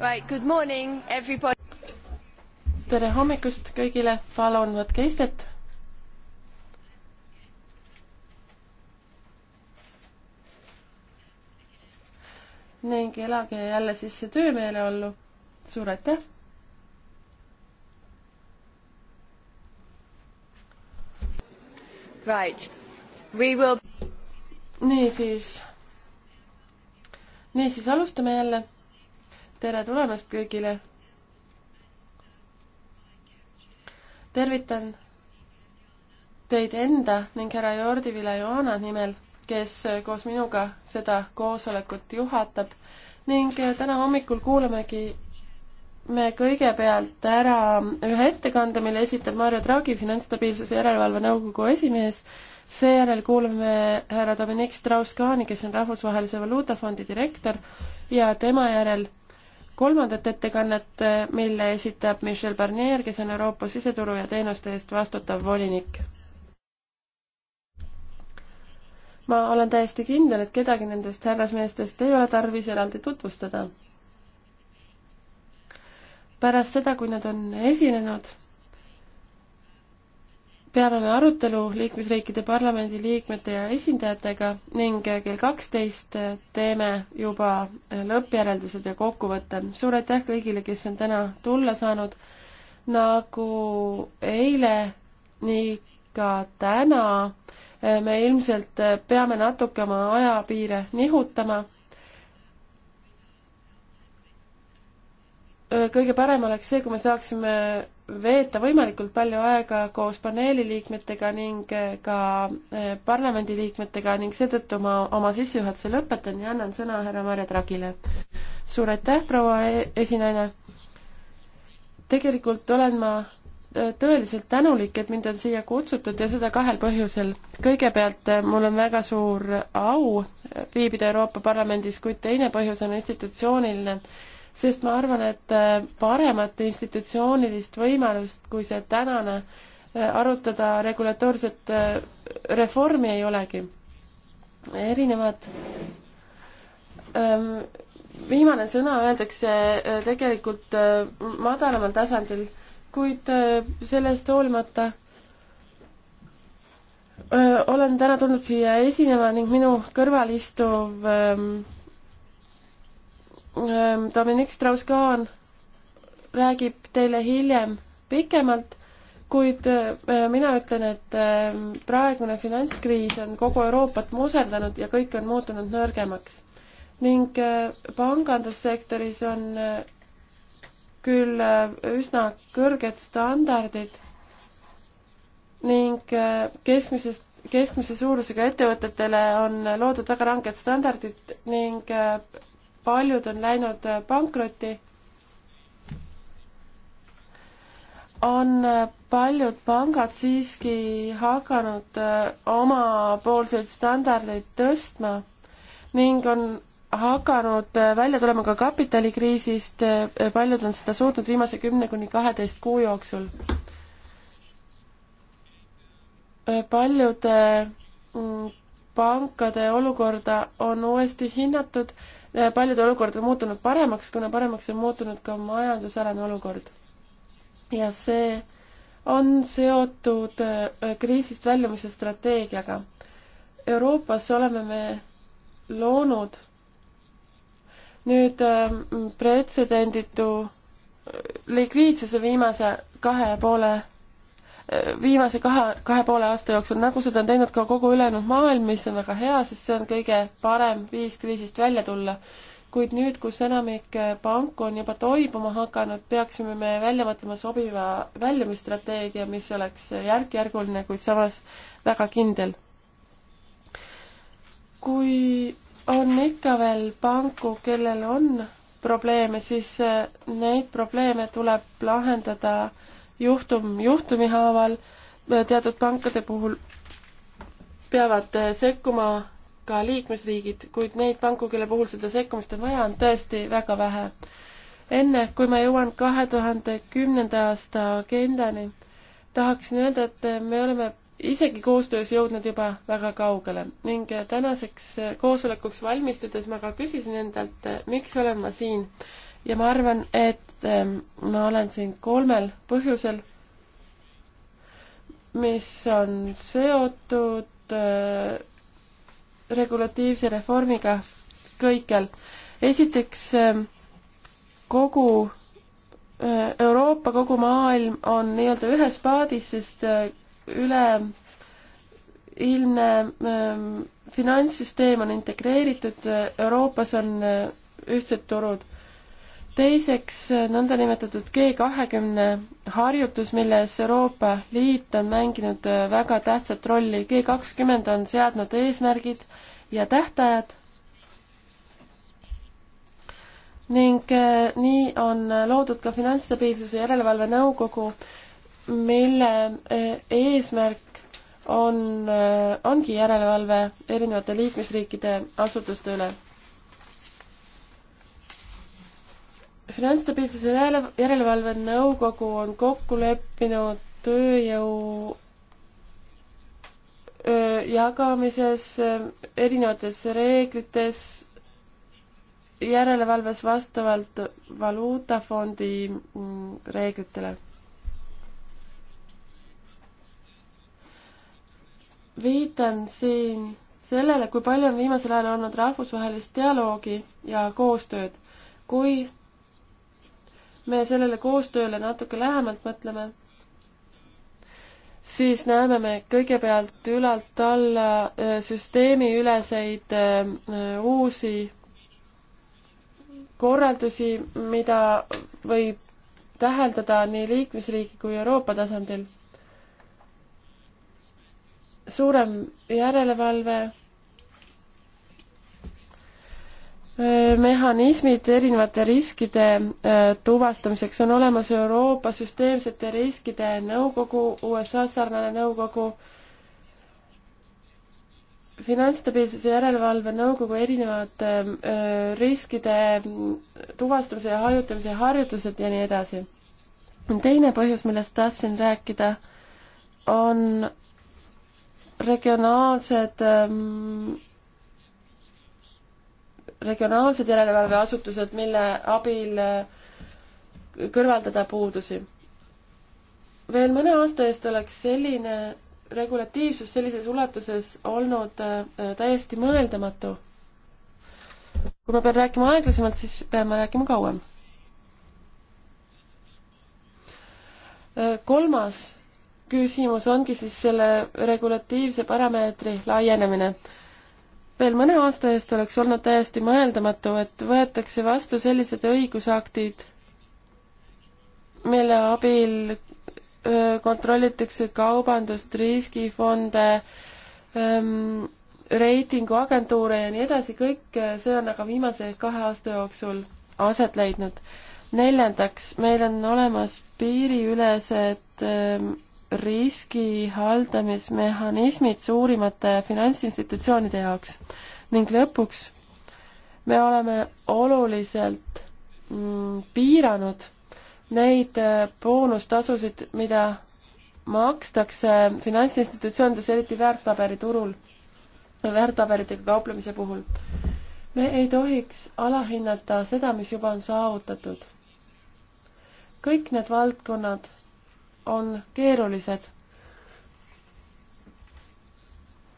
Right, good morning everybody. tere hommikust kõigile, palun võtke istet. ning elage jälle sisse töömeeleollu. suur aitäh. Right, we will. niisiis, niisiis alustame jälle tere tulemast kõigile! tervitan teid enda ning härra Jordi Vila-Joana nimel, kes koos minuga seda koosolekut juhatab ning täna hommikul kuulamegi me kõigepealt ära ühe ettekande, mille esitab Mario Draghi, Finantsstabiilsuse Järelevalve Nõukogu esimees, seejärel kuulame härra Dominic Strauss-Kahni, kes on Rahvusvahelise Valuutafondi direktor ja tema järel kolmandat ettekannet, mille esitab Michel Barnier, kes on Euroopa siseturu ja teenuste eest vastutav volinik. ma olen täiesti kindel, et kedagi nendest härrasmeestest ei ole tarvis eraldi tutvustada. pärast seda, kui nad on esinenud peavame arutelu liikmesriikide parlamendi liikmete ja esindajatega ning kell kaksteist teeme juba lõppjäreldused ja kokkuvõtte. suur aitäh kõigile, kes on täna tulla saanud. nagu eile, nii ka täna me ilmselt peame natuke oma ajapiire nihutama kõige parem oleks see, kui me saaksime veeta võimalikult palju aega koos paneeliliikmetega ning ka parlamendiliikmetega ning seetõttu ma oma sissejuhatuse lõpetan ja annan sõna härra Marja Tragile. suur aitäh, proua e-, esinaine! tegelikult olen ma tõeliselt tänulik, et mind on siia kutsutud ja seda kahel põhjusel. kõigepealt mul on väga suur au viibida Euroopa Parlamendis, kuid teine põhjus on institutsiooniline sest ma arvan, et äh, paremat institutsioonilist võimalust kui see tänane äh, arutada regulatoorset äh, reformi ei olegi. erinevad ähm, viimane sõna öeldakse tegelikult madalamal tasandil, kuid sellest hoolimata olen täna tulnud siia esinema ning minu kõrval istuv ähm, Ähm, Dominic Strauss-Kahn räägib teile hiljem pikemalt, kuid äh, mina ütlen, et ähm, praegune finantskriis on kogu Euroopat muserdanud ja kõik on muutunud nõrgemaks. ning äh, pangandussektoris on äh, küll üsna kõrged standardid ning keskmisest, keskmise suurusega ettevõtetele on loodud väga ranged standardid ning paljud on läinud äh, pankrotti. on äh, paljud pangad siiski hakanud äh, omapoolseid standardeid tõstma ning on hakanud välja tulema ka kapitalikriisist, paljud on seda suutnud viimase kümne kuni kaheteist kuu jooksul. paljude mm, pankade olukorda on uuesti hinnatud Äh, paljude olukord on muutunud paremaks, kuna paremaks on muutunud ka majandusalane olukord. ja see on seotud äh, kriisist väljumise strateegiaga. Euroopas oleme me loonud nüüd äh, pretsedenditu likviidsuse viimase kahe ja poole viimase kahe, kahe poole aasta jooksul, nagu seda on teinud ka kogu ülejäänud maailm, mis on väga hea, sest see on kõige parem viis kriisist välja tulla. kuid nüüd, kus enamik panku on juba toibuma hakanud, peaksime me välja mõtlema sobiva väljumisstrateegia, mis oleks järk-järguline, kuid samas väga kindel. kui on ikka veel panku, kellel on probleeme, siis eh, neid probleeme tuleb lahendada äh, juhtum juhtumi haaval teatud pankade puhul peavad eh, sekkuma ka liikmesriigid, kuid neid panku, kelle puhul seda sekkumist on vaja, on tõesti väga vähe. enne, kui ma jõuan kahe tuhande kümnenda aasta agendani, tahaksin öelda, et eh, me oleme isegi koostöös jõudnud juba väga kaugele ning eh, tänaseks koosolekuks valmistudes ma ka küsisin endalt, miks olen ma siin ja ma arvan, et ähm, ma olen siin kolmel põhjusel, mis on seotud äh, regulatiivse reformiga kõikjal. esiteks ähm, kogu äh, Euroopa, kogu maailm on nii-öelda ühes paadis, sest äh, üle ilmne ähm, finantssüsteem on integreeritud, Euroopas on äh, ühtsed turud teiseks nõndanimetatud G kahekümne harjutus, milles Euroopa Liit on mänginud äh, väga tähtsat rolli. G kakskümmend on seadnud eesmärgid ja tähtajad ning äh, nii on äh, loodud ka Finantsstabiilsuse Järelevalve Nõukogu, mille eesmärk on, ongi järelevalve erinevate liikmesriikide asutuste üle finantsstabiilsuse järelevalve nõukogu on kokku leppinud tööjõu jagamises, erinevates reeglites, järelevalves vastavalt valuutafondi mm, reeglitele. viitan siin sellele, kui palju on viimasel ajal olnud rahvusvahelist dialoogi ja koostööd. kui me sellele koostööle natuke lähemalt mõtleme, siis näeme me kõigepealt ülalt alla äh, süsteemiüleseid äh, uusi korraldusi, mida võib täheldada nii liikmesriigi kui Euroopa tasandil. suurem järelevalve mehhanismid erinevate riskide äh, tuvastamiseks on olemas Euroopa süsteemsete riskide nõukogu, USA sarnane nõukogu, finantsstabiilsuse järelevalve nõukogu erinevad äh, riskide tuvastamise ja hajutamise harjutused ja nii edasi. teine põhjus, millest tahtsin rääkida, on regionaalsed ähm, regionaalsed järelevalveasutused, mille abil eh, kõrvaldada puudusi. veel mõne aasta eest oleks selline regulatiivsus sellises ulatuses olnud eh, täiesti mõeldamatu. kui ma pean rääkima aeglasemalt, siis pean ma rääkima kauem. Eh, kolmas küsimus ongi siis selle regulatiivse parameetri laienemine veel mõne aasta eest oleks olnud täiesti mõeldamatu, et võetakse vastu sellised õigusaktid, mille abil kontrollitakse kaubandust, riskifonde, reitinguagentuure ja nii edasi, kõik see on aga viimase kahe aasta jooksul aset leidnud. neljandaks, meil on olemas piiriülesed riski haldamismehhanismid suurimate finantsinstitutsioonide jaoks ning lõpuks me oleme oluliselt mm, piiranud neid äh, boonustasusid, mida makstakse finantsinstitutsioonides, eriti väärtpaberiturul, väärtpaberitega kauplemise puhul. me ei tohiks alahinnata seda, mis juba on saavutatud. kõik need valdkonnad on keerulised.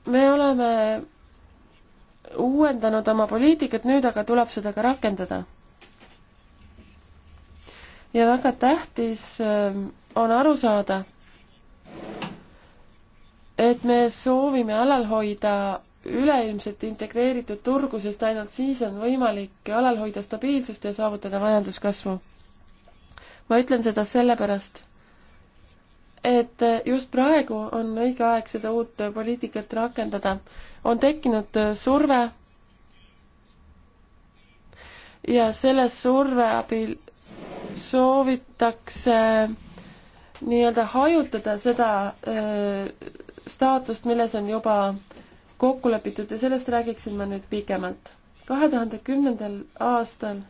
me oleme uuendanud oma poliitikat, nüüd aga tuleb seda ka rakendada. ja väga tähtis äh, on aru saada, et me soovime alal hoida üleilmset integreeritud turgu, sest ainult siis on võimalik alal hoida stabiilsust ja saavutada majanduskasvu. ma ütlen seda sellepärast, et just praegu on õige aeg seda uut poliitikat rakendada. on tekkinud surve ja selle surve abil soovitakse nii-öelda hajutada seda öö, äh, staatust, milles on juba kokku lepitud ja sellest räägiksin ma nüüd pikemalt. kahe tuhande kümnendal aastal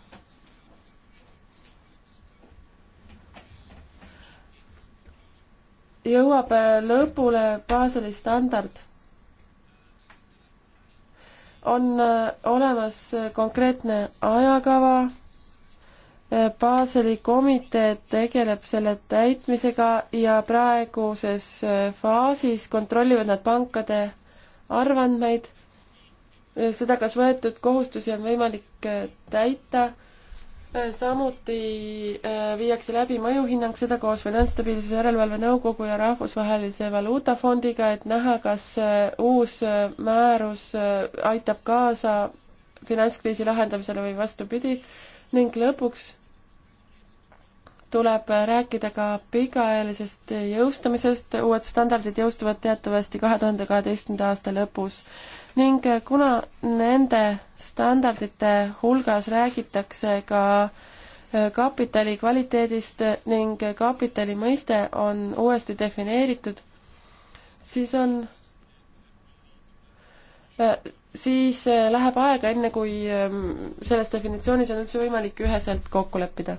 jõuab äh, lõpule Baseli standard. on äh, olemas äh, konkreetne ajakava, Baseli komitee tegeleb selle täitmisega ja praeguses faasis kontrollivad nad pankade arvandmeid, seda, kas võetud kohustusi on võimalik täita Äh, samuti äh, viiakse läbi mõjuhinnang, seda koos Finantsstabiilsuse Järelevalve Nõukogu ja Rahvusvahelise Valuutafondiga, et näha, kas äh, uus määrus aitab kaasa finantskriisi lahendamisele või vastupidi ning lõpuks tuleb rääkida ka pikaajalisest jõustamisest, uued standardid jõustuvad teatavasti kahe tuhande kaheteistkümnenda aasta lõpus ning eh, kuna nende standardite hulgas räägitakse ka eh, kapitali kvaliteedist ning kapitali mõiste on uuesti defineeritud, siis on, eh, siis läheb aega, enne kui ehm, selles definitsioonis on üldse võimalik üheselt kokku leppida.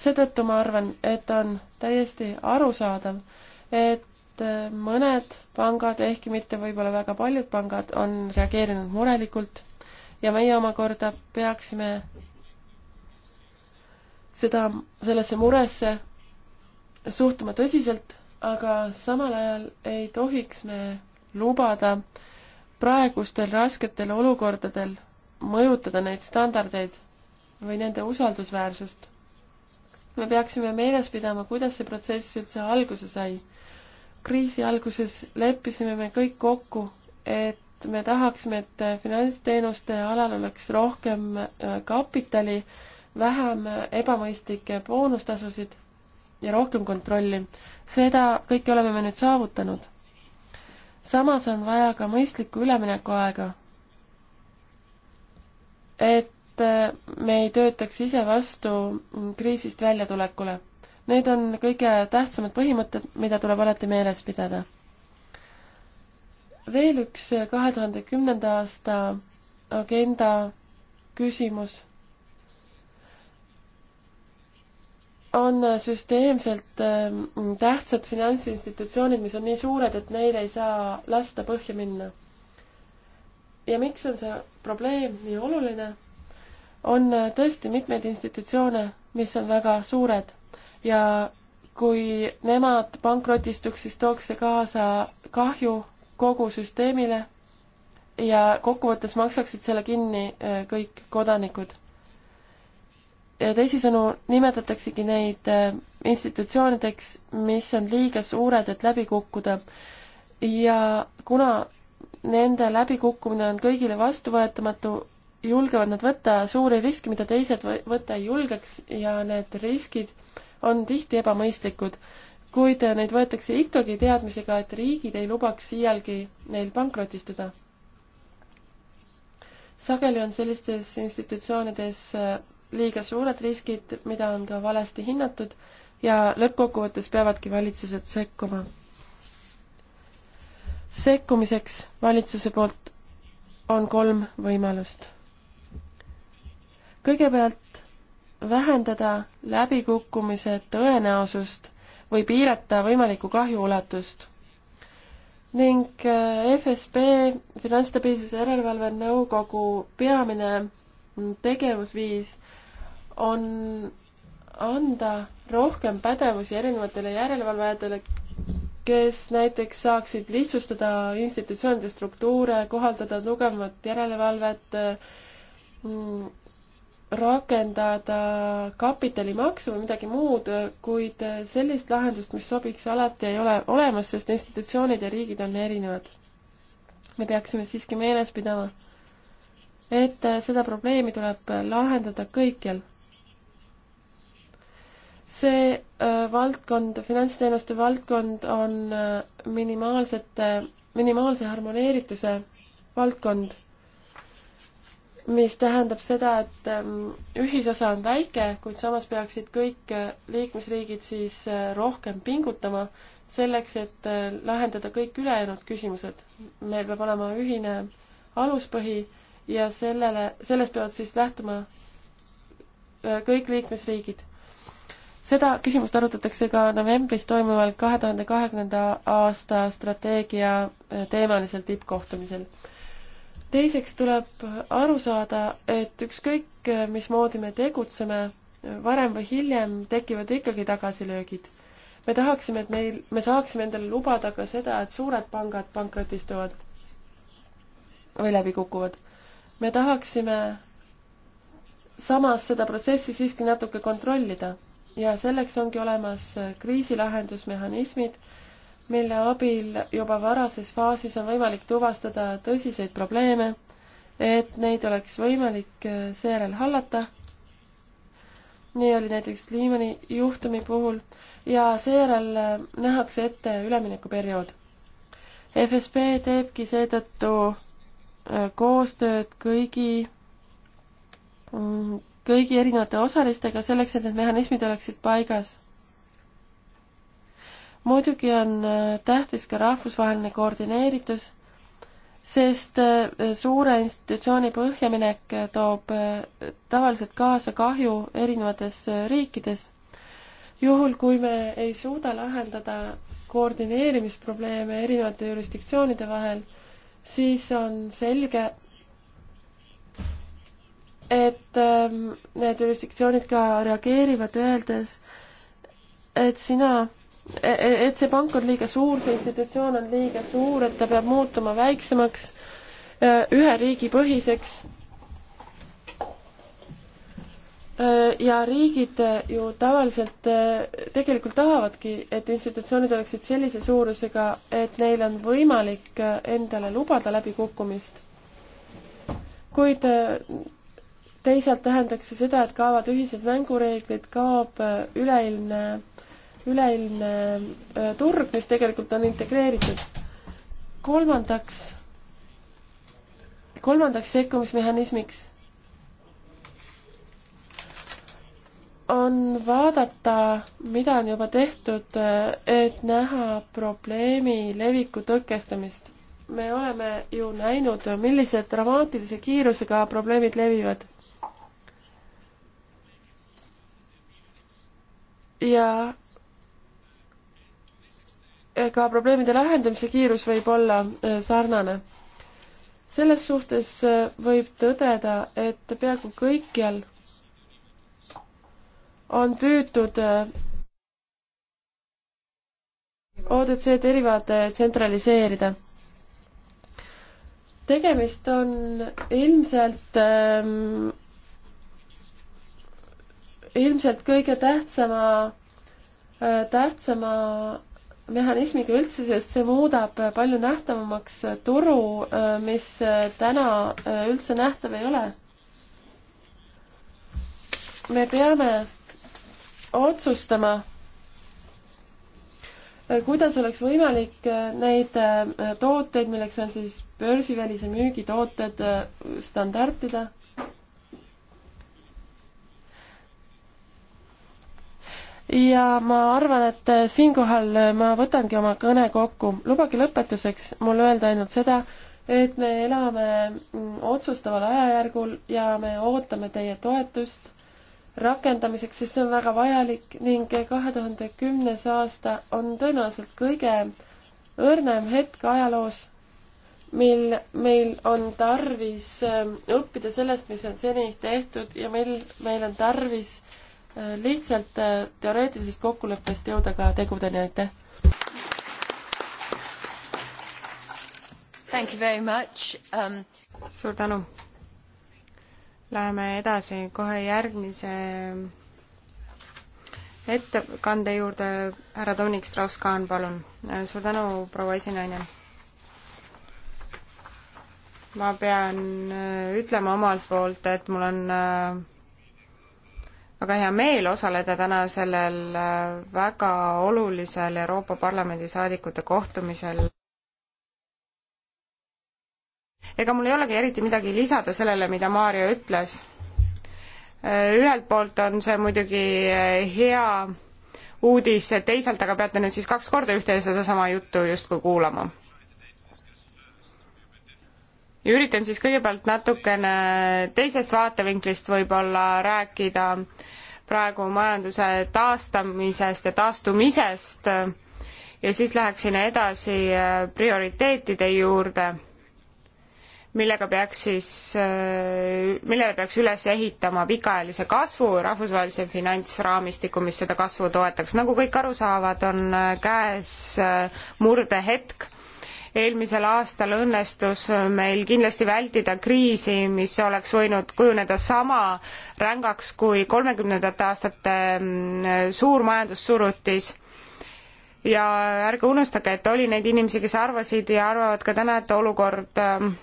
seetõttu ma arvan, et on täiesti arusaadav, et et äh, mõned pangad, ehkki mitte võib-olla väga paljud pangad, on reageerinud murelikult ja meie omakorda peaksime seda, sellesse muresse suhtuma tõsiselt, aga samal ajal ei tohiks me lubada praegustel rasketel olukordadel mõjutada neid standardeid või nende usaldusväärsust. me peaksime meeles pidama, kuidas see protsess üldse alguse sai kriisi alguses leppisime me kõik kokku, et me tahaksime, et finantsteenuste alal oleks rohkem äh, kapitali, vähem ebamõistlikke boonustasusid ja rohkem kontrolli. seda kõike oleme me nüüd saavutanud. samas on vaja ka mõistlikku üleminekuaega. et äh, me ei töötaks ise vastu kriisist väljatulekule Need on kõige tähtsamad põhimõtted, mida tuleb alati meeles pidada. veel üks kahe tuhande kümnenda aasta agenda küsimus on süsteemselt ähm, tähtsad finantsinstitutsioonid, mis on nii suured, et neil ei saa lasta põhja minna. ja miks on see probleem nii oluline? on äh, tõesti mitmeid institutsioone, mis on väga suured ja kui nemad pankrotistuks, siis tooks see kaasa kahju kogu süsteemile ja kokkuvõttes maksaksid selle kinni äh, kõik kodanikud. ja teisisõnu nimetataksegi neid äh, institutsioonideks, mis on liiga suured, et läbi kukkuda. ja kuna nende läbikukkumine on kõigile vastuvõetamatu, julgevad nad võtta suuri riske, mida teised võtta ei julgeks ja need riskid on tihti ebamõistlikud, kuid neid võetakse ikkagi teadmisega, et riigid ei lubaks iialgi neil pankrotistuda. sageli on sellistes institutsioonides äh, liiga suured riskid, mida on ka valesti hinnatud ja lõppkokkuvõttes peavadki valitsused sekkuma. sekkumiseks valitsuse poolt on kolm võimalust. kõigepealt vähendada läbikukkumise tõenäosust või piirata võimaliku kahju ulatust. ning äh, FSB, Finantsstabiilsuse Järelevalve Nõukogu peamine mm, tegevusviis on anda rohkem pädevusi erinevatele järelevalvajatele, kes näiteks saaksid lihtsustada institutsioonide struktuure, kohaldada tugevamat järelevalvet, äh, mm, rakendada kapitalimaksu või midagi muud, kuid sellist lahendust, mis sobiks alati, ei ole olemas, sest institutsioonid ja riigid on erinevad. me peaksime siiski meeles pidama, et seda probleemi tuleb lahendada kõikjal. see äh, valdkond, finantsteenuste valdkond on äh, minimaalsete, minimaalse harmoneerituse valdkond mis tähendab seda, et ähm, ühisosa on väike, kuid samas peaksid kõik äh, liikmesriigid siis äh, rohkem pingutama selleks, et äh, lahendada kõik ülejäänud küsimused. meil peab olema ühine aluspõhi ja sellele, sellest peavad siis lähtuma kõik liikmesriigid. seda küsimust arutatakse ka novembris toimuval kahe tuhande kahekümnenda aasta strateegia teemalisel tippkohtumisel teiseks tuleb aru saada, et ükskõik, mismoodi me tegutseme, varem või hiljem tekivad ikkagi tagasilöögid. me tahaksime, et meil, me saaksime endale lubada ka seda, et suured pangad pankrotistuvad või läbi kukuvad. me tahaksime samas seda protsessi siiski natuke kontrollida ja selleks ongi olemas kriisilahendusmehhanismid mille abil juba varases faasis on võimalik tuvastada tõsiseid probleeme, et neid oleks võimalik äh, seejärel hallata. nii oli näiteks Liimani juhtumi puhul ja seejärel äh, nähakse ette üleminekuperiood. FSB teebki seetõttu äh, koostööd kõigi, mm, kõigi erinevate osalistega selleks, et need mehhanismid oleksid paigas muidugi on äh, tähtis ka rahvusvaheline koordineeritus, sest äh, suure institutsiooni põhjaminek äh, toob tavaliselt kaasa kahju erinevates riikides. juhul, kui me ei suuda lahendada koordineerimisprobleeme erinevate jurisdiktsioonide vahel, siis on selge, et ähm, need jurisdiktsioonid ka reageerivad, öeldes, et sina E-, e-, et see pank on liiga suur, see institutsioon on liiga suur, et ta peab muutuma väiksemaks, e, ühe riigi põhiseks. ja riigid ju tavaliselt tegelikult tahavadki, et institutsioonid oleksid sellise suurusega, et neil on võimalik endale lubada läbikukkumist. kuid teisalt tähendaks see seda, et kaovad ühised mängureeglid, kaob üleilmne üleilmne turg, mis tegelikult on integreeritud. kolmandaks, kolmandaks sekkumismehhanismiks on vaadata, mida on juba tehtud, et näha probleemi leviku tõkestamist. me oleme ju näinud, millise dramaatilise kiirusega probleemid levivad. ja ka probleemide lahendamise kiirus võib olla äh, sarnane. selles suhtes äh, võib tõdeda, et peaaegu kõikjal on püütud äh, ODC derivaate tsentraliseerida tegemist on ilmselt ähm,, ilmselt kõige tähtsama äh,, tähtsama mehhanismiga üldse, sest see muudab palju nähtavamaks turu, mis täna äh, üldse nähtav ei ole. me peame otsustama, äh, kuidas oleks võimalik äh, neid tooteid, milleks on siis börsivälise müügi tooted, standardida ja ma arvan, et äh, siinkohal äh, ma võtangi oma kõne kokku. lubage lõpetuseks mul öelda ainult seda, et me elame mm, otsustaval ajajärgul ja me ootame teie toetust rakendamiseks, sest see on väga vajalik ning äh, kahe tuhande kümnes aasta on tõenäoliselt kõige õrnem hetk ajaloos, mil meil on tarvis õppida sellest, mis on seni tehtud ja mil meil on tarvis äh, lihtsalt äh, teoreetilisest kokkuleppest jõuda ka tegudeni, aitäh! Thank you very much um.... suur tänu! Läheme edasi kohe järgmise ähm, ettekande juurde, härra Dominic Strauss-Kahn, palun. Äh, suur tänu, proua esinaine ma pean äh, ütlema omalt poolt, et mul on väga hea meel osaleda täna sellel äh, väga olulisel Euroopa Parlamendi saadikute kohtumisel. ega mul ei olegi eriti midagi lisada sellele, mida Maarja ütles. Äh, ühelt poolt on see muidugi äh, hea uudis, teisalt aga peate nüüd siis kaks korda ühte ja sedasama juttu justkui kuulama ja üritan siis kõigepealt natukene teisest vaatevinklist võib-olla rääkida praegu majanduse taastamisest ja taastumisest ja siis läheksin edasi äh, prioriteetide juurde, millega peaks siis, äh, millele peaks üles ehitama pikaajalise kasvu rahvusvahelise finantsraamistiku, mis seda kasvu toetaks. nagu kõik aru saavad, on äh, käes murdehetk eelmisel aastal õnnestus meil kindlasti vältida kriisi, mis oleks võinud kujuneda sama rängaks kui kolmekümnendate aastate mm, suur majandussurutis. ja ärge unustage, et oli neid inimesi, kes arvasid ja arvavad ka täna, et olukord ähm,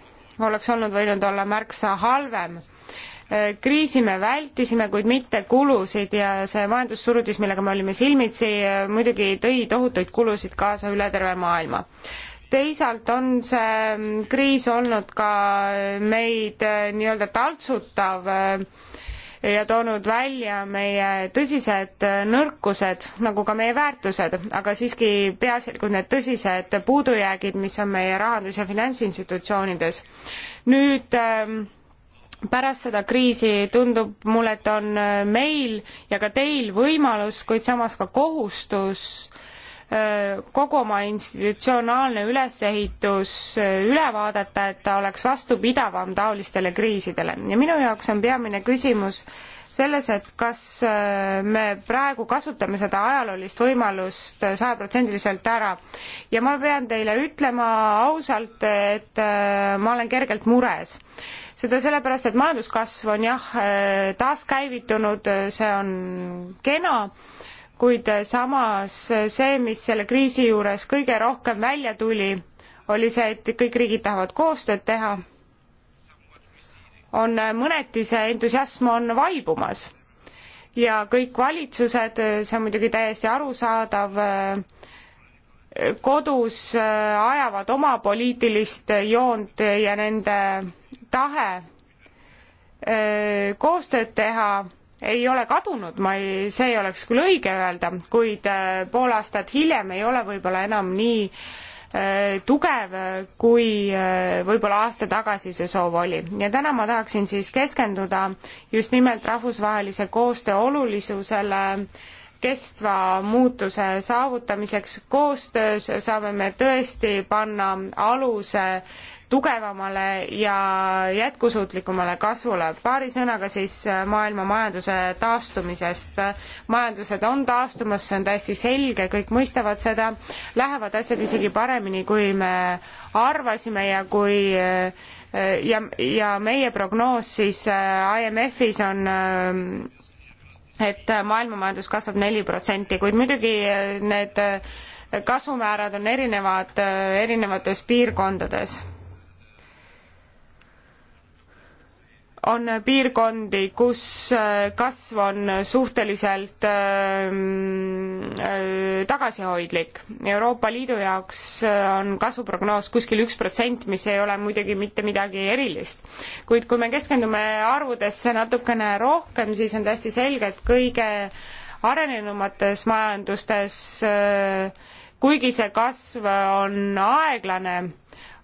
oleks olnud võinud olla märksa halvem äh, kriisi me vältisime, kuid mitte kulusid ja see majandussurutis, millega me olime silmitsi, äh, muidugi tõi tohutuid kulusid kaasa üle terve maailma teisalt on see kriis olnud ka meid äh, nii-öelda taltsutav äh, ja toonud välja meie tõsised äh, nõrkused, nagu ka meie väärtused, aga siiski peaasjalikult need tõsised puudujäägid, mis on meie rahandus- ja finantsinstitutsioonides. nüüd ähm, pärast seda kriisi tundub mulle, et on meil ja ka teil võimalus, kuid samas ka kohustus Äh, kogu oma institutsionaalne ülesehitus äh, üle vaadata, et ta oleks vastupidavam taolistele kriisidele ja minu jaoks on peamine küsimus selles, et kas äh, me praegu kasutame seda ajaloolist võimalust sajaprotsendiliselt ära. ja ma pean teile ütlema ausalt, et ma olen kergelt mures. seda sellepärast, et majanduskasv on jah taaskäivitunud, see on kena kuid samas see, mis selle kriisi juures kõige rohkem välja tuli, oli see, et kõik riigid tahavad koostööd teha, on mõneti see entusiasm on vaibumas. ja kõik valitsused, see on muidugi täiesti arusaadav, kodus ajavad oma poliitilist joont ja nende tahe koostööd teha ei ole kadunud, ma ei, see ei oleks küll õige öelda, kuid äh, pool aastat hiljem ei ole võib-olla enam nii äh, tugev, kui äh, võib-olla aasta tagasi see soov oli. ja täna ma tahaksin siis keskenduda just nimelt rahvusvahelise koostöö olulisusele kestva muutuse saavutamiseks. koostöös saame me tõesti panna aluse tugevamale ja jätkusuutlikumale kasvule. paari sõnaga siis äh, maailma majanduse taastumisest. majandused on taastumas, see on täiesti selge, kõik mõistavad seda, lähevad asjad isegi paremini, kui me arvasime ja kui äh, ja, ja meie prognoos siis äh, IMF-is on et maailmamajandus kasvab neli protsenti, kuid muidugi need kasvumäärad on erinevad erinevates piirkondades on piirkondi, kus äh, kasv on suhteliselt ähm, äh, tagasihoidlik. Euroopa Liidu jaoks äh, on kasvuprognoos kuskil üks protsent, mis ei ole muidugi mitte midagi erilist. kuid kui me keskendume arvudesse natukene rohkem, siis on täiesti selge, et kõige arenenumates majandustes, kuigi see kasv on aeglane,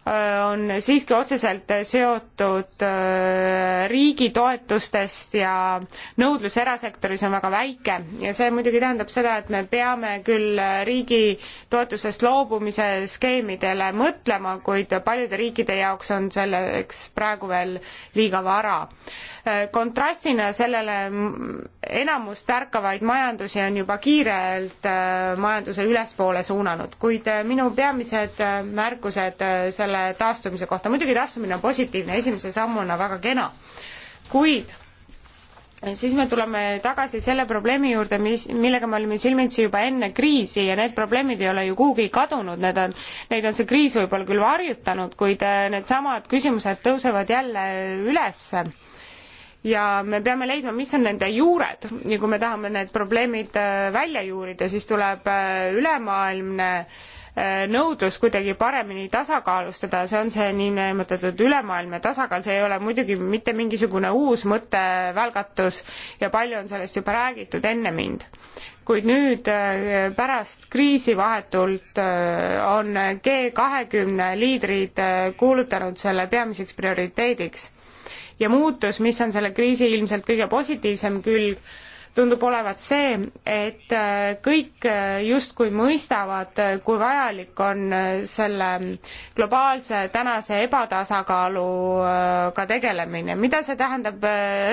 Äh, on siiski otseselt seotud äh, riigi toetustest ja nõudlus erasektoris on väga väike ja see muidugi tähendab seda, et me peame küll äh, riigi toetusest loobumise skeemidele mõtlema, kuid paljude riikide jaoks on selleks praegu veel liiga vara. kontrastina sellele enamust ärkavaid majandusi on juba kiirelt majanduse ülespoole suunanud, kuid minu peamised märkused selle selle taastumise kohta, muidugi taastumine on positiivne, esimese sammuna väga kena, kuid siis me tuleme tagasi selle probleemi juurde, mis, millega me olime silmitsi juba enne kriisi ja need probleemid ei ole ju kuhugi kadunud, need on, neid on see kriis võib-olla küll varjutanud, kuid äh, needsamad küsimused tõusevad jälle ülesse. ja me peame leidma, mis on nende juured ja kui me tahame need probleemid äh, välja juurida, siis tuleb äh, ülemaailmne äh, Äh, nõudlus kuidagi paremini tasakaalustada, see on see niinimetatud ülemaailmne tasakaal, see ei ole muidugi mitte mingisugune uus mõttevälgatus ja palju on sellest juba räägitud enne mind. kuid nüüd äh, pärast kriisi vahetult äh, on G kahekümne liidrid kuulutanud selle peamiseks prioriteediks ja muutus, mis on selle kriisi ilmselt kõige positiivsem külg, tundub olevat see, et äh, kõik äh, justkui mõistavad, äh, kui vajalik on selle globaalse tänase ebatasakaaluga tegelemine. mida see tähendab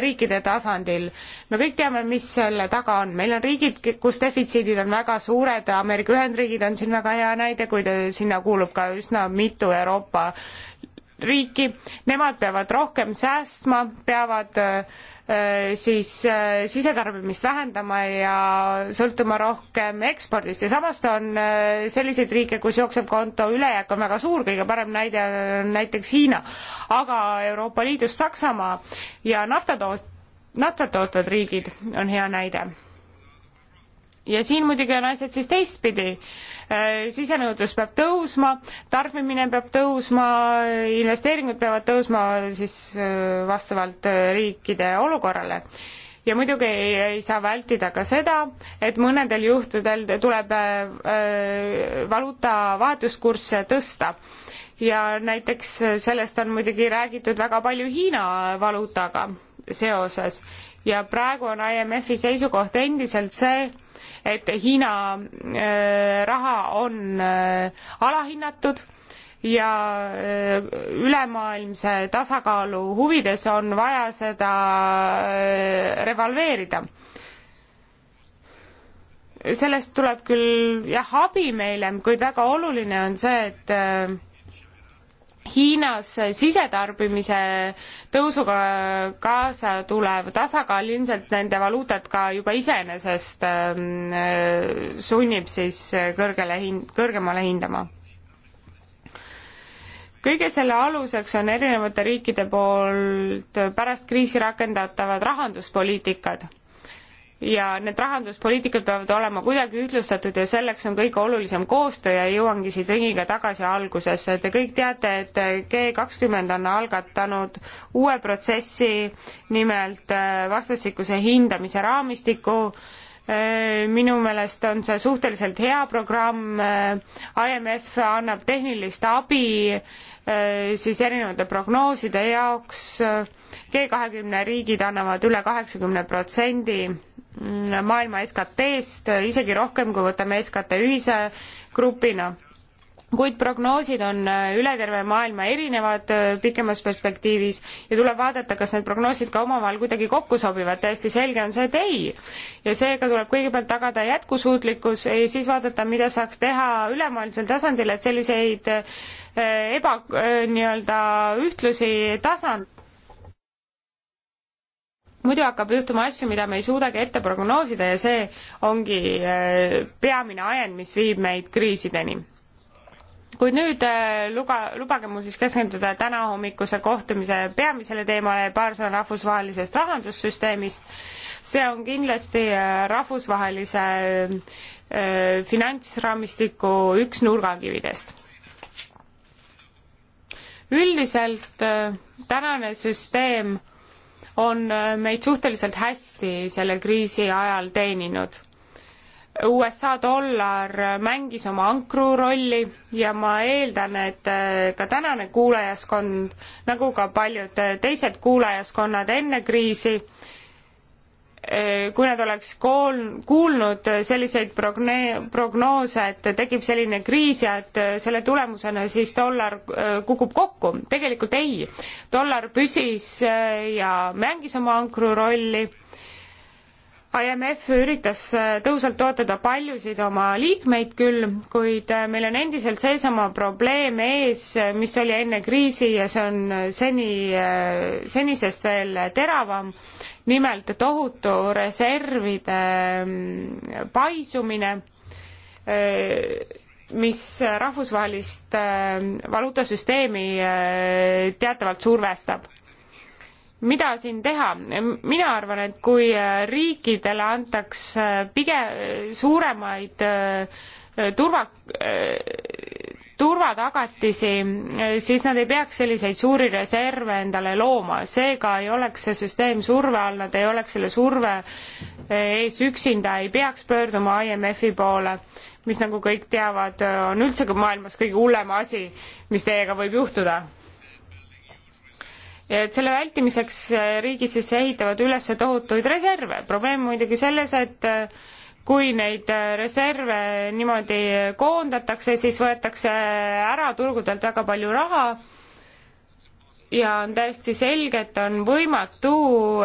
riikide tasandil? me kõik teame, mis selle taga on. meil on riigid, kus defitsiidid on väga suured, Ameerika Ühendriigid on siin väga hea näide, kuid sinna kuulub ka üsna mitu Euroopa riiki, nemad peavad rohkem säästma, peavad äh, Äh, siis äh, sisetarbimist vähendama ja sõltuma rohkem ekspordist ja samas on äh, selliseid riike, kus jookseb konto ülejääk on väga suur, kõige parem näide on näiteks Hiina, aga Euroopa Liidus Saksamaa ja naftatoot-, naftat tootvad riigid on hea näide ja siin muidugi on asjad siis teistpidi. Äh, sisenõudlus peab tõusma, tarbimine peab tõusma, investeeringud peavad tõusma siis äh, vastavalt äh, riikide olukorrale ja muidugi ei, ei saa vältida ka seda, et mõnedel juhtudel tuleb valuuta vahetuskursse tõsta. ja näiteks sellest on muidugi räägitud väga palju Hiina valuutaga seoses ja praegu on IMF-i seisukoht endiselt see, et Hiina äh, raha on äh, alahinnatud ja äh, ülemaailmse tasakaalu huvides on vaja seda äh, revalveerida sellest tuleb küll jah, abi meile, kuid väga oluline on see, et äh, Hiinas sisetarbimise tõusuga kaasa tulev tasakaal ilmselt nende valuutat ka juba iseenesest ähm, äh, sunnib siis kõrgele hind, kõrgemale hindama. kõige selle aluseks on erinevate riikide poolt pärast kriisi rakendatavad rahanduspoliitikad ja need rahanduspoliitikad peavad olema kuidagi ühtlustatud ja selleks on kõige olulisem koostöö ja jõuangi siit ringiga tagasi algusesse. Te kõik teate, et G kakskümmend on algatanud uue protsessi, nimelt äh, vastastikuse hindamise raamistiku äh, Äh, minu meelest on see suhteliselt hea programm, äh, IMF annab tehnilist abi äh, siis erinevate prognooside jaoks, G kahekümne riigid annavad üle kaheksakümne protsendi mm, maailma SKT-st, isegi rohkem, kui võtame SKT ühise grupina kuid prognoosid on äh, üle terve maailma erinevad äh, pikemas perspektiivis ja tuleb vaadata, kas need prognoosid ka omavahel kuidagi kokku sobivad, täiesti selge on see, et ei. ja seega tuleb kõigepealt tagada jätkusuutlikkus, siis vaadata, mida saaks teha ülemaailmsel tasandil, et selliseid äh, eba, nii-öelda ühtlusi tasand muidu hakkab juhtuma asju, mida me ei suudagi ette prognoosida ja see ongi peamine ajend, mis viib meid kriisideni kuid nüüd äh, luba, lubage mul siis keskenduda tänahommikuse kohtumise peamisele teemale ja paar sõna rahvusvahelisest rahandussüsteemist. see on kindlasti äh, rahvusvahelise äh, finantsraamistiku üks nurgakividest üldiselt tänane süsteem on meid suhteliselt hästi selle kriisi ajal teeninud. USA dollar mängis oma ankru rolli ja ma eeldan, et äh, ka tänane kuulajaskond, nagu ka paljud äh, teised kuulajaskonnad enne kriisi, äh, kui nad oleks kool-, kuulnud selliseid progne-, prognoose, et tekib selline kriis ja et selle tulemusena siis dollar kukub kokku. tegelikult ei. dollar püsis ja mängis oma ankru rolli IMF üritas äh, tõhusalt toetada paljusid oma liikmeid küll, kuid äh, meil on endiselt seesama probleem ees, äh, mis oli enne kriisi ja see on seni, senisest veel teravam. nimelt tohutu reservide mm, paisumine, mis rahvusvahelist valuutasüsteemi teatavalt survestab mida siin teha? mina arvan, et kui äh, riikidele antaks äh, pigem suuremaid äh, turva, turvatagatisi, siis nad ei peaks selliseid suuri reserve endale looma, seega ei oleks see süsteem surve all, nad ei oleks selle surve ees üksinda, ei peaks pöörduma IMF-i poole, mis nagu kõik teavad, on üldse maailmas kõige hullem asi, mis teiega võib juhtuda ja et selle vältimiseks äh, riigid siis ehitavad üles tohutuid reserve. probleem muidugi selles, et äh, kui neid äh, reserve niimoodi koondatakse, siis võetakse ära turgudelt väga palju raha ja on täiesti selge, et on võimatu,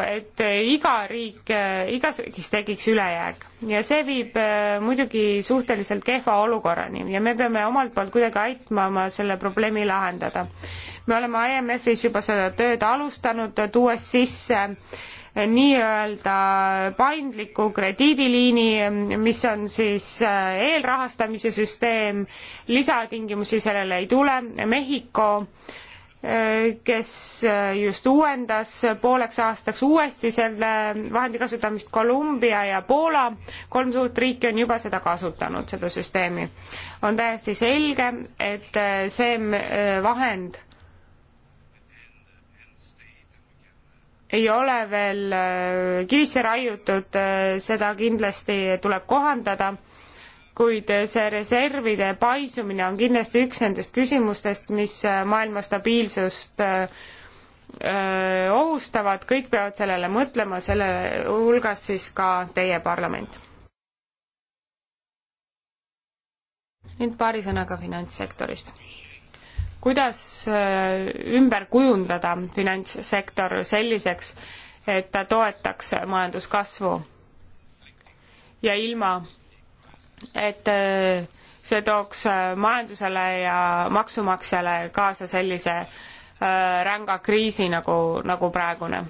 et iga riik, igas riigis tekiks ülejääk. ja see viib äh, muidugi suhteliselt kehva olukorrani ja me peame omalt poolt kuidagi aitama selle probleemi lahendada. me oleme IMF-is juba seda tööd alustanud, tuues sisse äh, nii-öelda paindliku krediidiliini, äh, mis on siis eelrahastamise süsteem, lisatingimusi sellele ei tule, Mehhiko äh, kes just uuendas pooleks aastaks uuesti selle vahendi kasutamist Kolumbia ja Poola. kolm suurt riiki on juba seda kasutanud, seda süsteemi. on täiesti selge, et see eh, vahend ei ole veel eh, kivisse raiutud, eh, seda kindlasti tuleb kohandada kuid see reservide paisumine on kindlasti üks nendest küsimustest, mis äh, maailma stabiilsust äh, äh, ohustavad, kõik peavad sellele mõtlema, selle hulgas siis ka teie parlament. nüüd paari sõnaga finantssektorist kuidas ümber kujundada finantssektor selliseks, et ta toetaks majanduskasvu ja ilma, et äh, see tooks äh, majandusele ja maksumaksjale kaasa sellise äh, ränga kriisi nagu, nagu praegune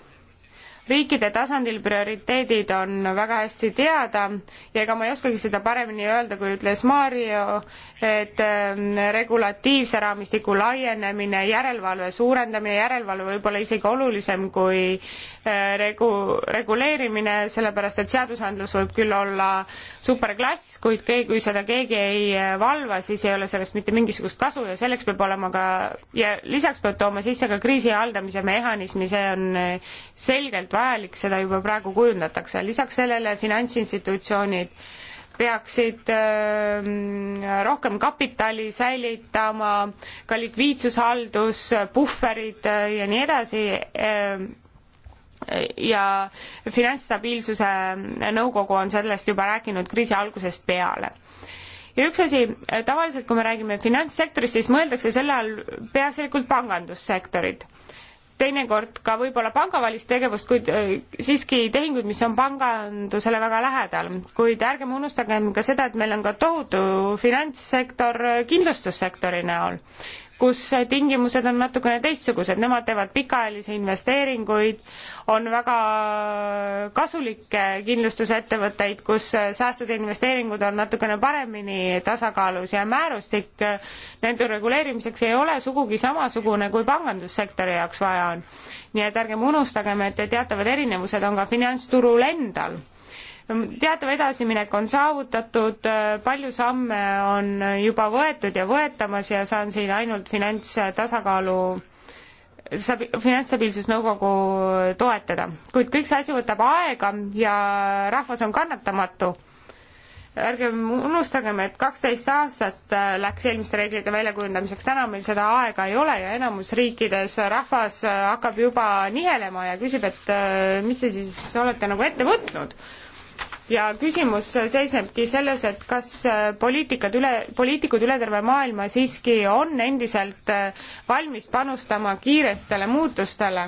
riikide tasandil prioriteedid on väga hästi teada ja ega ma ei oskagi seda paremini öelda, kui ütles Mario, et ähm, regulatiivse raamistiku laienemine, järelevalve suurendamine, järelevalve võib-olla isegi olulisem kui äh, regu-, reguleerimine, sellepärast et seadusandlus võib küll olla superklass, kuid keegi, kui seda keegi ei äh, valva, siis ei ole sellest mitte mingisugust kasu ja selleks peab olema ka ja lisaks peab tooma sisse ka kriisi haldamise mehhanismi, see on äh, selgelt vajalik, seda juba praegu kujundatakse. lisaks sellele finantsinstitutsioonid peaksid ähm, rohkem kapitali säilitama, ka likviidsushaldus, puhverid äh, ja nii edasi ähm, ja Finantsstabiilsuse Nõukogu on sellest juba rääkinud kriisi algusest peale. ja üks asi, tavaliselt kui me räägime finantssektorist, siis mõeldakse selle all peaasjalikult pangandussektorit teinekord ka võib-olla pangavalist tegevust, kuid äh, siiski tehinguid, mis on pangandusele väga lähedal. kuid ärgem unustagem ka seda, et meil on ka tohutu finantssektor äh, kindlustussektori näol kus tingimused on natukene teistsugused, nemad teevad pikaajalisi investeeringuid, on väga kasulikke kindlustusettevõtteid, kus säästud ja investeeringud on natukene paremini tasakaalus ja määrustik nende reguleerimiseks ei ole sugugi samasugune, kui pangandussektori jaoks vaja on. nii et ärgem unustagem, et teatavad erinevused on ka finantsturul endal Ehm, teatav edasiminek on saavutatud, äh, palju samme on juba võetud ja võetamas ja saan siin ainult finantstasakaalu finantsstabiilsusnõukogu toetada, kuid kõik see asi võtab aega ja rahvas on kannatamatu. ärgem unustagem, et kaksteist aastat äh, läks eelmiste reeglite väljakujundamiseks, täna meil seda aega ei ole ja enamus riikides rahvas äh, hakkab juba nihelema ja küsib, et mis te siis olete nagu ette võtnud ja küsimus seisnebki selles, et kas äh, poliitikad üle, poliitikud üle terve maailma siiski on endiselt äh, valmis panustama kiirestele muutustele.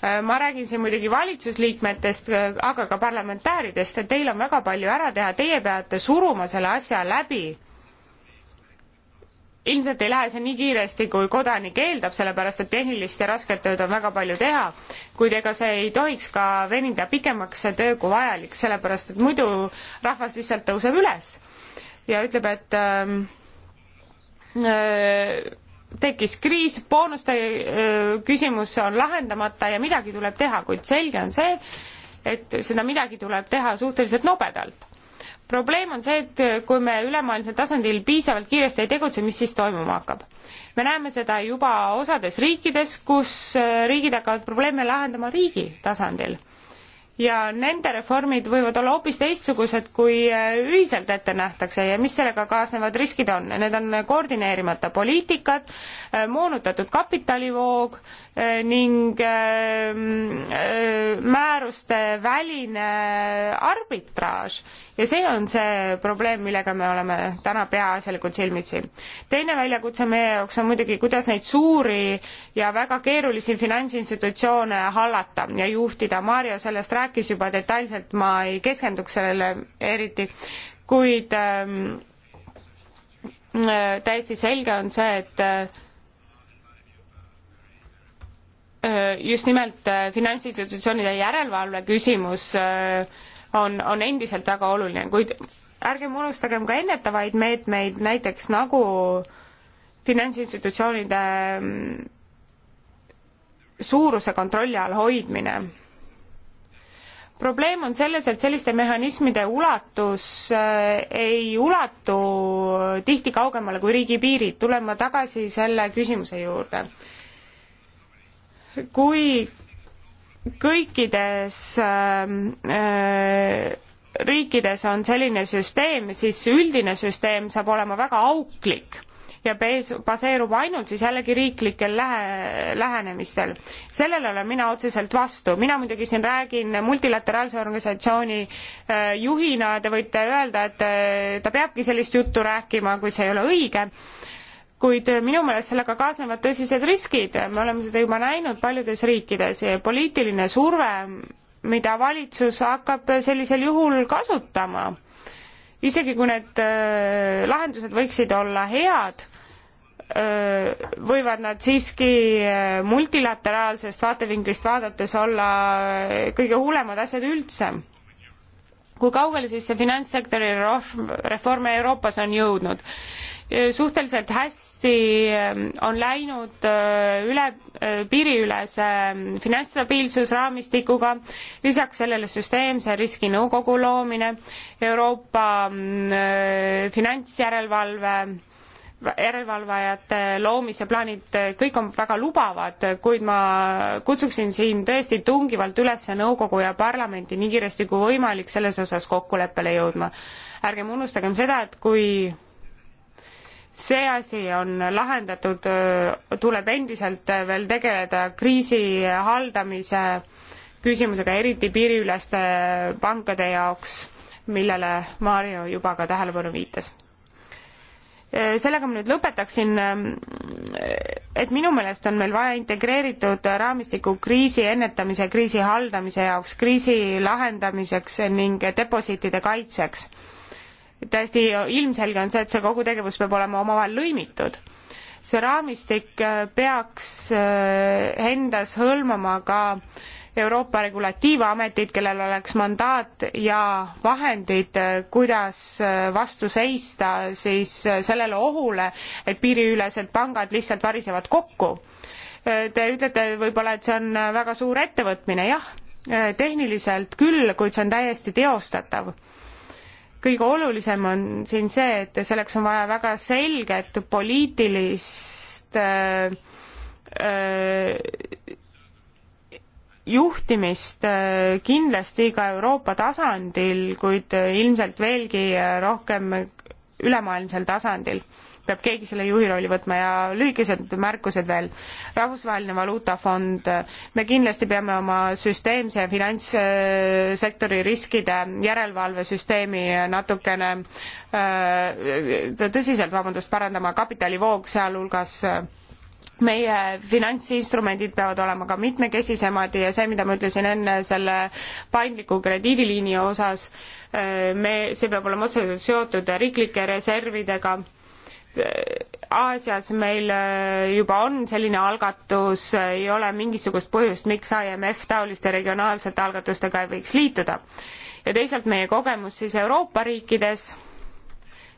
Äh, ma räägin siin muidugi valitsusliikmetest, aga ka parlamentääridest, et teil on väga palju ära teha, teie peate suruma selle asja läbi ilmselt ei lähe see nii kiiresti, kui kodanik eeldab, sellepärast et tehnilist ja rasket tööd on väga palju teha, kuid ega see ei tohiks ka venida pikemaks, see töö kui vajalik, sellepärast et muidu rahvas lihtsalt tõuseb üles ja ütleb, et ähm, äh, tekkis kriis, boonuste äh, küsimus on lahendamata ja midagi tuleb teha, kuid selge on see, et seda midagi tuleb teha suhteliselt nobedalt probleem on see, et kui me ülemaailmsel tasandil piisavalt kiiresti ei tegutse, mis siis toimuma hakkab? me näeme seda juba osades riikides, kus äh, riigid hakkavad probleeme lahendama riigi tasandil. ja nende reformid võivad olla hoopis teistsugused, kui äh, ühiselt ette nähtakse ja mis sellega kaasnevad riskid on, need on koordineerimata poliitikad, äh, moonutatud kapitalivoog, Eh, ning ehm, eh, määruste väline arbitraaž ja see on see probleem, millega me oleme täna peaasjalikult silmitsi. teine väljakutse meie jaoks on muidugi, kuidas neid suuri ja väga keerulisi finantsinstitutsioone hallata ja juhtida. Mario sellest rääkis juba detailselt, ma ei keskenduks sellele eriti, kuid ähm, täiesti selge on see, et äh, Äh, just nimelt äh, finantsinstitutsioonide järelevalve küsimus äh, on, on endiselt väga oluline, kuid ärgem unustagem ka ennetavaid meetmeid, näiteks nagu finantsinstitutsioonide mm, suuruse kontrolli all hoidmine. probleem on selles, et selliste mehhanismide ulatus ei ulatu tihti kaugemale kui riigipiirid, tulen ma tagasi selle küsimuse juurde kui kõikides ähm, äh, riikides on selline süsteem, siis üldine süsteem saab olema väga auklik ja pees, baseerub ainult siis jällegi riiklikel lähe, lähenemistel. sellele olen mina otseselt vastu, mina muidugi siin räägin multilateraalse organisatsiooni äh, juhina, te võite öelda, et äh, ta peabki sellist juttu rääkima, kui see ei ole õige kuid eh, minu meelest sellega kaasnevad tõsised riskid, me oleme seda juba näinud paljudes riikides, poliitiline surve, mida valitsus hakkab eh, sellisel juhul kasutama, isegi kui need eh, lahendused võiksid olla head, võivad nad siiski multilateraalsest vaatevinklist vaadates olla kõige hullemad asjad üldse kui kaugele siis see finantssektori reform Euroopas on jõudnud? Äh, suhteliselt hästi ähm, on läinud äh, üle, äh, piiriülese ähm, finantsstabiilsusraamistikuga, lisaks sellele süsteemse riskinõukogu loomine, Euroopa mm, finantsjärelevalve järelevalvajate loomise plaanid, kõik on väga lubavad, kuid ma kutsuksin siin tõesti tungivalt üles nõukogu ja parlamenti nii kiiresti kui võimalik selles osas kokkuleppele jõudma. ärgem unustagem seda, et kui see asi on lahendatud, tuleb endiselt veel tegeleda kriisi haldamise küsimusega, eriti piiriüleste pankade jaoks, millele Mario juba ka tähelepanu viitas sellega ma nüüd lõpetaksin, et minu meelest on meil vaja integreeritud raamistikku kriisi ennetamise, kriisi haldamise jaoks, kriisi lahendamiseks ning deposiitide kaitseks täiesti ilmselge on see, et see kogu tegevus peab olema omavahel lõimitud. see raamistik äh, peaks äh, endas hõlmama ka Euroopa Regulatiivametit, kellel oleks mandaat ja vahendid, äh, kuidas vastu seista siis sellele ohule, et piiriülesed pangad lihtsalt varisevad kokku. Te ütlete võib-olla, et see on väga suur ettevõtmine, jah, tehniliselt küll, kuid see on täiesti teostatav kõige olulisem on siin see, et selleks on vaja väga selget poliitilist öö, äh, öö, äh, juhtimist äh, kindlasti ka Euroopa tasandil, kuid ilmselt veelgi rohkem ülemaailmsel tasandil peab keegi selle juhi rolli võtma ja lühikesed märkused veel. rahvusvaheline Valuutafond, me kindlasti peame oma süsteemse finantssektori riskide järelevalvesüsteemi natukene äh, tõsiselt, vabandust, parandama, kapitalivoog sealhulgas meie finantsinstrumendid peavad olema ka mitmekesisemad ja see, mida ma ütlesin enne selle paindliku krediidiliini osas, äh, me, see peab olema otseselt seotud riiklike reservidega Aasias meil äh, juba on selline algatus, ei ole mingisugust põhjust, miks IMF taoliste regionaalsete algatustega ei võiks liituda. ja teisalt meie kogemus siis Euroopa riikides,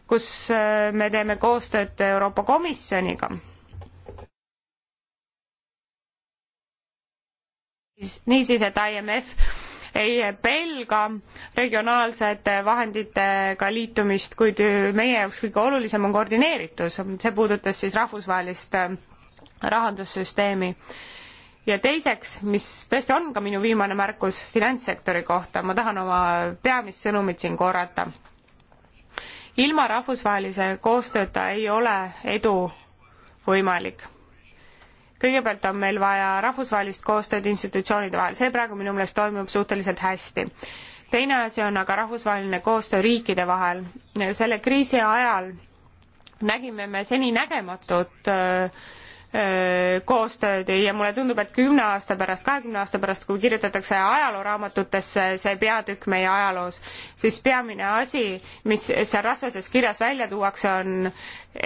kus äh, me teeme koostööd Euroopa Komisjoniga. niisiis, et IMF ei pelga regionaalsete vahenditega liitumist, kuid meie jaoks kõige olulisem on koordineeritus, see puudutas siis rahvusvahelist äh, rahandussüsteemi. ja teiseks, mis tõesti on ka minu viimane märkus finantssektori kohta, ma tahan oma peamist sõnumit siin korrata. ilma rahvusvahelise koostööta ei ole edu võimalik kõigepealt on meil vaja rahvusvahelist koostööd institutsioonide vahel, see praegu minu meelest toimub suhteliselt hästi. teine asi on aga rahvusvaheline koostöö riikide vahel. selle kriisi ajal nägime me seninägematut äh, Äh, koostööd ja mulle tundub, et kümne aasta pärast, kahekümne aasta pärast, kui kirjutatakse ajalooraamatutesse see peatükk meie ajaloos, siis peamine asi, mis seal rasvases kirjas välja tuuakse, on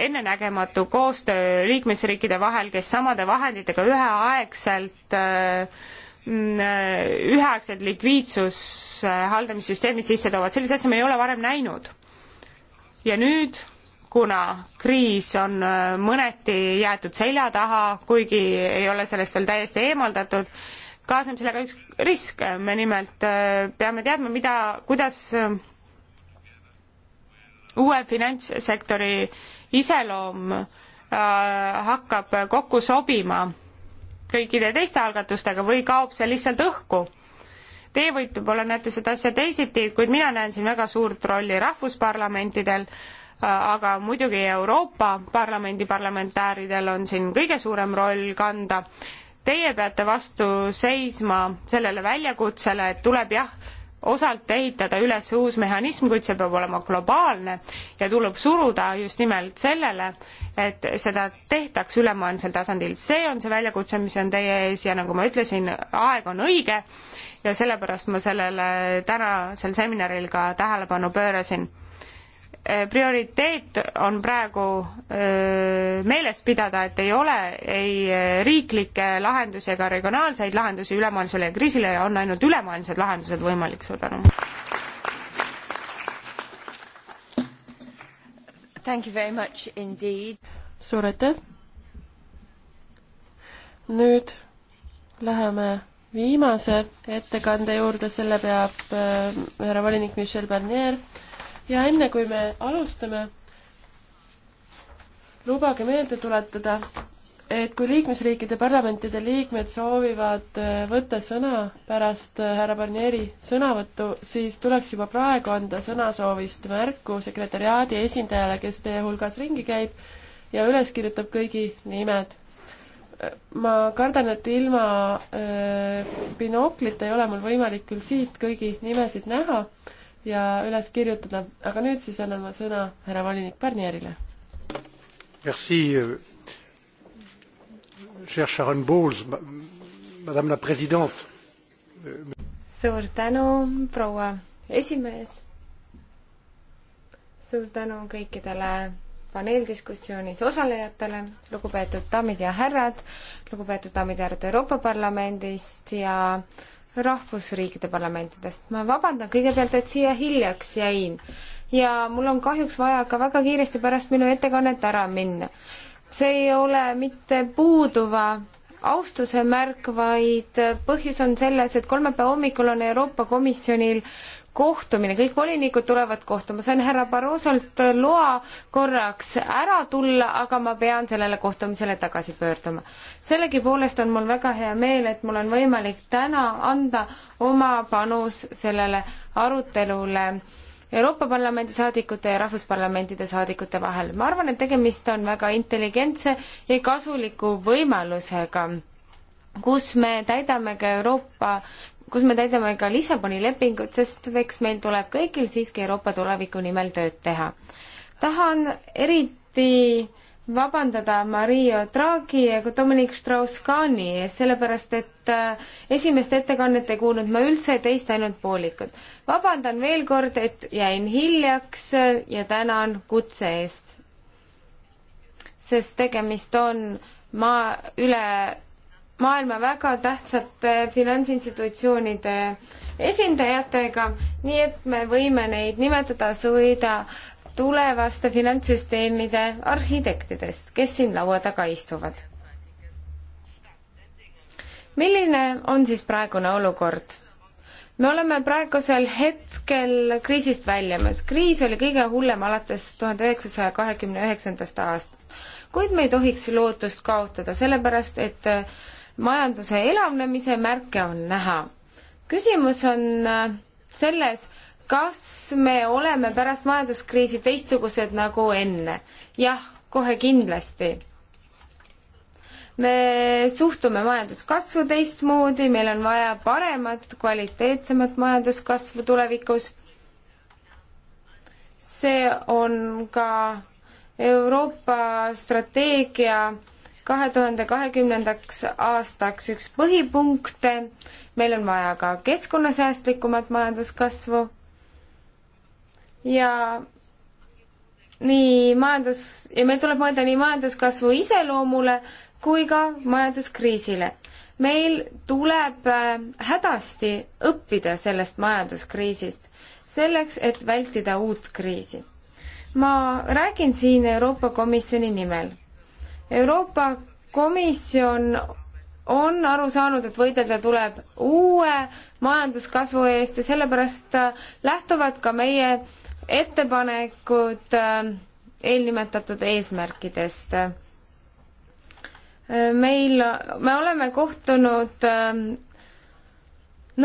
ennenägematu koostöö liikmesriikide vahel, kes samade vahenditega üheaegselt äh, üheaegsed likviidsus haldamissüsteemid sisse toovad, sellist asja me ei ole varem näinud. ja nüüd kuna kriis on äh, mõneti jäetud selja taha, kuigi ei ole sellest veel täiesti eemaldatud, kaasneb sellega üks risk, me nimelt äh, peame teadma, mida, kuidas äh, uue finantssektori iseloom hakkab kokku sobima kõikide teiste algatustega või kaob see lihtsalt õhku Teie võite võib-olla näete seda asja teisiti, kuid mina näen siin väga suurt rolli rahvusparlamentidel, aga muidugi Euroopa Parlamendi parlamentääridel on siin kõige suurem roll kanda. Teie peate vastu seisma sellele väljakutsele, et tuleb jah, osalt ehitada üles uus mehhanism, kuid see peab olema globaalne ja tuleb suruda just nimelt sellele, et seda tehtaks ülemaailmsel tasandil. see on see väljakutse, mis on teie ees ja nagu ma ütlesin, aeg on õige ja sellepärast ma sellele tänasel seminaril ka tähelepanu pöörasin Äh, prioriteet on praegu äh, meeles pidada, et ei ole ei äh, riiklikke lahendusi ega regionaalseid lahendusi ülemaailmsele kriisile, on ainult ülemaailmsed lahendused võimalik, suur tänu. Thank you very much indeed. suur aitäh. nüüd läheme viimase ettekande juurde, selle peab härra volinik Michel Barnier ja enne kui me alustame, lubage meelde tuletada, et kui liikmesriikide parlamentide liikmed soovivad äh, võtta sõna pärast äh, härra Barnieri sõnavõttu, siis tuleks juba praegu anda sõnasoovist märku sekretäriaadi esindajale, kes teie hulgas ringi käib ja üles kirjutab kõigi nimed. Äh, ma kardan, et ilma öö, binoklita ei ole mul võimalik küll siit kõigi nimesid näha ja üles kirjutada, aga nüüd siis annan ma sõna härra volinik Barnierile. Merci, euh, cher Sharon Bowles, madame la president. suur tänu, proua esimees. suur tänu kõikidele paneeldiskussioonis osalejatele, lugupeetud daamid ja härrad, lugupeetud daamid ja härrad Euroopa Parlamendist ja äh, rahvusriikide parlamentidest. ma vabandan kõigepealt, et siia hiljaks jäin ja mul on kahjuks vaja ka väga kiiresti pärast minu ettekannet ära minna. see ei ole mitte puuduva austuse märk, vaid põhjus on selles, et kolmapäeva hommikul on Euroopa Komisjonil kohtumine, kõik volinikud tulevad kohtuma, sain härra Barrosolt loa korraks ära tulla, aga ma pean sellele kohtumisele tagasi pöörduma. sellegipoolest on mul väga hea meel, et mul on võimalik täna anda oma panus sellele arutelule Euroopa Parlamendi saadikute ja Rahvusparlamentide saadikute vahel. ma arvan, et tegemist on väga intelligentse ja kasuliku võimalusega kus me täidame ka Euroopa kus me täidame ka Lissaboni lepingut, sest eks meil tuleb kõigil siiski Euroopa tuleviku nimel tööd teha. tahan eriti vabandada Mario Draghi ja ka Dominic Strauss-Kahni ees, sellepärast et äh, esimest ettekannet ei kuulnud ma üldse, teist ainult poolikud. vabandan veel kord, et jäin hiljaks ja tänan kutse eest. sest tegemist on maa, üle maailma väga tähtsate finantsinstitutsioonide esindajatega, nii et me võime neid nimetada suida tulevaste finantssüsteemide arhitektidest, kes siin laua taga istuvad. milline on siis praegune olukord? me oleme praegusel hetkel kriisist väljumas. kriis oli kõige hullem alates tuhande üheksasaja kahekümne üheksandast aastast. kuid me ei tohiks lootust kaotada, sellepärast et majanduse elavnemise märke on näha. küsimus on äh, selles, kas me oleme pärast majanduskriisi teistsugused nagu enne? jah, kohe kindlasti. me suhtume majanduskasvu teistmoodi, meil on vaja paremat, kvaliteetsemat majanduskasvu tulevikus. see on ka Euroopa strateegia kahe tuhande kahekümnendaks aastaks üks põhipunkte. meil on vaja ka keskkonnasäästlikumat majanduskasvu ja nii majandus ja meil tuleb mõelda nii majanduskasvu iseloomule kui ka majanduskriisile. meil tuleb äh, hädasti õppida sellest majanduskriisist selleks, et vältida uut kriisi. ma räägin siin Euroopa Komisjoni nimel Euroopa Komisjon on aru saanud, et võidelda tuleb uue majanduskasvu eest ja sellepärast äh, lähtuvad ka meie ettepanekud äh, eelnimetatud eesmärkidest. Äh, meil, me oleme kohtunud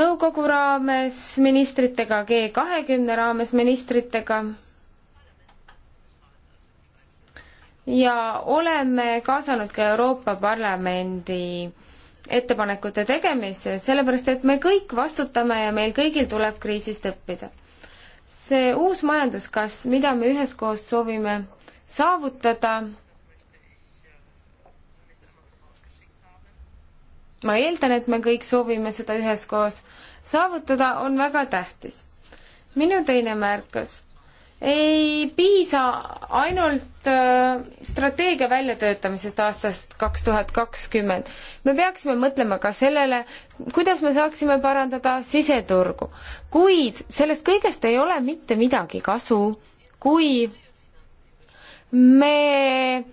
nõukogu raames ministritega, G kahekümne raames ministritega ja oleme kaasanud ka Euroopa Parlamendi ettepanekute tegemisse, sellepärast et me kõik vastutame ja meil kõigil tuleb kriisist õppida. see uus majanduskasv, mida me üheskoos soovime saavutada, ma eeldan, et me kõik soovime seda üheskoos saavutada, on väga tähtis. minu teine märkus ei piisa ainult äh, strateegia väljatöötamisest aastast kaks tuhat kakskümmend. me peaksime mõtlema ka sellele, kuidas me saaksime parandada siseturgu. kuid sellest kõigest ei ole mitte midagi kasu, kui me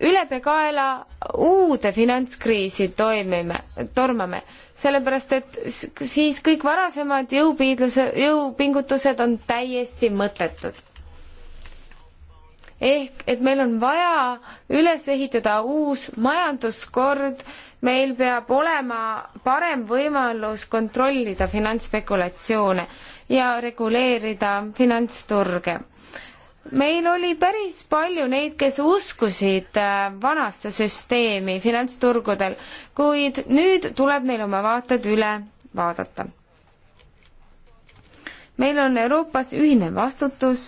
ülepeakaela uude finantskriisi toimime, tormame sellepärast et siis kõik varasemad jõupiidluse, jõupingutused on täiesti mõttetud. ehk et meil on vaja üles ehitada uus majanduskord, meil peab olema parem võimalus kontrollida finantsspekulatsioone ja reguleerida finantsturge meil oli päris palju neid, kes uskusid äh, vanasse süsteemi finantsturgudel, kuid nüüd tuleb meil oma vaated üle vaadata. meil on Euroopas ühine vastutus,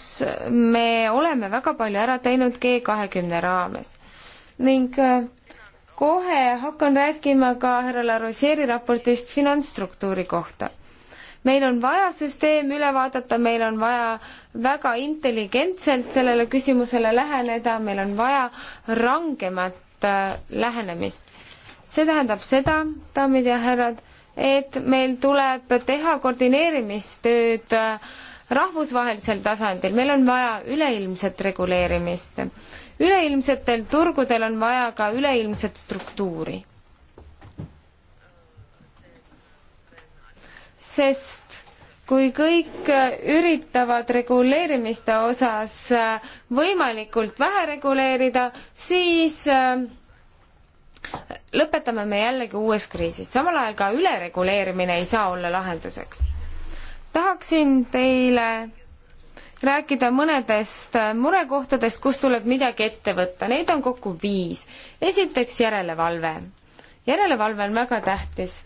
me oleme väga palju ära teinud G kahekümne raames ning äh, kohe hakkan rääkima ka härra Larosieri raportist finantsstruktuuri kohta meil on vaja süsteem üle vaadata, meil on vaja väga intelligentselt sellele küsimusele läheneda, meil on vaja rangemat äh, lähenemist. see tähendab seda, daamid ja härrad, et meil tuleb teha koordineerimistööd äh, rahvusvahelisel tasandil, meil on vaja üleilmset reguleerimist. üleilmsetel turgudel on vaja ka üleilmset struktuuri sest kui kõik üritavad reguleerimiste osas võimalikult vähe reguleerida, siis äh, lõpetame me jällegi uues kriisis, samal ajal ka ülereguleerimine ei saa olla lahenduseks. tahaksin teile rääkida mõnedest äh, murekohtadest, kus tuleb midagi ette võtta, neid on kokku viis. esiteks järelevalve. järelevalve on väga tähtis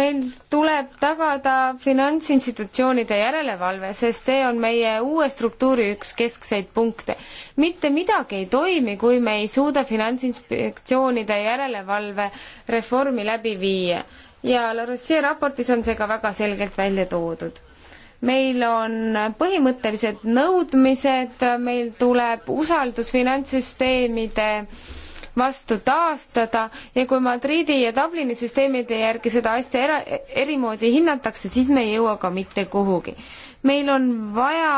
meil tuleb tagada finantsinstitutsioonide järelevalve, sest see on meie uue struktuuri üks keskseid punkte. mitte midagi ei toimi, kui me ei suuda finantsinspektsioonide järelevalve reformi läbi viia ja La Rossier raportis on see ka väga selgelt välja toodud meil on põhimõttelised nõudmised, meil tuleb usaldus finantssüsteemide äh, vastu taastada ja kui Madridi ja Dublini süsteemide järgi seda asja era-, erimoodi hinnatakse, siis me ei jõua ka mitte kuhugi. meil on vaja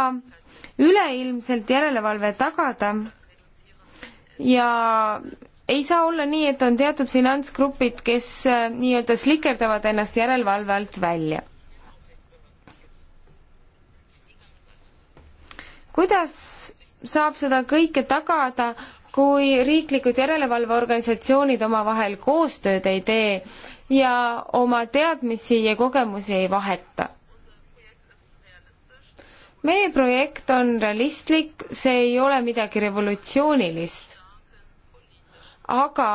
üleilmselt järelevalve tagada ja ei saa olla nii, et on teatud finantsgrupid, kes äh, nii-öelda slikerdavad ennast järelevalve alt välja. kuidas saab seda kõike tagada kui riiklikud järelevalveorganisatsioonid omavahel koostööd ei tee ja oma teadmisi ja kogemusi ei vaheta. meie projekt on realistlik, see ei ole midagi revolutsioonilist. aga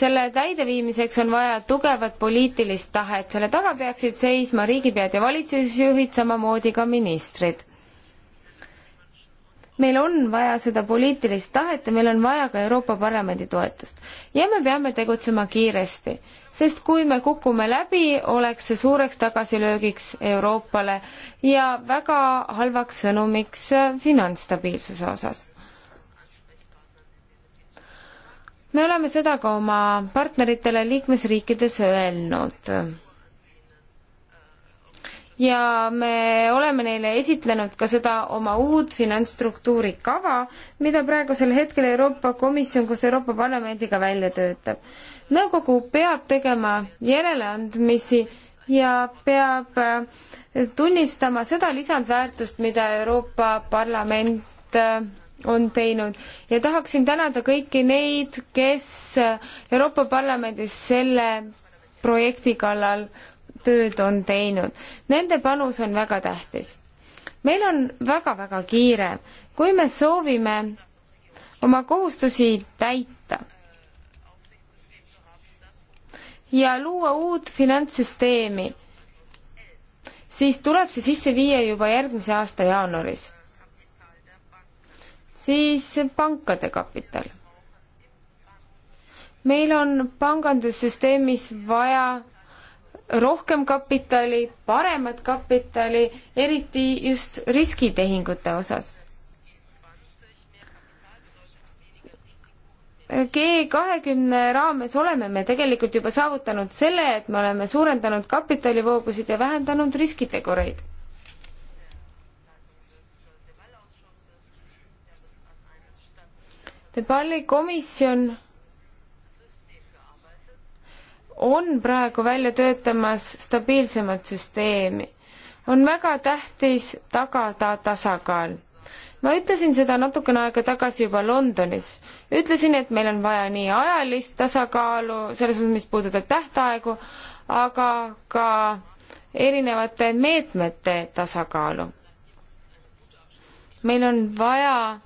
selle täideviimiseks on vaja tugevat poliitilist tahet, selle taga peaksid seisma riigipead ja valitsusjuhid, samamoodi ka ministrid meil on vaja seda poliitilist tahet ja meil on vaja ka Euroopa Parlamendi toetust. ja me peame tegutsema kiiresti, sest kui me kukume läbi, oleks see suureks tagasilöögiks Euroopale ja väga halvaks sõnumiks finantsstabiilsuse osas. me oleme seda ka oma partneritele liikmesriikides öelnud ja me oleme neile esitlenud ka seda oma uut finantsstruktuuri kava, mida praegusel hetkel Euroopa Komisjon koos Euroopa Parlamendiga välja töötab. nõukogu peab tegema järeleandmisi ja peab äh, tunnistama seda lisandväärtust, mida Euroopa Parlament äh, on teinud ja tahaksin tänada kõiki neid, kes Euroopa Parlamendis selle projekti kallal tööd on teinud. Nende panus on väga tähtis. meil on väga-väga kiire, kui me soovime oma kohustusi täita ja luua uut finantssüsteemi, siis tuleb see sisse viia juba järgmise aasta jaanuaris. siis pankade kapital. meil on pangandussüsteemis vaja rohkem kapitali, paremat kapitali, eriti just riskitehingute osas. G kahekümne raames oleme me tegelikult juba saavutanud selle, et me oleme suurendanud kapitalivoogusid ja vähendanud riskitegureid. Debali komisjon on praegu välja töötamas stabiilsemat süsteemi. on väga tähtis tagada tasakaal. ma ütlesin seda natukene aega tagasi juba Londonis. ütlesin, et meil on vaja nii ajalist tasakaalu, selles osas, mis puudutab tähtaegu, aga ka erinevate meetmete tasakaalu. meil on vaja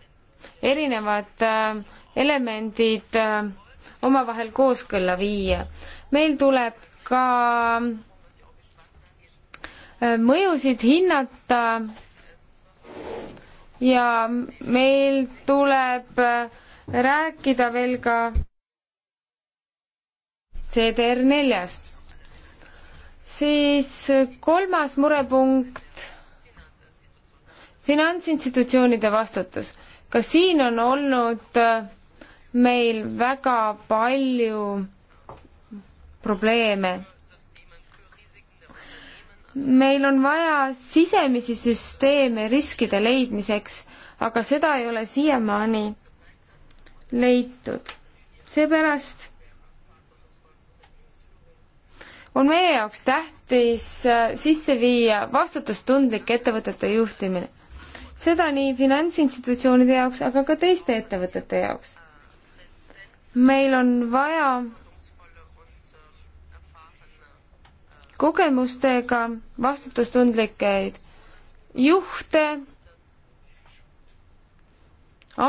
erinevad äh, elemendid äh, omavahel kooskõlla viia meil tuleb ka äh, mõjusid hinnata ja meil tuleb äh, rääkida veel ka CDR neljast. siis äh, kolmas murepunkt, finantsinstitutsioonide vastutus. ka siin on olnud meil väga palju probleeme. meil on vaja sisemisi süsteeme riskide leidmiseks, aga seda ei ole siiamaani leitud. seepärast on meie jaoks tähtis äh, sisse viia vastutustundlik ettevõtete juhtimine. seda nii finantsinstitutsioonide jaoks, aga ka teiste ettevõtete jaoks. meil on vaja kogemustega vastutustundlikeid juhte,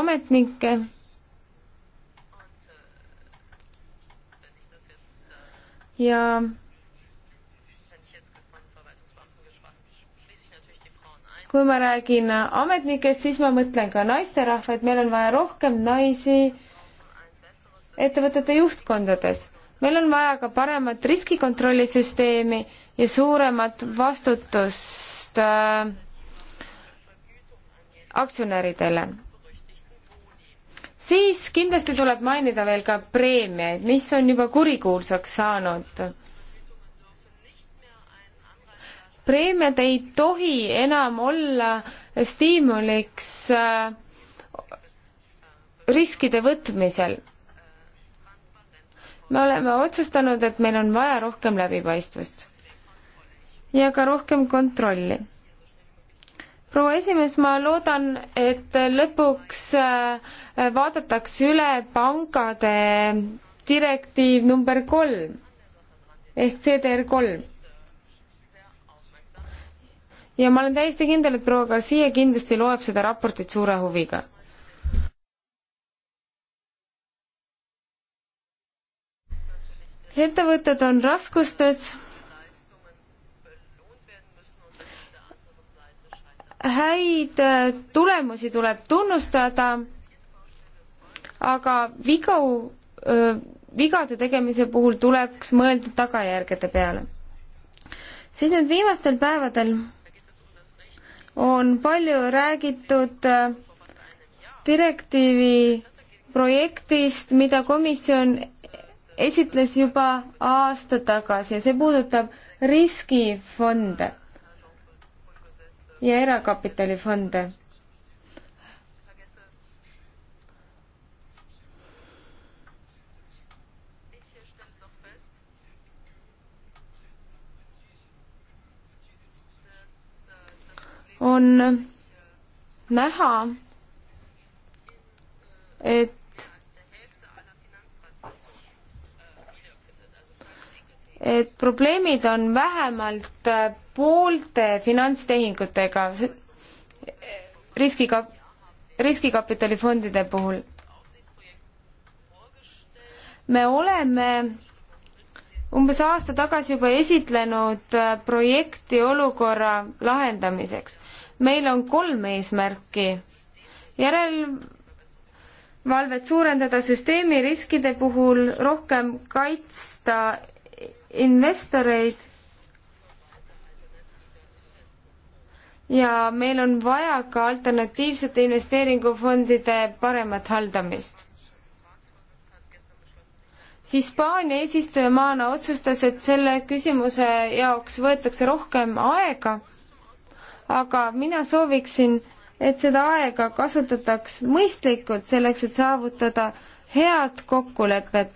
ametnikke. ja kui ma räägin ametnikest, siis ma mõtlen ka naisterahvaid, meil on vaja rohkem naisi ettevõtete juhtkondades meil on vaja ka paremat riskikontrollisüsteemi ja suuremat vastutust äh, aktsionäridele. siis kindlasti tuleb mainida veel ka preemiaid, mis on juba kurikuulsaks saanud. preemiad ei tohi enam olla stiimuliks äh, riskide võtmisel me oleme otsustanud, et meil on vaja rohkem läbipaistvust ja ka rohkem kontrolli. proua esimees, ma loodan, et lõpuks äh, vaadatakse üle pankade direktiiv number kolm ehk CDR kolm. ja ma olen täiesti kindel, et proua Garcia kindlasti loeb seda raportit suure huviga ettevõtted on raskustes. häid äh, tulemusi tuleb tunnustada, aga vigu, äh, vigade tegemise puhul tuleks mõelda tagajärgede peale. siis nüüd viimastel päevadel on palju räägitud äh, direktiivi projektist, mida komisjon esitles juba aasta tagasi ja see puudutab riskifonde ja erakapitalifonde. on näha, et et probleemid on vähemalt äh, poolte finantstehingutega riskikap-, riskikapitalifondide puhul. me oleme umbes aasta tagasi juba esitlenud äh, projekti olukorra lahendamiseks. meil on kolm eesmärki. järelevalvet suurendada süsteemi riskide puhul, rohkem kaitsta investoreid ja meil on vaja ka alternatiivsete investeeringufondide paremat haldamist. Hispaania eesistujamaana otsustas, et selle küsimuse jaoks võetakse rohkem aega, aga mina sooviksin, et seda aega kasutataks mõistlikult selleks, et saavutada head kokkulepet,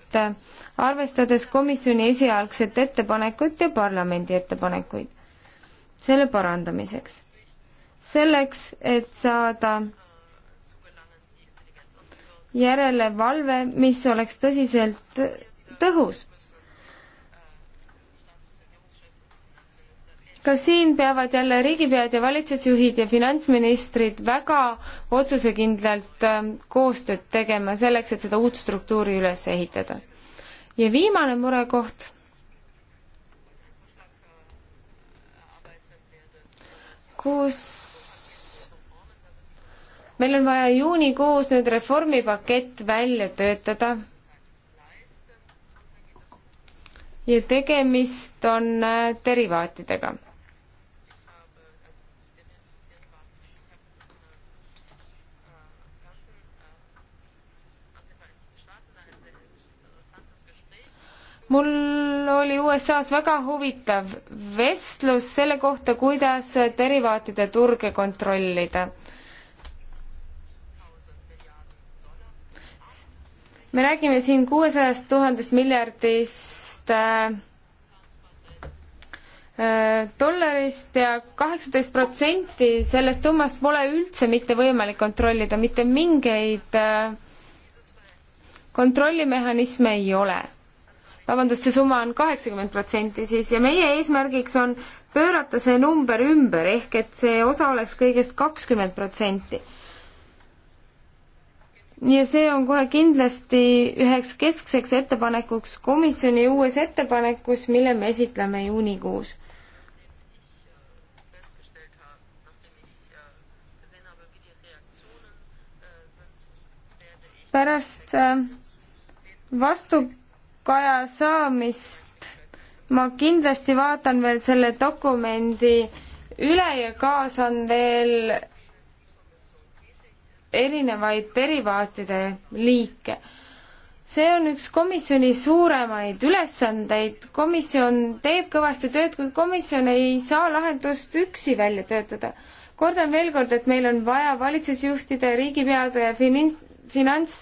arvestades komisjoni esialgset ettepanekut ja parlamendi ettepanekuid selle parandamiseks. selleks, et saada järelevalve, mis oleks tõsiselt tõhus. ka siin peavad jälle riigipead ja valitsusjuhid ja finantsministrid väga otsusekindlalt ähm, koostööd tegema selleks, et seda uut struktuuri üles ehitada. ja viimane murekoht. kus meil on vaja juunikuus nüüd reformipakett välja töötada ja tegemist on äh, derivaatidega mul oli USA-s väga huvitav vestlus selle kohta, kuidas derivaatide turge kontrollida. me räägime siin kuuesajast tuhandest miljardist äh, äh dollarist ja kaheksateist protsenti sellest summast pole üldse mitte võimalik kontrollida, mitte mingeid äh, kontrollimehhanisme ei ole vabandust, see summa on kaheksakümmend protsenti siis ja meie eesmärgiks on pöörata see number ümber, ehk et see osa oleks kõigest kakskümmend protsenti. ja see on kohe kindlasti üheks keskseks ettepanekuks komisjoni uues ettepanekus, mille me esitleme juunikuus pärast äh, vastu kaja saamist. ma kindlasti vaatan veel selle dokumendi üle ja kaasan veel erinevaid derivaatide liike. see on üks komisjoni suuremaid ülesandeid, komisjon teeb kõvasti tööd, kuid komisjon ei saa lahendust üksi välja töötada. kordan veel kord, et meil on vaja valitsusjuhtide, riigipeade ja finants, finants,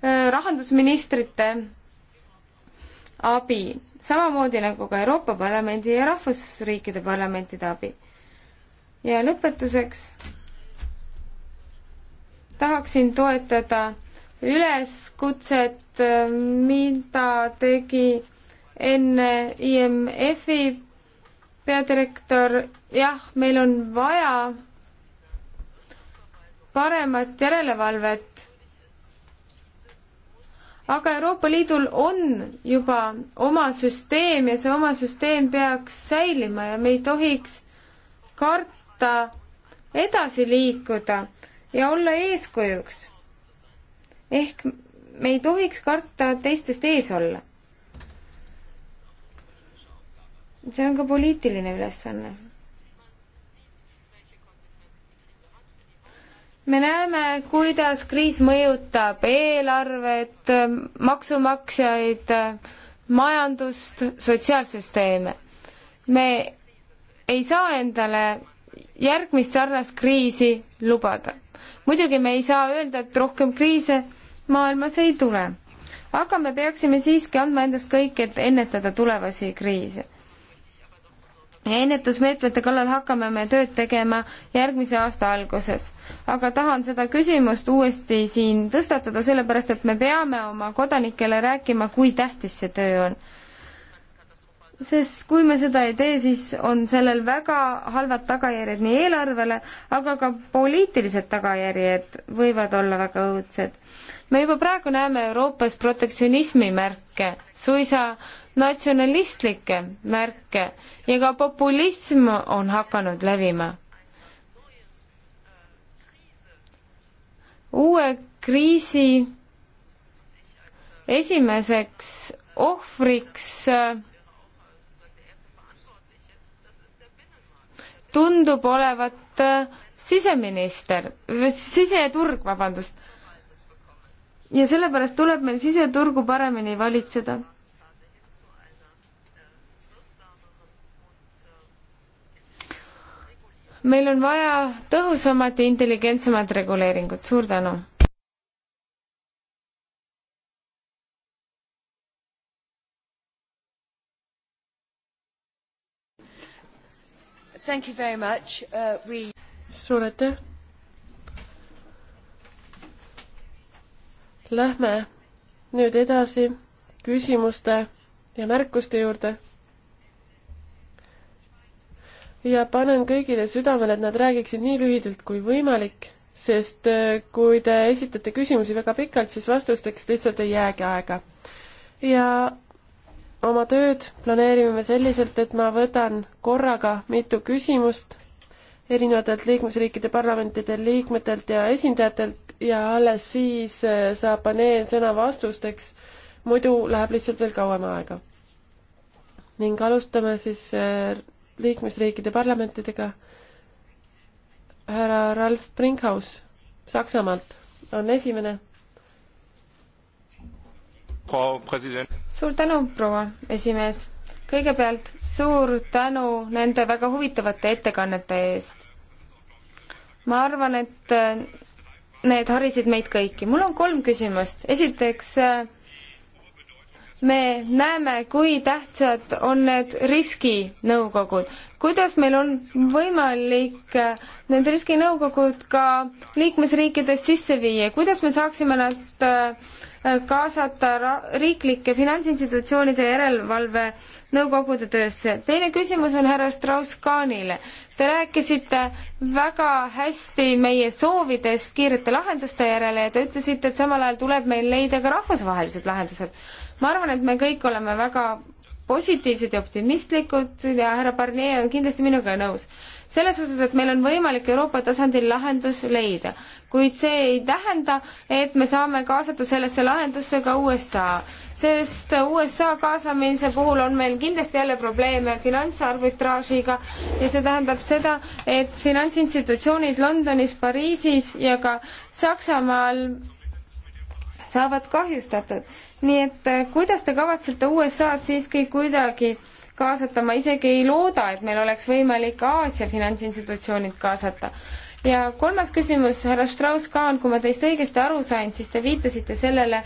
äh, rahandusministrite abi, samamoodi nagu ka Euroopa Parlamendi ja rahvusriikide parlamentide abi. ja lõpetuseks tahaksin toetada üleskutset, mida tegi enne IMF-i peadirektor, jah, meil on vaja paremat järelevalvet aga Euroopa Liidul on juba oma süsteem ja see oma süsteem peaks säilima ja me ei tohiks karta edasi liikuda ja olla eeskujuks. ehk me ei tohiks karta teistest ees olla. see on ka poliitiline ülesanne me näeme, kuidas kriis mõjutab eelarvet, maksumaksjaid, majandust, sotsiaalsüsteeme. me ei saa endale järgmist sarnast kriisi lubada. muidugi me ei saa öelda, et rohkem kriise maailmas ei tule. aga me peaksime siiski andma endast kõik, et ennetada tulevasi kriise ennetusmeetmete kallal hakkame me tööd tegema järgmise aasta alguses. aga tahan seda küsimust uuesti siin tõstatada, sellepärast et me peame oma kodanikele rääkima, kui tähtis see töö on. sest kui me seda ei tee, siis on sellel väga halvad tagajärjed nii eelarvele, aga ka poliitilised tagajärjed võivad olla väga õudsed me juba praegu näeme Euroopas protektsionismi märke, suisa natsionalistlikke märke ja ka populism on hakanud levima. uue kriisi esimeseks ohvriks tundub olevat äh, siseminister, siseturg, vabandust ja sellepärast tuleb meil siseturgu paremini valitseda. meil on vaja tõhusamat ja intelligentsemat reguleeringut, suur tänu! Thank you very much. Uh, we... Suur aitäh! Lähme nüüd edasi küsimuste ja märkuste juurde. ja panen kõigile südamele, et nad räägiksid nii lühidalt kui võimalik, sest äh, kui te esitate küsimusi väga pikalt, siis vastusteks lihtsalt ei jäägi aega. ja oma tööd planeerime me selliselt, et ma võtan korraga mitu küsimust erinevatelt liikmesriikide parlamentide liikmetelt ja esindajatelt ja alles siis äh, saab paneel sõna vastusteks, muidu läheb lihtsalt veel kauem aega. ning alustame siis äh, liikmesriikide parlamentidega. härra Ralf Brinkhaus Saksamaalt on esimene. suur tänu, proua esimees. kõigepealt suur tänu nende väga huvitavate ettekannete eest. ma arvan, et äh, need harisid meid kõiki. mul on kolm küsimust. esiteks, me näeme, kui tähtsad on need riskinõukogud. kuidas meil on võimalik need riskinõukogud ka liikmesriikidest sisse viia, kuidas me saaksime nad äh, kaasata riiklike finantsinstitutsioonide järelevalve nõukogude töösse. teine küsimus on härra Strauss-Kahnile. Te rääkisite väga hästi meie soovidest kiirete lahenduste järele ja te ütlesite, et samal ajal tuleb meil leida ka rahvusvahelised lahendused. ma arvan, et me kõik oleme väga positiivsed ja optimistlikud ja härra Barnier on kindlasti minuga nõus selles osas, et meil on võimalik Euroopa tasandil lahendus leida. kuid see ei tähenda, et me saame kaasata sellesse lahendusse ka USA, sest USA kaasamise puhul on meil kindlasti jälle probleeme finantsarbitraažiga ja see tähendab seda, et finantsinstitutsioonid Londonis, Pariisis ja ka Saksamaal saavad kahjustatud. nii et eh, kuidas te kavatsete USA-d siiski kuidagi äh, kaasata, ma isegi ei looda, et meil oleks võimalik Aasia finantsinstitutsioonid kaasata. ja kolmas küsimus, härra Strauss-Kahn, kui ma teist õigesti aru sain, siis te viitasite sellele,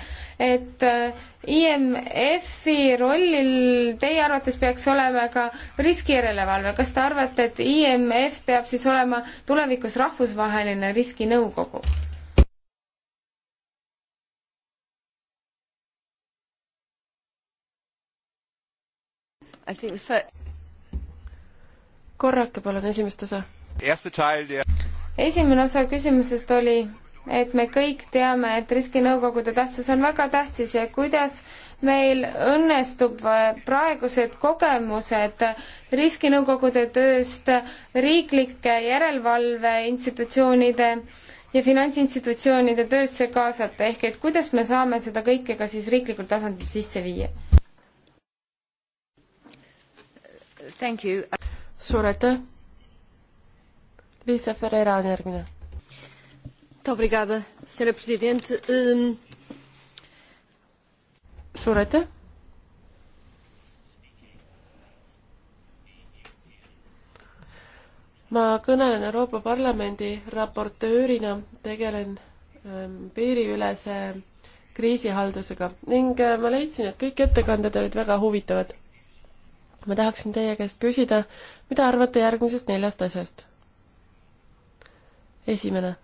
et äh, IMF-i rollil teie arvates peaks olema ka riskijärelevalve. kas te arvate, et IMF peab siis olema tulevikus rahvusvaheline riskinõukogu? I think the first... korrake palun esimest osa. esimene osa küsimusest oli, et me kõik teame, et riskinõukogude tähtsus on väga tähtis ja kuidas meil õnnestub äh, praegused kogemused riskinõukogude tööst riiklike järelevalveinstitutsioonide ja finantsinstitutsioonide töösse kaasata, ehk et kuidas me saame seda kõike ka siis riiklikul tasandil sisse viia? suur aitäh! Liisa Ferreira on järgmine. Um, suur aitäh! ma kõnelen Euroopa Parlamendi raportöörina, tegelen ähm, piiriülese kriisihaldusega ning äh, ma leidsin, et kõik ettekanded olid väga huvitavad ma tahaksin teie käest küsida, mida arvate järgmisest neljast asjast? esimene.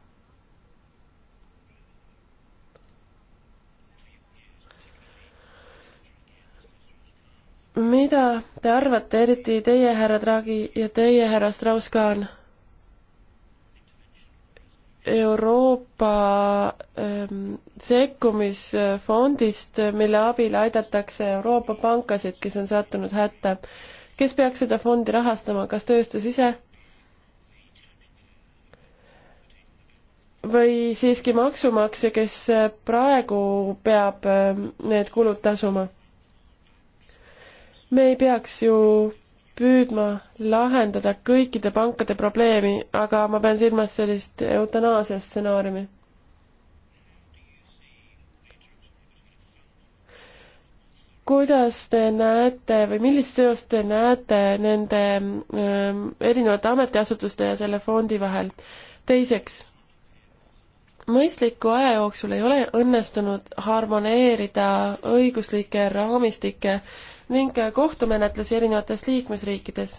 mida te arvate, eriti teie, härra Draghi ja teie, härra Strauss-Kahn, Euroopa ähm, sekkumisfondist, äh, mille abil aidatakse Euroopa pankasid, kes on sattunud hätta. kes peaks seda fondi rahastama, kas tööstus ise? või siiski maksumaksja, kes äh, praegu peab ähm, need kulud tasuma? me ei peaks ju püüdma lahendada kõikide pankade probleemi, aga ma pean silmas sellist eutanaasia stsenaariumi. kuidas te näete või millist seost te näete nende ähm, erinevate ametiasutuste ja selle fondi vahel? teiseks, mõistliku aja jooksul ei ole õnnestunud harmoneerida õiguslikke raamistikke äh, ning kohtumenetlusi erinevates liikmesriikides.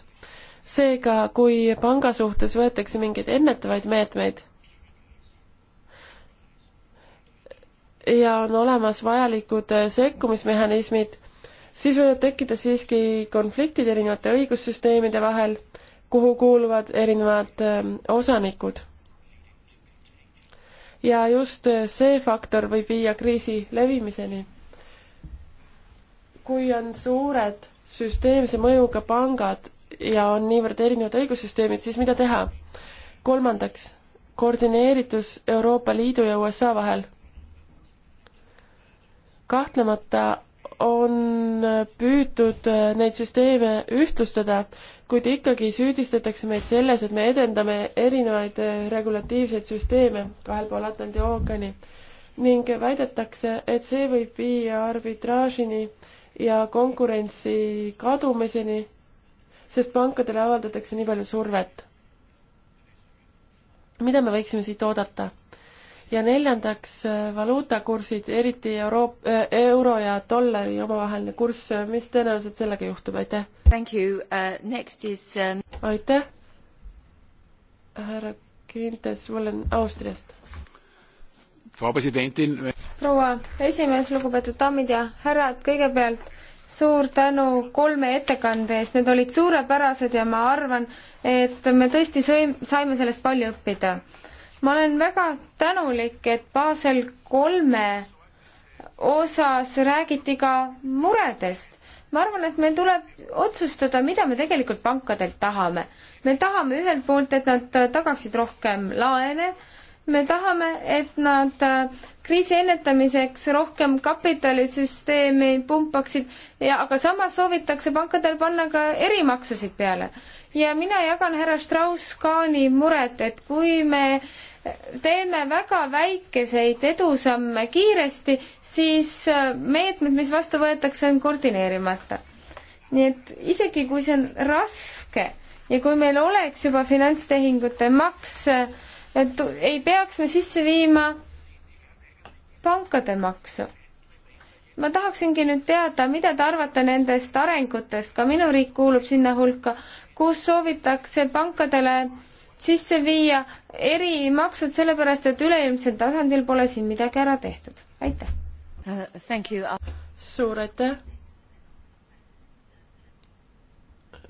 seega, kui panga suhtes võetakse mingeid ennetavaid meetmeid ja on olemas vajalikud sekkumismehhanismid, siis võivad tekkida siiski konfliktid erinevate õigussüsteemide vahel, kuhu kuuluvad erinevad ähm, osanikud. ja just see faktor võib viia kriisi levimiseni kui on suured süsteemse mõjuga pangad ja on niivõrd erinevad õigussüsteemid, siis mida teha? kolmandaks, koordineeritus Euroopa Liidu ja USA vahel. kahtlemata on püütud neid süsteeme ühtlustada, kuid ikkagi süüdistatakse meid selles, et me edendame erinevaid regulatiivseid süsteeme kahel pool Atlandi ookeani ning väidetakse, et see võib viia arbitraažini ja konkurentsi kadumiseni, sest pankadele avaldatakse nii palju survet. mida me võiksime siit oodata? ja neljandaks, äh, valuutakursid, eriti Euroop- äh,, euro ja dollari omavaheline kurss, äh, mis tõenäoliselt sellega juhtub, aitäh! Thank you uh,, next is um... aitäh! härra Kintes, ma olen Austriast Äh, proua esimees, lugupeetud daamid ja härrad, kõigepealt suur tänu kolme ettekande eest, need olid suurepärased ja ma arvan, et me tõesti sõim-, saime sellest palju õppida. ma olen väga tänulik, et Basel kolme osas räägiti ka muredest. ma arvan, et meil tuleb otsustada, mida me tegelikult pankadelt tahame. me tahame ühelt poolt, et nad tagaksid rohkem laene, me tahame, et nad äh, kriisi ennetamiseks rohkem kapitalisüsteemi pumpaksid ja, aga samas soovitakse pankadel panna ka erimaksusid peale. ja mina jagan härra Strauss-Kahni muret, et kui me teeme väga väikeseid edusamme kiiresti, siis äh, meetmed, mis vastu võetakse, on koordineerimata. nii et isegi, kui see on raske ja kui meil oleks juba finantstehingute maks äh, et ei peaks me sisse viima pankade maksu. ma tahaksingi nüüd teada, mida te arvate nendest arengutest, ka minu riik kuulub sinna hulka, kus soovitakse pankadele sisse viia erimaksud, sellepärast et üleilmsel tasandil pole siin midagi ära tehtud. aitäh uh,! uh suur aitäh!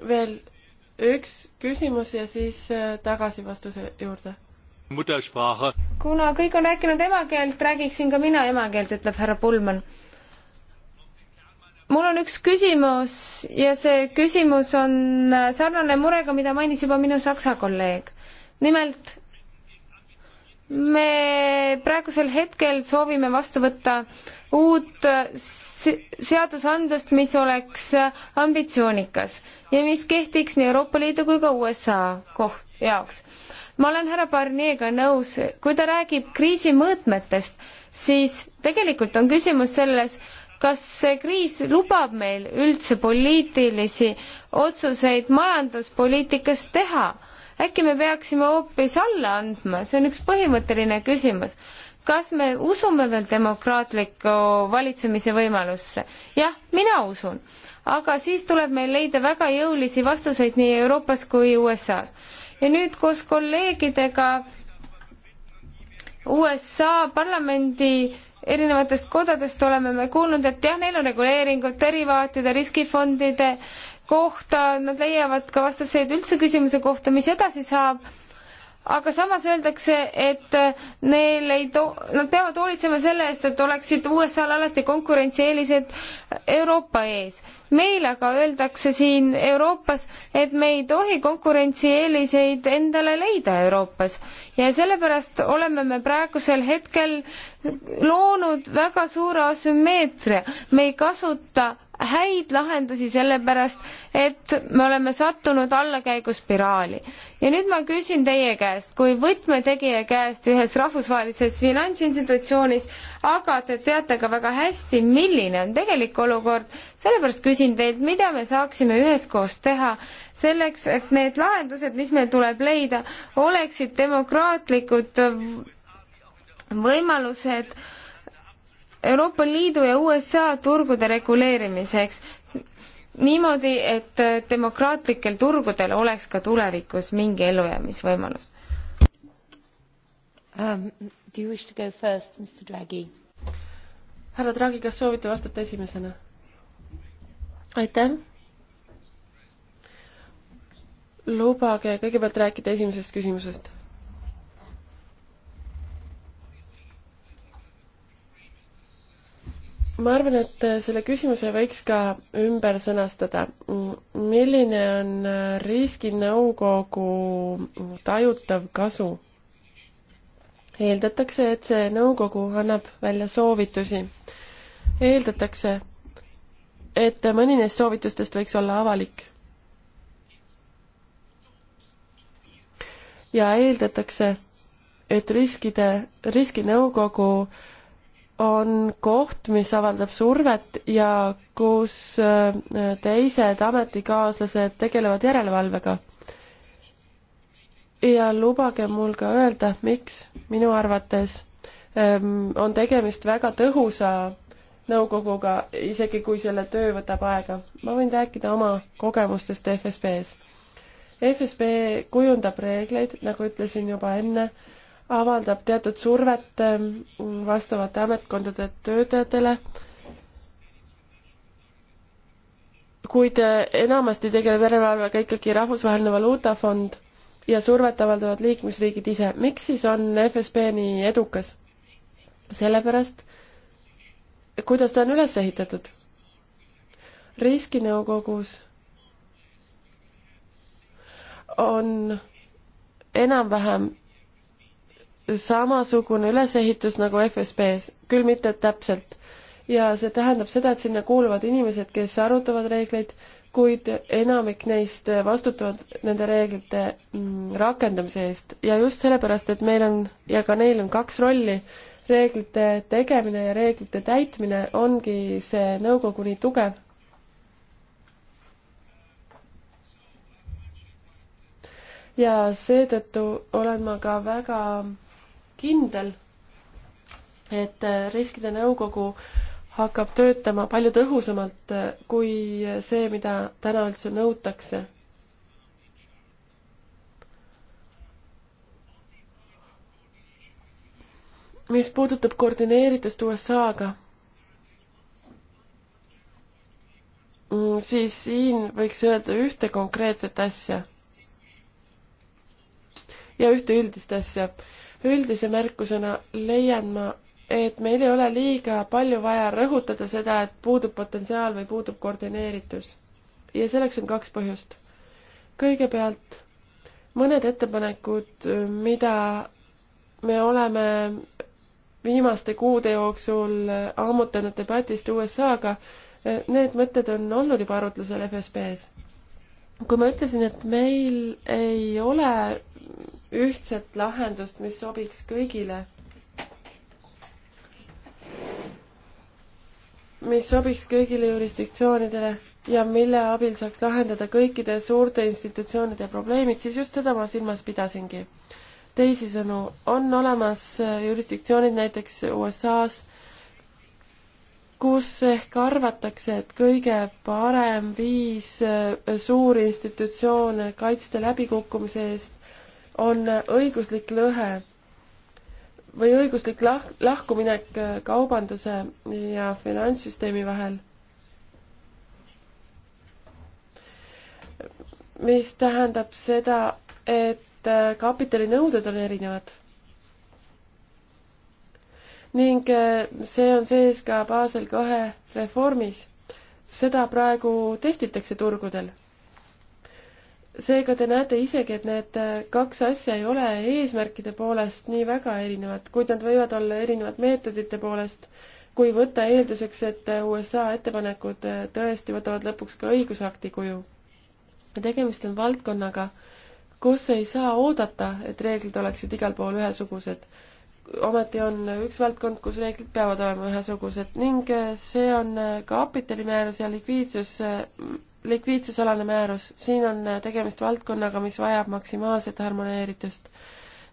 veel üks küsimus ja siis uh, tagasi vastuse juurde kuna kõik on rääkinud emakeelt, räägiksin ka mina emakeelt, ütleb härra Pullmann. mul on üks küsimus ja see küsimus on sarnane murega, mida mainis juba minu saksa kolleeg. nimelt, me praegusel hetkel soovime vastu võtta uut seadusandlust, mis oleks ambitsioonikas ja mis kehtiks nii Euroopa Liidu kui ka USA koht, jaoks ma olen härra Barnier'ga nõus, kui ta räägib kriisi mõõtmetest, siis tegelikult on küsimus selles, kas see kriis lubab meil üldse poliitilisi otsuseid majanduspoliitikas teha? äkki me peaksime hoopis alla andma, see on üks põhimõtteline küsimus. kas me usume veel demokraatliku valitsemise võimalusse? jah, mina usun, aga siis tuleb meil leida väga jõulisi vastuseid nii Euroopas kui USA-s ja nüüd koos kolleegidega USA parlamendi erinevatest kodadest oleme me kuulnud, et jah, neil on reguleeringud derivaatide, riskifondide kohta, nad leiavad ka vastuseid üldse küsimuse kohta, mis edasi saab aga samas öeldakse, et neil ei too, nad peavad hoolitsema selle eest, et oleksid USA-l alati konkurentsieelised Euroopa ees. meil aga öeldakse siin Euroopas, et me ei tohi konkurentsieeliseid endale leida Euroopas ja sellepärast oleme me praegusel hetkel loonud väga suure asümmeetria. me ei kasuta häid lahendusi sellepärast, et me oleme sattunud allakäiguspiraali. ja nüüd ma küsin teie käest, kui võtmetegija käest ühes rahvusvahelises finantsinstitutsioonis, aga te teate ka väga hästi, milline on tegelik olukord, sellepärast küsin teilt, mida me saaksime üheskoos teha selleks, et need lahendused, mis meil tuleb leida, oleksid demokraatlikud võimalused äh, Euroopa Liidu ja USA turgude reguleerimiseks niimoodi, et demokraatlikel turgudel oleks ka tulevikus mingi ellujäämisvõimalus um,? härra Draghi, kas soovite vastata esimesena? aitäh! lubage kõigepealt rääkida esimesest küsimusest ma arvan, et äh, selle küsimuse võiks ka ümber sõnastada. milline on äh, riskinõukogu tajutav kasu? eeldatakse, et see nõukogu annab välja soovitusi. eeldatakse, et mõni neist soovitustest võiks olla avalik. ja eeldatakse, et riskide, riskinõukogu äh, on koht, mis avaldab survet ja kus äh, teised ametikaaslased tegelevad järelevalvega. ja lubage mul ka öelda, miks minu arvates ähm, on tegemist väga tõhusa nõukoguga, isegi kui selle töö võtab aega. ma võin rääkida oma kogemustest FSB-s. FSB kujundab reegleid, nagu ütlesin juba enne avaldab teatud survet ähm, vastavate ametkondade töötajatele, kuid äh, enamasti tegeleb järelevalvega ikkagi Rahvusvaheline Valuutafond ja survet avaldavad liikmesriigid ise. miks siis on FSB nii edukas? sellepärast, kuidas ta on üles ehitatud. riskinõukogus on enam-vähem samasugune ülesehitus nagu FSB-s, küll mitte täpselt. ja see tähendab seda, et sinna kuuluvad inimesed, kes arutavad reegleid, kuid enamik neist vastutavad nende reeglite mm, rakendamise eest ja just sellepärast, et meil on ja ka neil on kaks rolli, reeglite tegemine ja reeglite täitmine ongi see nõukogu nii tugev. ja seetõttu olen ma ka väga kindel, et äh, riskide nõukogu hakkab töötama palju tõhusamalt äh, kui see, mida täna üldse nõutakse mis puudutab koordineeritust USA-ga, mm, siis siin võiks öelda ühte konkreetset asja ja ühte üldist asja üldise märkusena leian ma, et meil ei ole liiga palju vaja rõhutada seda, et puudub potentsiaal või puudub koordineeritus. ja selleks on kaks põhjust. kõigepealt mõned ettepanekud, mida me oleme viimaste kuude jooksul ammutanud debatist USA-ga, need mõtted on olnud juba arutlusel FSB-s. kui ma ütlesin, et meil ei ole ühtset lahendust, mis sobiks kõigile. mis sobiks kõigile jurisdiktsioonidele ja mille abil saaks lahendada kõikide suurte institutsioonide probleemid, siis just seda ma silmas pidasingi. teisisõnu, on olemas jurisdiktsioonid näiteks USA-s, kus ehk arvatakse, et kõige parem viis äh, suuri institutsioone kaitsta läbikukkumise eest on õiguslik lõhe või õiguslik lah-, lahkuminek äh, kaubanduse ja finantssüsteemi vahel, mis tähendab seda, et äh, kapitalinõuded on erinevad. ning äh, see on sees ka Basel kahe reformis. seda praegu testitakse turgudel seega te näete isegi, et need äh, kaks asja ei ole eesmärkide poolest nii väga erinevad, kuid nad võivad olla erinevad meetodite poolest, kui võtta eelduseks, et äh, USA ettepanekud äh, tõesti võtavad lõpuks ka õigusakti kuju. tegemist on valdkonnaga, kus ei saa oodata, et reeglid oleksid igal pool ühesugused. ometi on üks valdkond, kus reeglid peavad olema ühesugused ning see on kapitalimäärus ja likviidsus likviidsusalane määrus, siin on äh, tegemist valdkonnaga, mis vajab maksimaalset harmoneeritust.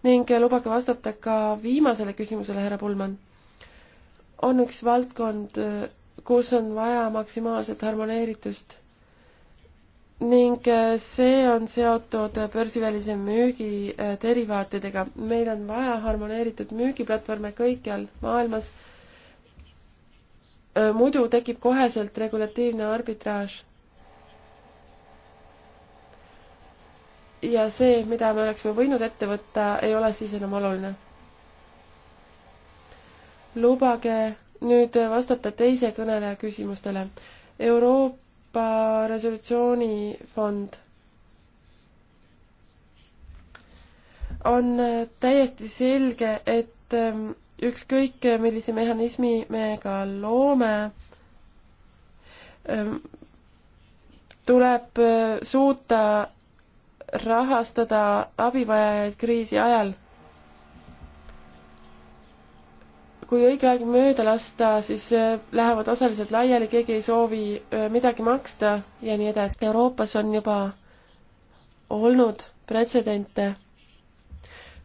ning äh, lubage vastata ka viimasele küsimusele, härra Pullmann. on üks valdkond, äh, kus on vaja maksimaalset harmoneeritust ning see on seotud börsivälise müügi derivaatidega. meil on vaja harmoneeritud müügiplatvorme kõikjal maailmas. muidu tekib koheselt regulatiivne arbitraaž ja see, mida me oleksime võinud ette võtta, ei ole siis enam oluline. lubage nüüd vastata teise kõneleja küsimustele. Euroopa Resolutsioonifond on täiesti selge, et ähm, ükskõik, millise mehhanismi me ka loome, ähm, tuleb äh, suuta rahastada abivajajaid kriisi ajal. kui õige aeg mööda lasta, siis eh, lähevad osalised laiali, keegi ei soovi eh, midagi maksta ja nii edasi. Euroopas on juba olnud pretsedente,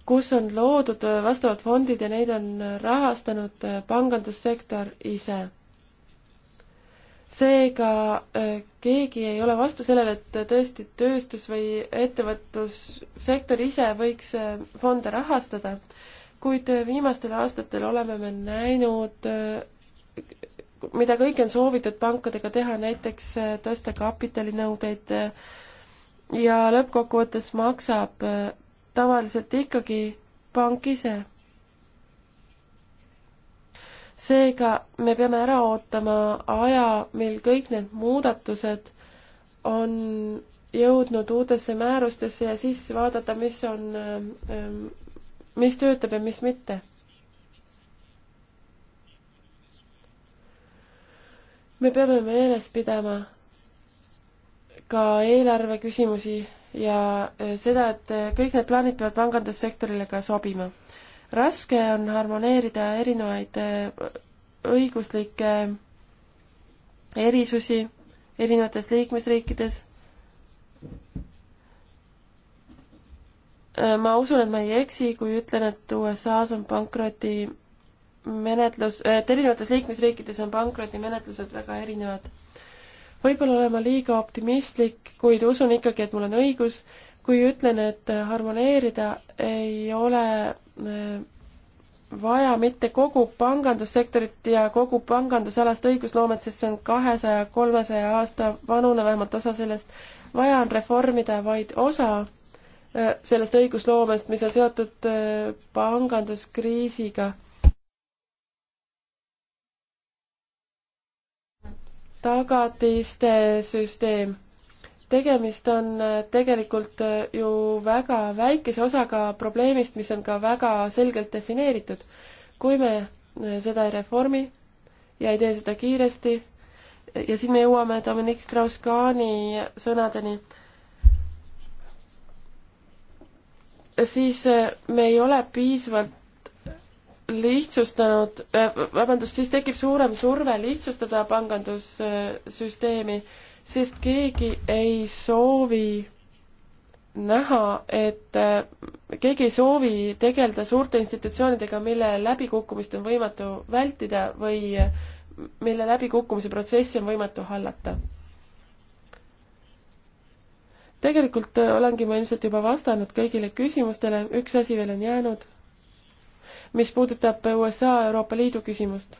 kus on loodud eh, vastavad fondid ja neid on rahastanud pangandussektor ise seega äh, keegi ei ole vastu sellele, et tõesti tööstus või ettevõtlussektor ise võiks äh, fonde rahastada, kuid äh, viimastel aastatel oleme me näinud, mida kõike on soovitud pankadega teha, näiteks tõsta kapitalinõudeid ja lõppkokkuvõttes maksab tavaliselt ikkagi pank ise seega me peame ära ootama aja, mil kõik need muudatused on jõudnud uutesse määrustesse ja siis vaadata, mis on, ähm, mis töötab ja mis mitte me peame meeles pidama ka eelarve küsimusi ja äh, seda, et äh, kõik need plaanid peavad pangandussektorile ka sobima raske on harmoneerida erinevaid äh, õiguslikke erisusi erinevates liikmesriikides. Äh, ma usun, et ma ei eksi, kui ütlen, et USA-s on pankroti menetlus, äh, et erinevates liikmesriikides on pankrotimenetlused väga erinevad. võib-olla olen ma liiga optimistlik, kuid usun ikkagi, et mul on õigus, kui ütlen, et harmoneerida ei ole vaja mitte kogu pangandussektorit ja kogu pangandusalast õigusloomet, sest see on kahesaja, kolmesaja aasta vanune, vähemalt osa sellest, vaja on reformida vaid osa sellest õigusloomest, mis on seotud panganduskriisiga. tagatiste süsteem tegemist on äh, tegelikult äh, ju väga väikese osaga probleemist, mis on ka väga selgelt defineeritud. kui me äh, seda ei reformi ja ei tee seda kiiresti, ja siin me jõuame Dominic Strauss-Kahni sõnadeni, siis me ei ole piisavalt lihtsustanud, vabandust, siis tekib suurem surve lihtsustada pangandussüsteemi äh, sest keegi ei soovi näha, et äh, keegi ei soovi tegeleda suurte institutsioonidega, mille läbikukkumist on võimatu vältida või mille läbikukkumise protsessi on võimatu hallata. tegelikult äh, olengi ma ilmselt juba vastanud kõigile küsimustele, üks asi veel on jäänud, mis puudutab USA Euroopa Liidu küsimust.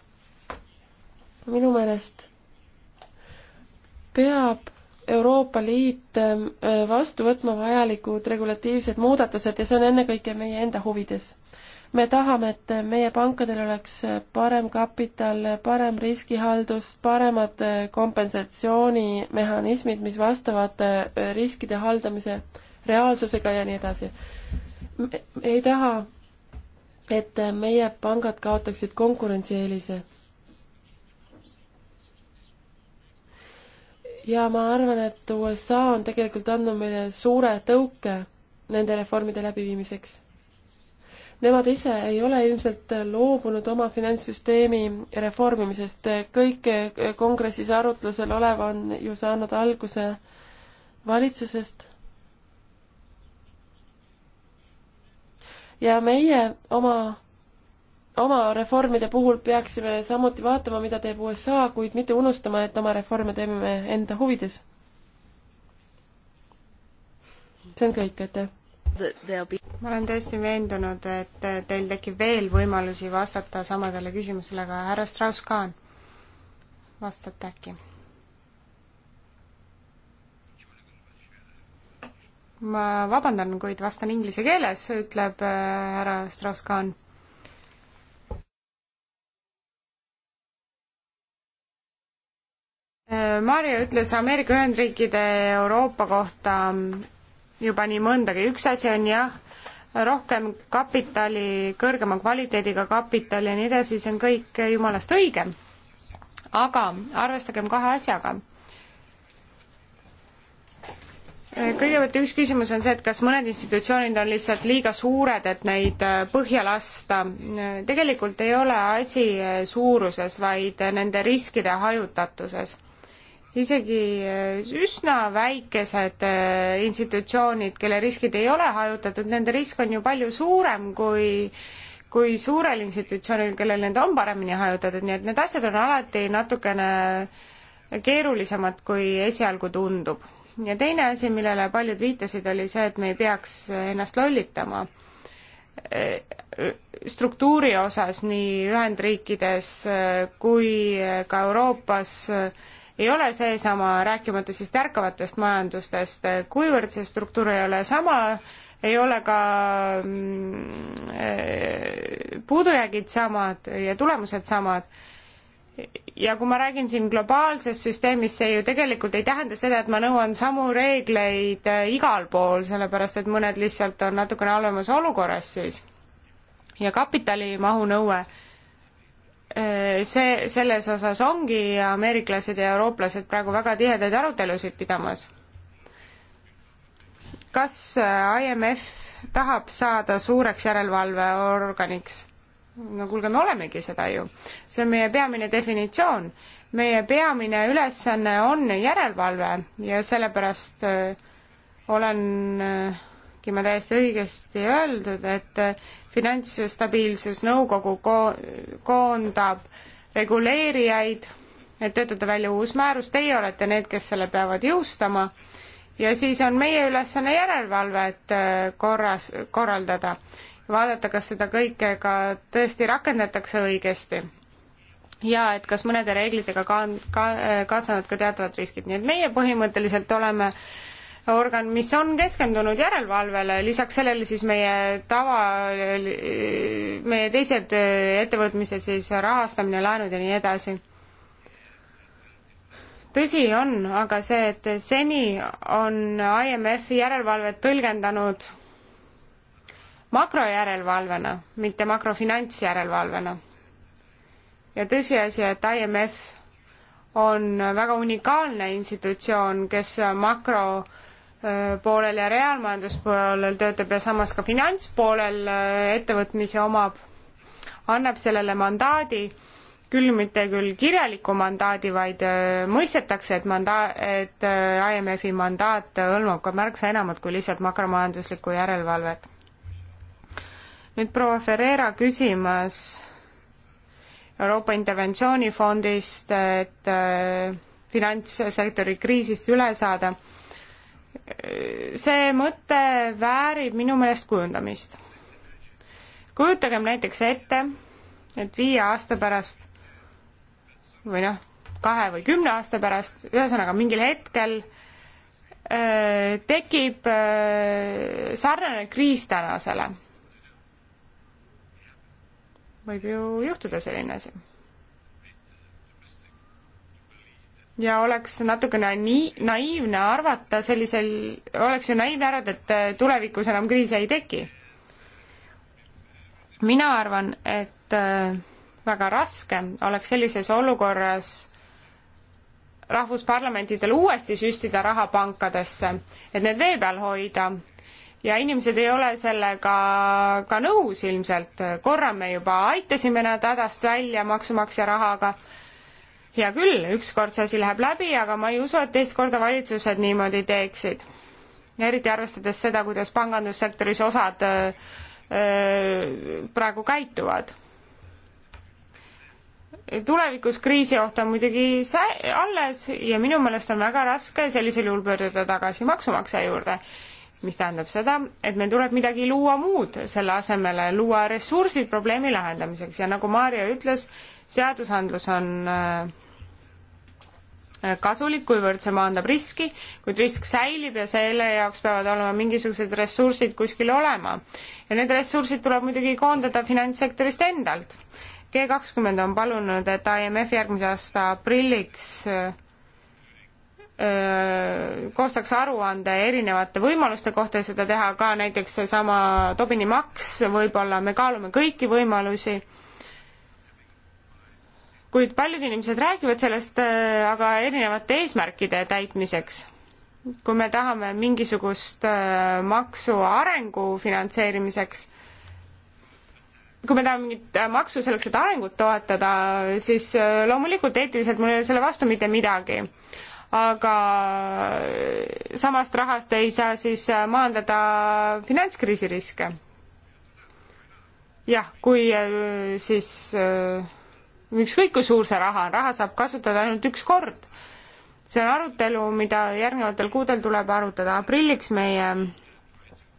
minu meelest peab Euroopa Liit ähm, äh, vastu võtma vajalikud regulatiivsed muudatused ja see on ennekõike meie enda huvides. me tahame, et meie pankadel oleks parem kapital, parem riskihaldus, paremad äh, kompensatsioonimehhanismid, mis vastavad äh, riskide haldamise reaalsusega ja nii edasi. ei taha, et meie pangad kaotaksid konkurentsieelise ja ma arvan, et USA on tegelikult andnud meile suure tõuke nende reformide läbiviimiseks. Nemad ise ei ole ilmselt loobunud oma finantssüsteemi reformimisest, kõik kongressis arutlusel olev on ju saanud alguse valitsusest. ja meie oma oma reformide puhul peaksime samuti vaatama, mida teeb USA, kuid mitte unustama, et oma reforme teeme me enda huvides. see on kõik, aitäh! ma olen täiesti veendunud, et teil tekib veel võimalusi vastata samadele küsimustele, aga härra Strauss-Kahn, vastate äkki? ma vabandan, kuid vastan inglise keeles, ütleb äh, härra Strauss-Kahn Äh, Maarja ütles Ameerika Ühendriikide Euroopa kohta juba nii mõndagi, üks asi on jah, rohkem kapitali, kõrgema kvaliteediga kapitali ja nii edasi, see on kõik jumalast õige. aga arvestagem kahe asjaga. Äh, kõigepealt üks küsimus on see, et kas mõned institutsioonid on lihtsalt liiga suured, et neid äh, põhja lasta. tegelikult ei ole asi suuruses, vaid nende riskide hajutatuses isegi eh, üsna väikesed eh, institutsioonid, kelle riskid ei ole hajutatud, nende risk on ju palju suurem kui kui suurel institutsioonil, kellel need on paremini hajutatud, nii et need asjad on alati natukene keerulisemad, kui esialgu tundub. ja teine asi, millele paljud viitasid, oli see, et me ei peaks ennast lollitama eh, struktuuri osas nii Ühendriikides kui ka Euroopas ei ole seesama, rääkimata siis tärkavatest majandustest, kuivõrd see struktuur ei ole sama, ei ole ka mm, eh, puudujäägid samad ja tulemused samad. ja kui ma räägin siin globaalsest süsteemist, see ju tegelikult ei tähenda seda, et ma nõuan samu reegleid eh, igal pool, sellepärast et mõned lihtsalt on natukene halvemas olukorras siis. ja kapitalimahu nõue Äh, see, selles osas ongi ameeriklased ja eurooplased praegu väga tihedaid arutelusid pidamas. kas äh, IMF tahab saada suureks järelevalveorganiks? no kuulge, me olemegi seda ju. see on meie peamine definitsioon. meie peamine ülesanne on järelevalve ja sellepärast äh, olen äh, rääkima, täiesti õigesti öeldud, et Finantsstabiilsusnõukogu ko-, koondab reguleerijaid, et töötada välja uus määrus, teie olete need, kes selle peavad jõustama, ja siis on meie ülesanne järelevalvet äh, korras, korraldada, vaadata, kas seda kõike ka tõesti rakendatakse õigesti ja et kas mõnede reeglitega ka, ka äh, kaasnevad ka teatavad riskid, nii et meie põhimõtteliselt oleme äh, organ, mis on keskendunud järelevalvele, lisaks sellele siis meie tava, meie teised ettevõtmised, siis rahastamine, laenud ja nii edasi. tõsi on aga see, et seni on IMF-i järelevalvet tõlgendanud makrojärelevalvena, mitte makrofinantsjärelevalvena. ja tõsiasi, et IMF on väga unikaalne institutsioon, kes makro äh, Äh, poolel ja reaalmajanduspoolel töötab ja samas ka finantspoolel äh, ettevõtmisi omab, annab sellele mandaadi, küll mitte küll kirjaliku mandaadi, vaid äh, mõistetakse, et mandaa-, et IMF-i mandaat hõlmab ka märksa enamat kui lihtsalt makromajanduslikku järelevalvet. nüüd proua Ferreira küsimas Euroopa Interventsioonifondist, et finantssektori kriisist üle saada see mõte väärib minu meelest kujundamist. kujutagem näiteks ette, et viie aasta pärast või noh, kahe või kümne aasta pärast, ühesõnaga mingil hetkel öö, äh, tekib öö, äh, sarnane kriis tänasele. võib ju juhtuda selline asi ja oleks natukene nii naiivne arvata sellisel, oleks ju naiivne arvata, et äh, tulevikus enam kriise ei teki. mina arvan, et äh, väga raske oleks sellises olukorras rahvusparlamentidel uuesti süstida raha pankadesse, et need vee peal hoida ja inimesed ei ole sellega ka nõus ilmselt, korra me juba aitasime nad hädast välja maksumaksja rahaga hea küll, ükskord see asi läheb läbi, aga ma ei usu, et teist korda valitsused niimoodi teeksid. eriti arvestades seda, kuidas pangandussektoris osad öö, äh, äh, praegu käituvad. tulevikus kriisioht on muidugi alles ja minu meelest on väga raske sellisel juhul pöörduda tagasi maksumaksja juurde, mis tähendab seda, et meil tuleb midagi luua muud selle asemele, luua ressursid probleemi lahendamiseks ja nagu Maarja ütles, seadusandlus on äh, Äh, kasulik, kuivõrd see maandab riski, kuid risk säilib ja selle jaoks peavad olema mingisugused ressursid kuskil olema. ja need ressursid tuleb muidugi koondada finantssektorist endalt. G kakskümmend on palunud, et IMF järgmise aasta aprilliks äh, äh, koostaks aruande erinevate võimaluste kohta ja seda teha ka näiteks seesama Tobini maks, võib-olla me kaalume kõiki võimalusi kuid paljud inimesed räägivad sellest äh, aga erinevate eesmärkide täitmiseks. kui me tahame mingisugust äh, maksu arengu finantseerimiseks, kui me tahame mingit äh, maksu selleks, et arengut toetada, siis loomulikult eetiliselt mul ei ole selle vastu mitte midagi. aga samast rahast ei saa siis maandada finantskriisi riske. jah, kui siis äh, ükskõik kui suur see raha on, raha saab kasutada ainult üks kord. see on arutelu, mida järgnevatel kuudel tuleb arutada. aprilliks meie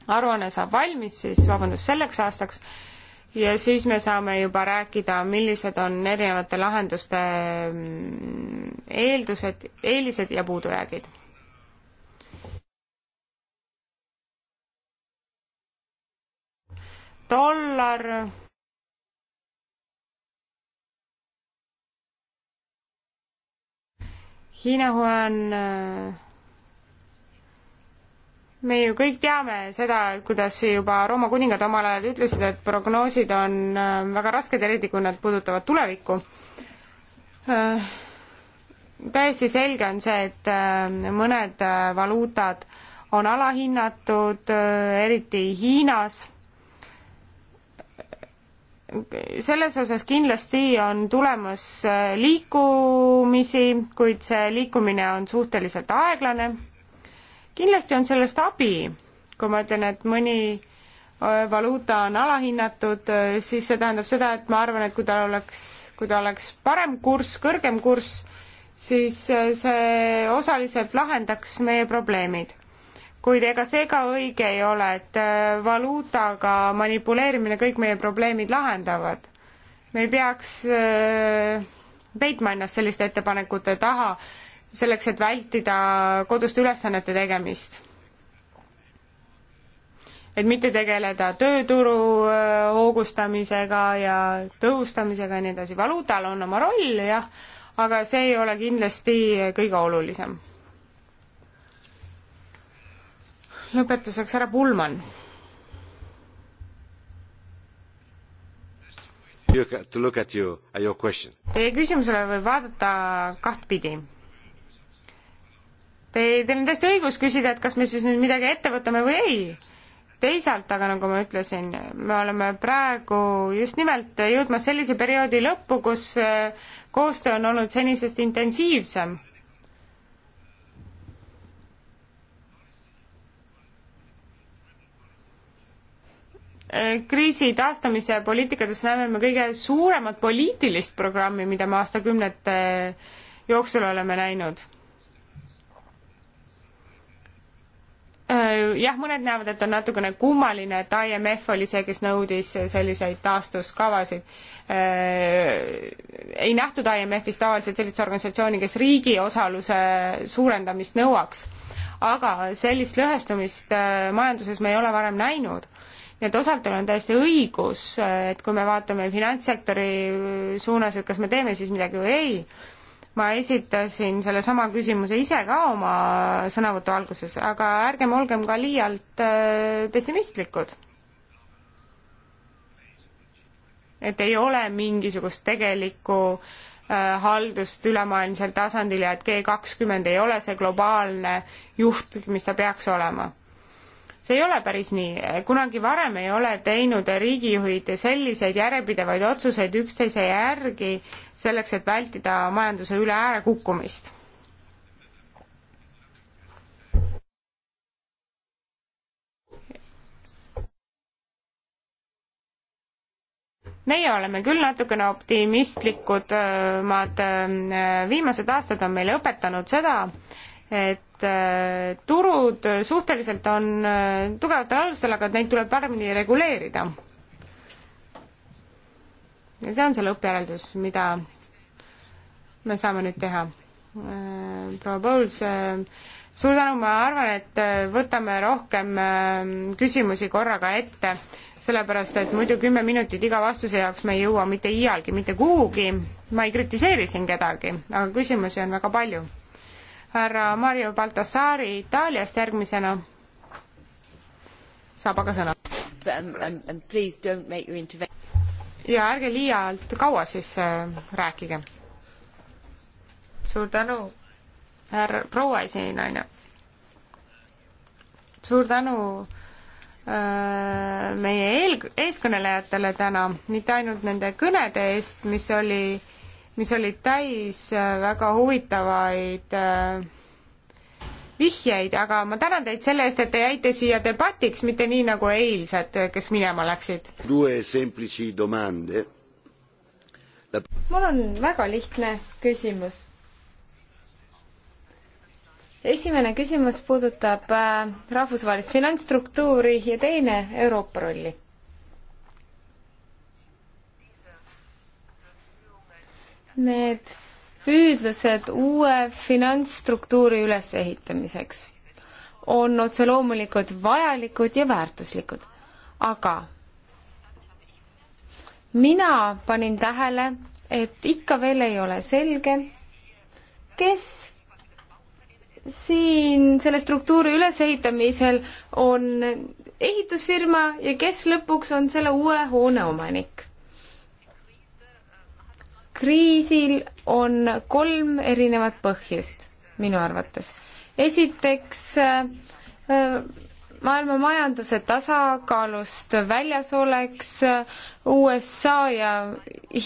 aruanne saab valmis siis, vabandust, selleks aastaks ja siis me saame juba rääkida, millised on erinevate lahenduste mm, eeldused, eelised ja puudujäägid dollar Hiina Huan äh, me ju kõik teame seda, kuidas juba Rooma kuningad omal ajal ütlesid, et prognoosid on äh, väga rasked, eriti kui nad puudutavad tulevikku. Äh, täiesti selge on see, et mõned valuutad on alahinnatud, eriti Hiinas selles osas kindlasti on tulemas äh, liikumisi, kuid see liikumine on suhteliselt aeglane. kindlasti on sellest abi, kui ma ütlen, et mõni äh, valuuta on alahinnatud, äh, siis see tähendab seda, et ma arvan, et kui tal oleks, kui ta oleks parem kurss, kõrgem kurss, siis see osaliselt lahendaks meie probleemid kuid ega see ka õige ei ole, et äh, valuutaga manipuleerimine kõik meie probleemid lahendavad. me ei peaks äh, peitma ennast selliste ettepanekute taha, selleks et vältida koduste ülesannete tegemist. et mitte tegeleda tööturu äh, hoogustamisega ja tõhustamisega ja nii edasi, valuutal on oma roll jah, aga see ei ole kindlasti kõige olulisem lõpetuseks härra Pullmann. Teie küsimusele võib vaadata kahtpidi. Te, teil on täiesti õigus küsida, et kas me siis nüüd midagi ette võtame või ei. teisalt aga, nagu ma ütlesin, me oleme praegu just nimelt jõudmas sellise perioodi lõppu, kus eh, koostöö on olnud senisest intensiivsem Äh, kriisi taastamise poliitikates näeme me kõige suuremat poliitilist programmi, mida me aastakümnete äh, jooksul oleme näinud. Äh, jah, mõned näevad, et on natukene kummaline, et IMF oli see, kes nõudis selliseid taastuskavasid. ei nähtud IMF-is tavaliselt sellist organisatsiooni, kes riigi osaluse suurendamist nõuaks. aga sellist lõhestumist majanduses me ei ole varem näinud nii et osalt teil on täiesti õigus, et kui me vaatame finantssektori suunas, et kas me teeme siis midagi või ei, ma esitasin sellesama küsimuse ise ka oma sõnavõtu alguses, aga ärgem olgem ka liialt äh, pessimistlikud. et ei ole mingisugust tegelikku äh, haldust ülemaailmsel tasandil ja et G kakskümmend ei ole see globaalne juht, mis ta peaks olema see ei ole päris nii, kunagi varem ei ole teinud riigijuhid selliseid järjepidevaid otsuseid üksteise järgi selleks, et vältida majanduse üle ääre kukkumist. meie oleme küll natukene optimistlikud, vaat viimased aastad on meile õpetanud seda, et äh, turud suhteliselt on äh, tugevatel alustel, aga neid tuleb paremini reguleerida. ja see on see lõppjäreldus, mida me saame nüüd teha. Äh, proua Pouls, suur tänu, ma arvan, et võtame rohkem küsimusi korraga ette, sellepärast et muidu kümme minutit iga vastuse jaoks me ei jõua mitte iialgi mitte kuhugi. ma ei kritiseeri siin kedagi, aga küsimusi on väga palju härra Mario Baltasaari Itaaliast järgmisena saab aga sõna. Um, um, um, ja ärge liialt kaua siis äh, rääkige. suur tänu, härra, proua esinaine. suur tänu äh, meie eel, eeskõnelejatele täna, mitte ainult nende kõnede eest, mis oli äh, mis olid täis äh, väga huvitavaid äh, vihjeid, aga ma tänan teid selle eest, et te jäite siia debatiks, mitte nii nagu eilsed, äh, kes minema läksid. mul on väga lihtne küsimus. esimene küsimus puudutab rahvusvahelist finantsstruktuuri ja teine Euroopa rolli need püüdlused uue finantsstruktuuri ülesehitamiseks on otse loomulikult vajalikud ja väärtuslikud, aga mina panin tähele, et ikka veel ei ole selge, kes siin selle struktuuri ülesehitamisel on ehitusfirma ja kes lõpuks on selle uue hoone omanik kriisil on kolm erinevat põhjust minu arvates. esiteks äh, maailma majanduse tasakaalust väljas oleks, äh, USA ja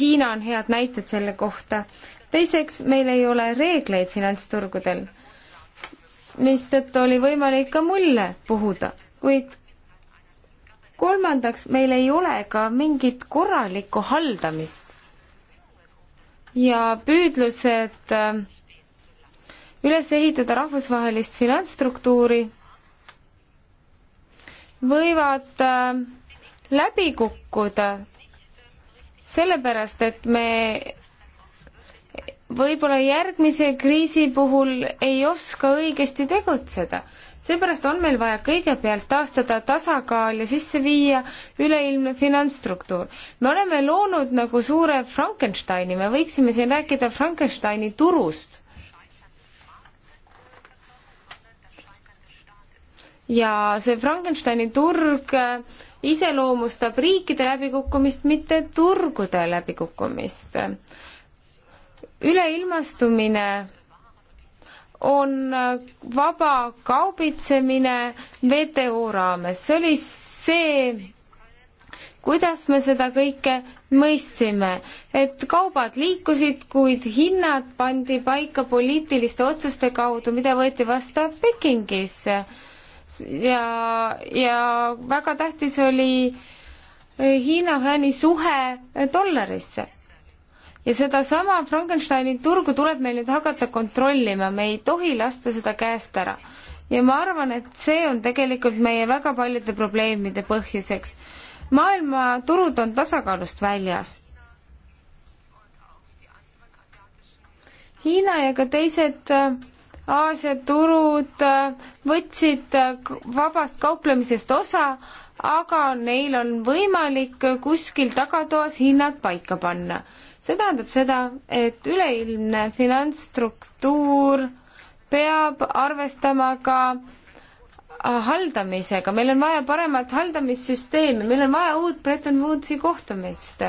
Hiina on head näited selle kohta. teiseks, meil ei ole reegleid finantsturgudel, mistõttu oli võimalik ka mulle puhuda, kuid kolmandaks, meil ei ole ka mingit korralikku haldamist ja püüdlused äh, üles ehitada rahvusvahelist finantsstruktuuri võivad äh, läbi kukkuda, sellepärast et me võib-olla järgmise kriisi puhul ei oska õigesti tegutseda seepärast on meil vaja kõigepealt taastada tasakaal ja sisse viia üleilmne finantsstruktuur. me oleme loonud nagu suure Frankensteini, me võiksime siin rääkida Frankensteini turust. ja see Frankensteini turg äh, iseloomustab riikide läbikukkumist, mitte turgude läbikukkumist. üleilmastumine on vaba kaubitsemine WTO raames. see oli see, kuidas me seda kõike mõistsime, et kaubad liikusid, kuid hinnad pandi paika poliitiliste otsuste kaudu, mida võeti vastu Pekingis. ja, ja väga tähtis oli Hiina hääli suhe dollarisse ja sedasama Frankensteini turgu tuleb meil nüüd hakata kontrollima, me ei tohi lasta seda käest ära. ja ma arvan, et see on tegelikult meie väga paljude probleemide põhjuseks. maailmaturud on tasakaalust väljas. Hiina ja ka teised äh, Aasia turud äh, võtsid äh, vabast kauplemisest osa, aga neil on võimalik kuskil tagatoas hinnad paika panna see tähendab seda, et üleilmne finantsstruktuur peab arvestama ka haldamisega, meil on vaja paremat haldamissüsteemi, meil on vaja uut Bretton Woodsi kohtumist.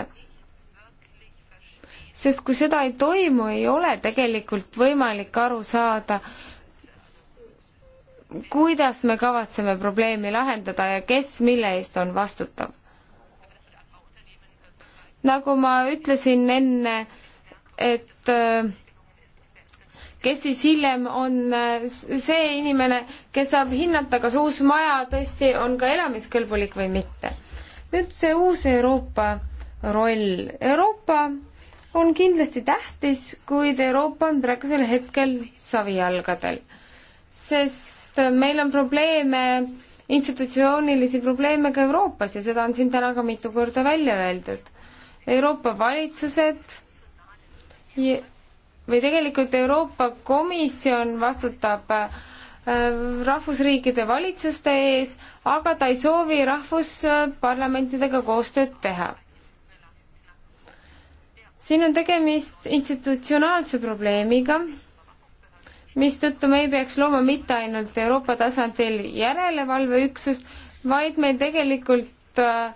sest kui seda ei toimu, ei ole tegelikult võimalik aru saada, kuidas me kavatseme probleemi lahendada ja kes mille eest on vastutav nagu ma ütlesin enne, et äh, kes siis hiljem on äh, see inimene, kes saab hinnata, kas uus maja tõesti on ka elamiskõlbulik või mitte. nüüd see uus Euroopa roll. Euroopa on kindlasti tähtis, kuid Euroopa on praegusel hetkel savijalgadel, sest meil on probleeme institutsioonilisi probleeme ka Euroopas ja seda on siin täna ka mitu korda välja öeldud. Euroopa valitsused või tegelikult Euroopa Komisjon vastutab äh, rahvusriikide valitsuste ees, aga ta ei soovi rahvusparlamentidega koostööd teha. siin on tegemist institutsionaalse probleemiga, mistõttu me ei peaks looma mitte ainult Euroopa tasandil järelevalveüksust, vaid meil tegelikult äh,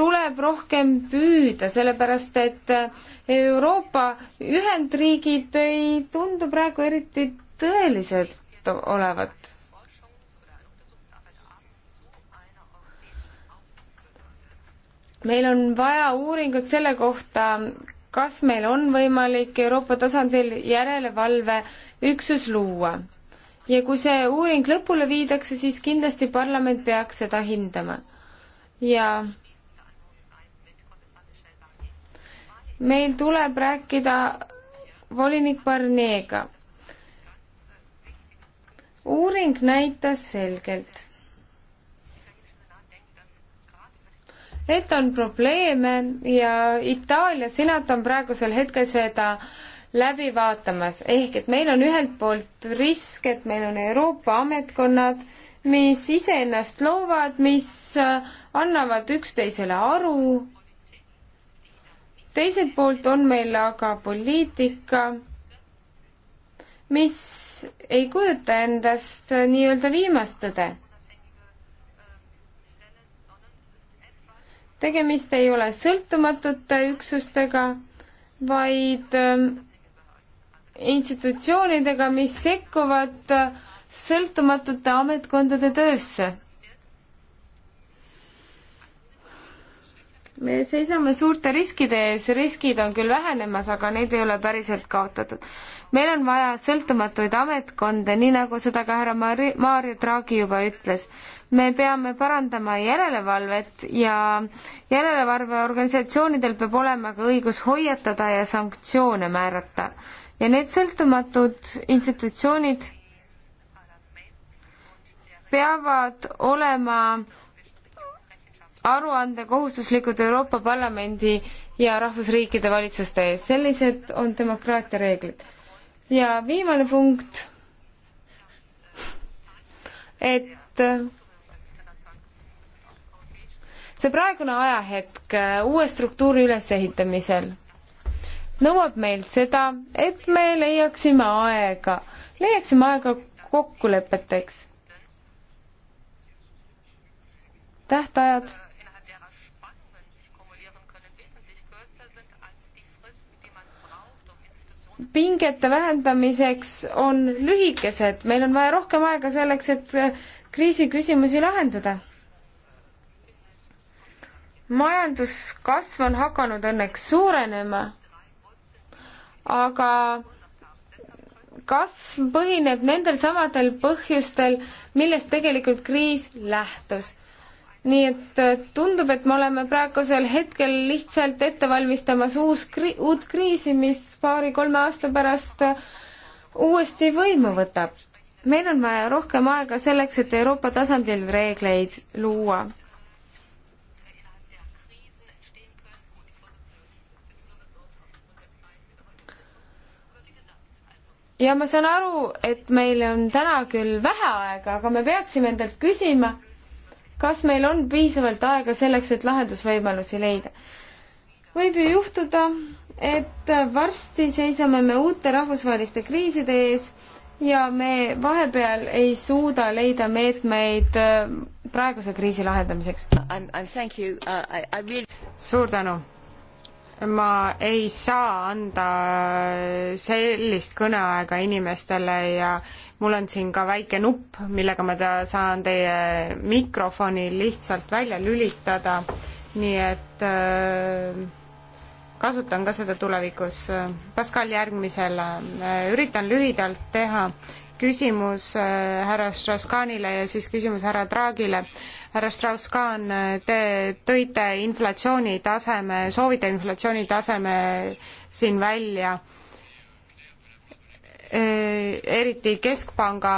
tuleb rohkem püüda, sellepärast et Euroopa Ühendriigid ei tundu praegu eriti tõelised olevat. meil on vaja uuringut selle kohta, kas meil on võimalik Euroopa tasandil järelevalveüksus luua. ja kui see uuring lõpule viidakse, siis kindlasti parlament peaks seda hindama. ja meil tuleb rääkida volinik Barneega. uuring näitas selgelt, et on probleeme ja Itaalia senat on praegusel hetkel seda läbi vaatamas, ehk et meil on ühelt poolt risk, et meil on Euroopa ametkonnad, mis iseennast loovad, mis annavad üksteisele aru teiselt poolt on meil aga poliitika, mis ei kujuta endast nii-öelda viimast tõde. tegemist ei ole sõltumatute üksustega, vaid ähm, institutsioonidega, mis sekkuvad äh, sõltumatute ametkondade töösse me seisame suurte riskide ees, riskid on küll vähenemas, aga neid ei ole päriselt kaotatud. meil on vaja sõltumatuid ametkonde, nii nagu seda ka härra Mari-, Maarja Draghi juba ütles. me peame parandama järelevalvet ja järelevalveorganisatsioonidel peab olema ka õigus hoiatada ja sanktsioone määrata. ja need sõltumatud institutsioonid peavad olema aruande kohustuslikud Euroopa Parlamendi ja rahvusriikide valitsuste ees. sellised on demokraatia reeglid. ja viimane punkt, et see praegune ajahetk uue struktuuri ülesehitamisel nõuab meilt seda, et me leiaksime aega, leiaksime aega kokkulepeteks. tähtajad pingete vähendamiseks on lühikesed, meil on vaja rohkem aega selleks, et äh, kriisiküsimusi lahendada. majanduskasv on hakanud õnneks suurenema, aga kasv põhineb nendel samadel põhjustel, millest tegelikult kriis lähtus nii et äh, tundub, et me oleme praegusel hetkel lihtsalt ette valmistamas uus kri-, uut kriisi, mis paari-kolme aasta pärast äh, uuesti võimu võtab. meil on vaja rohkem aega selleks, et Euroopa tasandil reegleid luua. ja ma saan aru, et meil on täna küll vähe aega, aga me peaksime endalt küsima, kas meil on piisavalt aega selleks, et lahendusvõimalusi leida? võib ju juhtuda, et varsti seisame me uute rahvusvaheliste kriiside ees ja me vahepeal ei suuda leida meetmeid äh, praeguse kriisi lahendamiseks. Uh, really... suur tänu ma ei saa anda sellist kõneaega inimestele ja mul on siin ka väike nupp, millega ma ta, saan teie mikrofoni lihtsalt välja lülitada, nii et äh, kasutan ka seda tulevikus. Pascal järgmisele, äh, üritan lühidalt teha küsimus äh, härra Straskanile ja siis küsimus härra Draagile härra Strauss-Kahn, te tõite inflatsiooni taseme, soovite inflatsiooni taseme siin välja, äh, eriti Keskpanga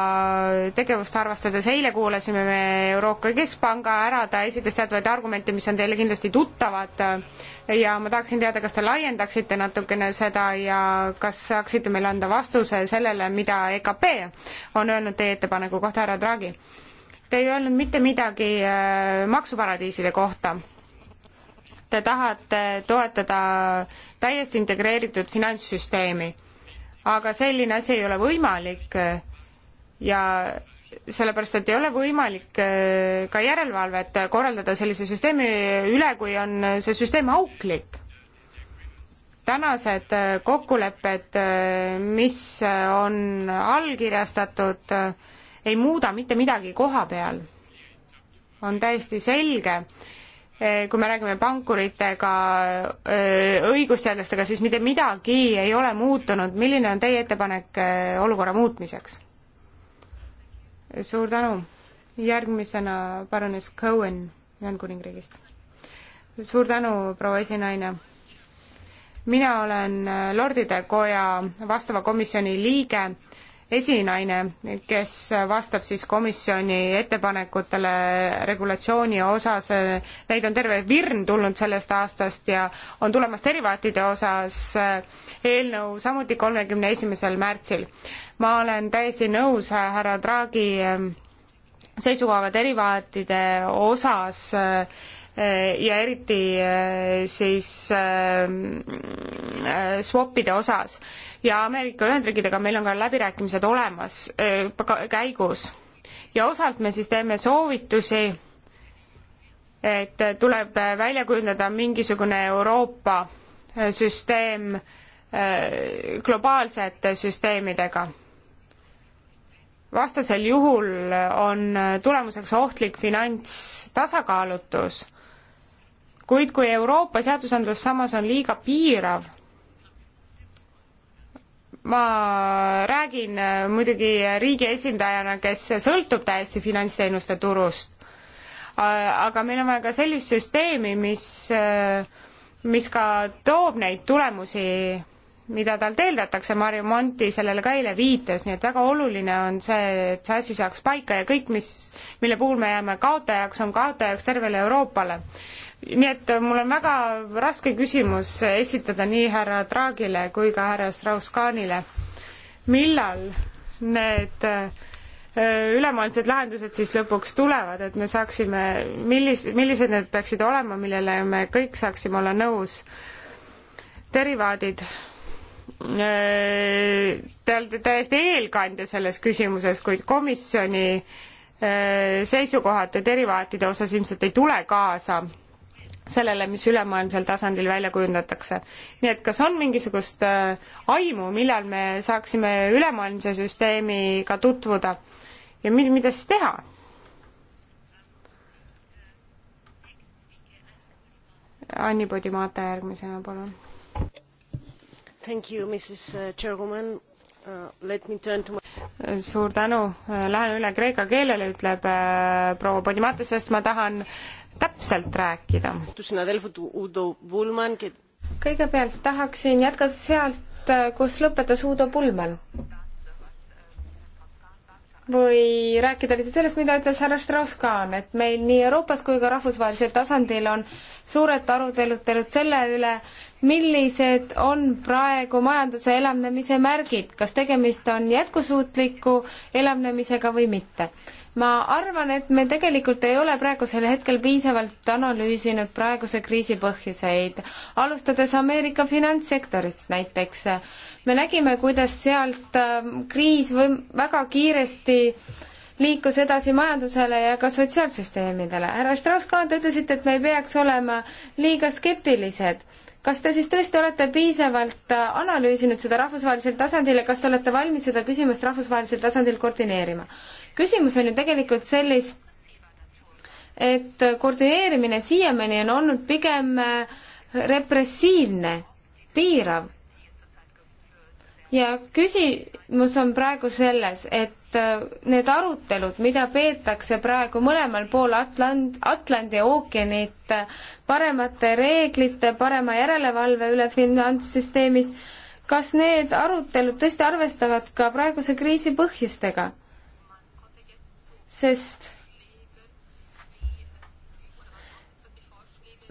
tegevust arvestades, eile kuulasime me Euroopa Keskpanga ära, ta esitas teatavaid argumente, mis on teile kindlasti tuttavad ja ma tahaksin teada, kas te laiendaksite natukene seda ja kas saaksite meile anda vastuse sellele, mida EKP on öelnud teie ettepaneku kohta, härra Draghi? Te ei öelnud mitte midagi äh, maksuparadiiside kohta. Te tahate toetada täiesti integreeritud finantssüsteemi, aga selline asi ei ole võimalik äh, ja sellepärast, et ei ole võimalik äh, ka järelevalvet korraldada sellise süsteemi üle, kui on see süsteem auklik. tänased kokkulepped, mis on allkirjastatud, ei muuda mitte midagi koha peal. on täiesti selge, eh, kui me räägime pankuritega, eh, õigusteadlastega, siis mitte midagi ei ole muutunud, milline on teie ettepanek eh, olukorra muutmiseks? suur tänu, järgmisena paranes Cohen Ühendkuningriigist. suur tänu, proua esinaine mina olen Lordide Koja vastava komisjoni liige esinaine, kes vastab siis komisjoni ettepanekutele regulatsiooni osas, neid on terve virn tulnud sellest aastast ja on tulemas derivaatide osas eelnõu samuti kolmekümne esimesel märtsil. ma olen täiesti nõus härra Draghi seisukohaga derivaatide osas äh, Eh, ja eriti eh, siis eh, mm, swap'ide osas. ja Ameerika Ühendriikidega meil on ka läbirääkimised olemas, käigus. ja osalt me siis teeme soovitusi, et tuleb välja kujundada mingisugune Euroopa süsteem globaalsete süsteemidega vastasel juhul on tulemuseks ohtlik finantstasakaalutus kuid kui Euroopa seadusandlus samas on liiga piirav, ma räägin äh, muidugi riigi esindajana, kes sõltub täiesti finantsteenuste turust, aga meil on vaja ka sellist süsteemi, mis, äh, mis ka toob neid tulemusi, mida talt eeldatakse, Marju Monti sellele ka eile viitas, nii et väga oluline on see, et see asi saaks paika ja kõik, mis, mille puhul me jääme kaotajaks, on kaotajaks tervele Euroopale nii et mul on väga raske küsimus esitada nii härra Draagile kui ka härra Strauss-Kahnile. millal need äh, ülemaailmsed lahendused siis lõpuks tulevad, et me saaksime, millis-, millised need peaksid olema, millele me kõik saaksime olla nõus? derivaadid äh, te olete täiesti eelkandja selles küsimuses, kuid komisjoni äh, seisukohad derivaatide osas ilmselt ei tule kaasa sellele, mis ülemaailmsel tasandil välja kujundatakse. nii et kas on mingisugust äh, aimu, millal me saaksime ülemaailmse süsteemiga tutvuda ja mi-, mida siis teha? Anni Podimata järgmisena, palun. Thank you, Mrs äh, Chairwoman Uh, suur tänu, lähen üle kreeka keelele, ütleb äh, proua Podimata, sest ma tahan täpselt rääkida. kõigepealt tahaksin jätkata sealt, äh, kus lõpetas Udo Pulman. või rääkida lihtsalt sellest, mida ütles härra Strauss-Kahn, et meil nii Euroopas kui ka rahvusvahelisel tasandil on suured arutelud selle üle, millised on praegu majanduse elavnemise märgid, kas tegemist on jätkusuutliku elavnemisega või mitte? ma arvan, et me tegelikult ei ole praegusel hetkel piisavalt analüüsinud praeguse kriisi põhjuseid, alustades Ameerika finantssektorist näiteks. me nägime, kuidas sealt ähm, kriis või väga kiiresti liikus edasi majandusele ja ka sotsiaalsüsteemidele. härra Strauss-Kahn, te ütlesite, et me ei peaks olema liiga skeptilised kas te siis tõesti olete piisavalt äh, analüüsinud seda rahvusvahelisel tasandil ja kas te olete valmis seda küsimust rahvusvahelisel tasandil koordineerima? küsimus on ju tegelikult sellis, et äh, koordineerimine siiamaani on olnud pigem äh, repressiivne, piirav. ja küsimus on praegu selles, et Äh, need arutelud, mida peetakse praegu mõlemal pool Atland-, Atlandi ookeanit äh, paremate reeglite, parema järelevalve üle finantssüsteemis, kas need arutelud tõesti arvestavad ka praeguse kriisi põhjustega? sest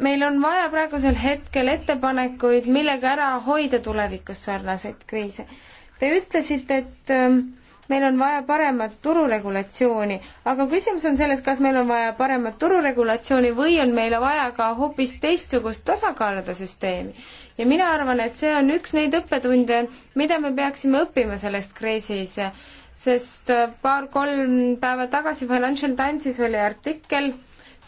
meil on vaja praegusel hetkel ettepanekuid, millega ära hoida tulevikus sarnaseid kriise. Te ütlesite, et ähm, meil on vaja paremat tururegulatsiooni, aga küsimus on selles, kas meil on vaja paremat tururegulatsiooni või on meile vaja ka hoopis teistsugust tasakaalude süsteemi. ja mina arvan, et see on üks neid õppetunde, mida me peaksime õppima sellest kriisis, sest paar-kolm päeva tagasi Financial Timesis oli artikkel,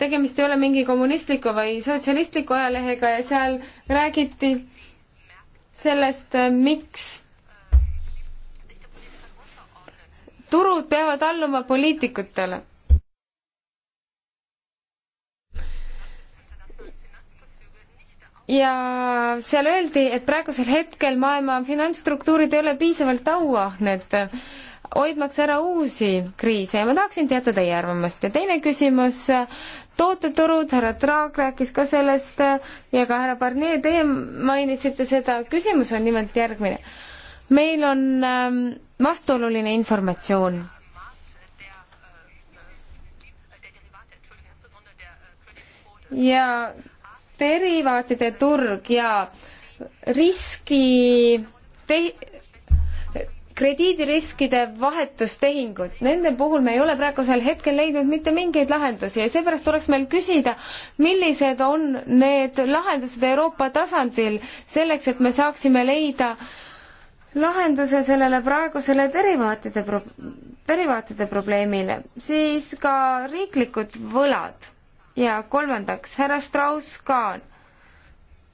tegemist ei ole mingi kommunistliku või sotsialistliku ajalehega ja seal räägiti sellest, miks turud peavad alluma poliitikutele. ja seal öeldi, et praegusel hetkel maailma finantsstruktuurid ei ole piisavalt auahned, hoidmaks ära uusi kriise ja ma tahaksin teada teie arvamust ja teine küsimus, tooteturud, härra Traag rääkis ka sellest ja ka härra Barnier, teie mainisite seda, küsimus on nimelt järgmine. meil on ähm, vastuoluline informatsioon. ja derivaatide turg ja riski te-, krediidiriskide vahetustehingud, nende puhul me ei ole praegusel hetkel leidnud mitte mingeid lahendusi ja seepärast tuleks meil küsida, millised on need lahendused Euroopa tasandil selleks, et me saaksime leida äh, lahenduse sellele praegusele derivaatide pro-, derivaatide probleemile, siis ka riiklikud võlad ja kolmandaks, härra Strauss ka.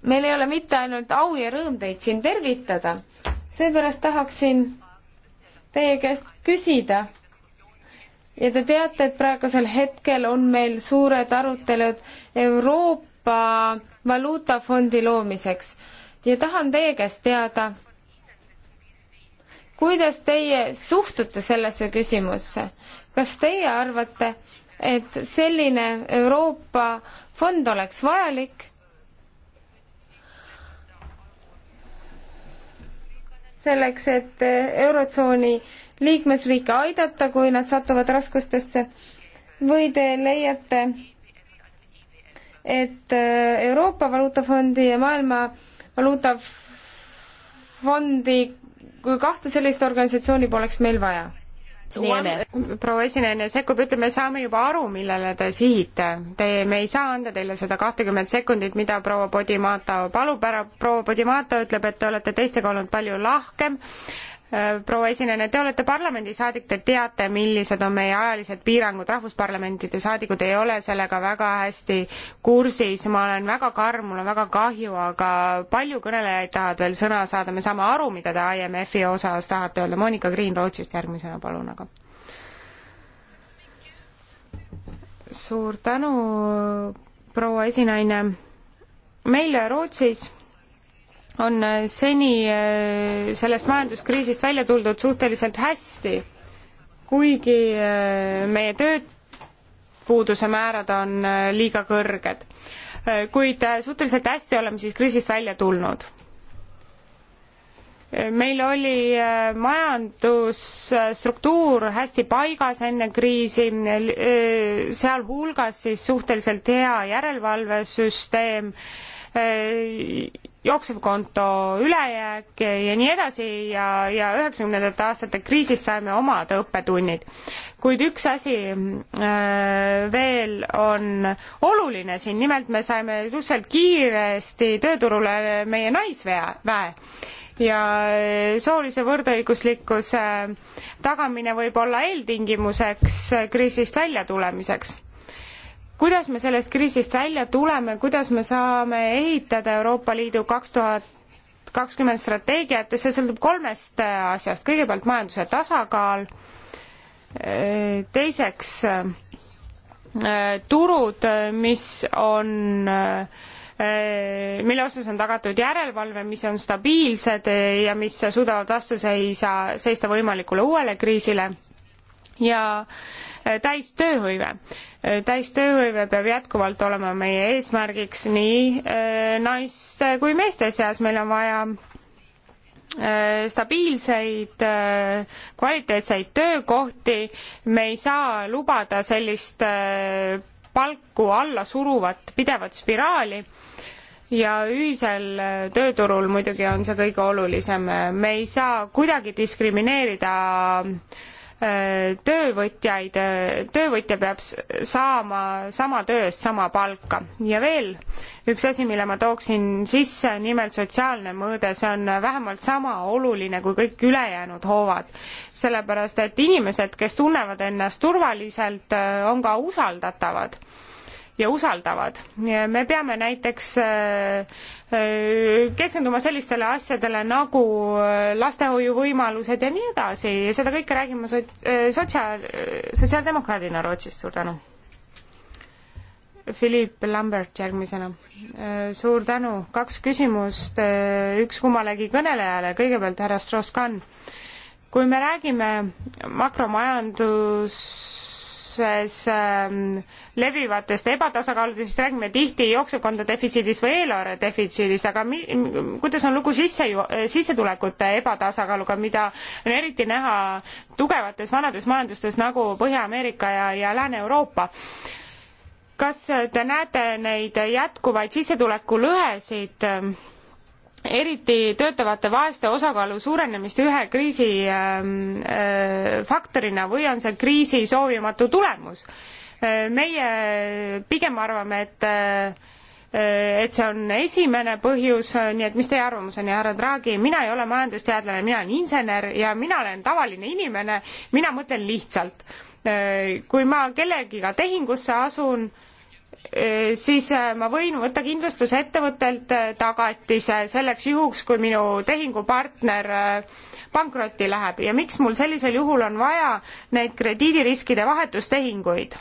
meil ei ole mitte ainult au ja rõõm teid siin tervitada, seepärast tahaksin teie käest küsida ja te teate, et praegusel hetkel on meil suured arutelud Euroopa valuutafondi loomiseks ja tahan teie käest teada, kuidas teie suhtute sellesse küsimusse? kas teie arvate, et selline Euroopa fond oleks vajalik? selleks, et Eurotsooni liikmesriike aidata, kui nad satuvad raskustesse või te leiate, et Euroopa Valuutafondi ja Maailma Valuutafondi kui kahte sellist organisatsiooni poleks meil vaja. proua esineja sekkub, ütleme, saame juba aru, millele te sihite. Te, me ei saa anda teile seda kahtekümmet sekundit, mida proua Podimata palub ära. proua Podimata ütleb, et te olete teistega olnud palju lahkem Äh, proua esinejana, te olete parlamendisaadik, te teate, millised on meie ajalised piirangud, rahvusparlamentide saadikud ei ole sellega väga hästi kursis, ma olen väga karm, mul on väga kahju, aga palju kõnelejaid tahavad veel sõna saada, me saame aru, mida te IMF-i osas tahate öelda, Monika Green Rootsist järgmisena, palun aga. suur tänu, proua esinaine. meil Rootsis on äh, seni äh, sellest majanduskriisist välja tuldud suhteliselt hästi, kuigi äh, meie tööpuuduse määrad on liiga kõrged. kuid suhteliselt hästi oleme siis kriisist välja tulnud meil oli majandusstruktuur hästi paigas enne kriisi, sealhulgas siis suhteliselt hea järelevalvesüsteem jooksevkonto ülejääk ja nii edasi ja, ja üheksakümnendate aastate kriisist saime omad õppetunnid. kuid üks asi äh, veel on oluline siin, nimelt me saime suhteliselt kiiresti tööturule meie naisväe ja äh, soolise võrdõiguslikkuse tagamine võib olla eeltingimuseks kriisist väljatulemiseks kuidas me sellest kriisist välja tuleme, kuidas me saame ehitada Euroopa Liidu kaks tuhat kakskümmend strateegiat ja see sõltub kolmest asjast, kõigepealt majanduse tasakaal, teiseks turud, mis on mille osas on tagatud järelevalve, mis on stabiilsed ja mis suudavad vastu seisa, seista võimalikule uuele kriisile ja Äh, täistööhõive. Äh, täistööhõive peab jätkuvalt olema meie eesmärgiks nii äh, naiste kui meeste seas, meil on vaja stabiilseid, kvaliteetseid töökohti, me ei saa lubada sellist palku alla suruvat pidevat spiraali ja ühisel tööturul muidugi on see kõige olulisem. me ei saa kuidagi diskrimineerida äh, Äh, töövõtjaid, äh, töövõtja peab saama sama töö eest sama palka. ja veel üks asi, mille ma tooksin sisse, nimelt sotsiaalne mõõde, see on vähemalt sama oluline kui kõik ülejäänud hoovad. sellepärast, et inimesed, kes tunnevad ennast turvaliselt, äh, on ka usaldatavad ja usaldavad. me peame näiteks äh, äh, keskenduma sellistele asjadele nagu äh, lastehoiuvõimalused ja nii edasi ja seda kõike räägin ma sots-, sotsiaal, sotsiaaldemokraadina Rootsist, suur tänu. Philipp Lambert järgmisena. suur tänu, kaks küsimust, üks kummalegi kõnelejale, kõigepealt härra Strauss-Kahn. kui me räägime makromajandus majanduses ähm, levivatest ebatasakaaludest, siis räägime tihti jooksevkonda defitsiidist või eelarve defitsiidist, aga mi-, kuidas on lugu sisse, äh, sissetulekute ebatasakaaluga, mida on eriti näha tugevates vanades majandustes nagu Põhja-Ameerika ja, ja Lääne-Euroopa? kas te näete neid jätkuvaid sissetulekulõhesid ähm, eriti töötavate vaeste osakaalu suurenemist ühe kriisi ähm, äh, faktorina või on see kriisi soovimatu tulemus äh,. meie pigem arvame, et äh, et see on esimene põhjus, nii et mis teie arvamus on ja härra Draghi, mina ei ole majandusteadlane, mina olen insener ja mina olen tavaline inimene, mina mõtlen lihtsalt. Äh, kui ma kellegiga tehingusse asun, Äh, siis äh, ma võin võtta kindlustusettevõttelt äh, tagatise selleks juhuks, kui minu tehingupartner pankrotti läheb ja miks mul sellisel juhul on vaja neid krediidiriskide vahetustehinguid?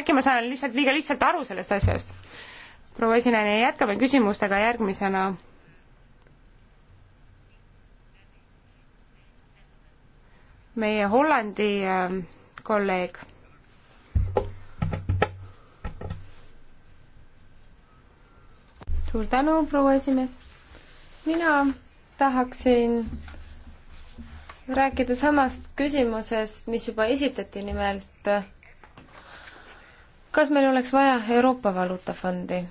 äkki ma saan lihtsalt liiga lihtsalt aru sellest asjast? proua esineja, jätkame küsimustega järgmisena. meie Hollandi kolleeg suur tänu, proua esimees. mina tahaksin rääkida samast küsimusest, mis juba esitati, nimelt kas meil oleks vaja Euroopa Valuutafondi?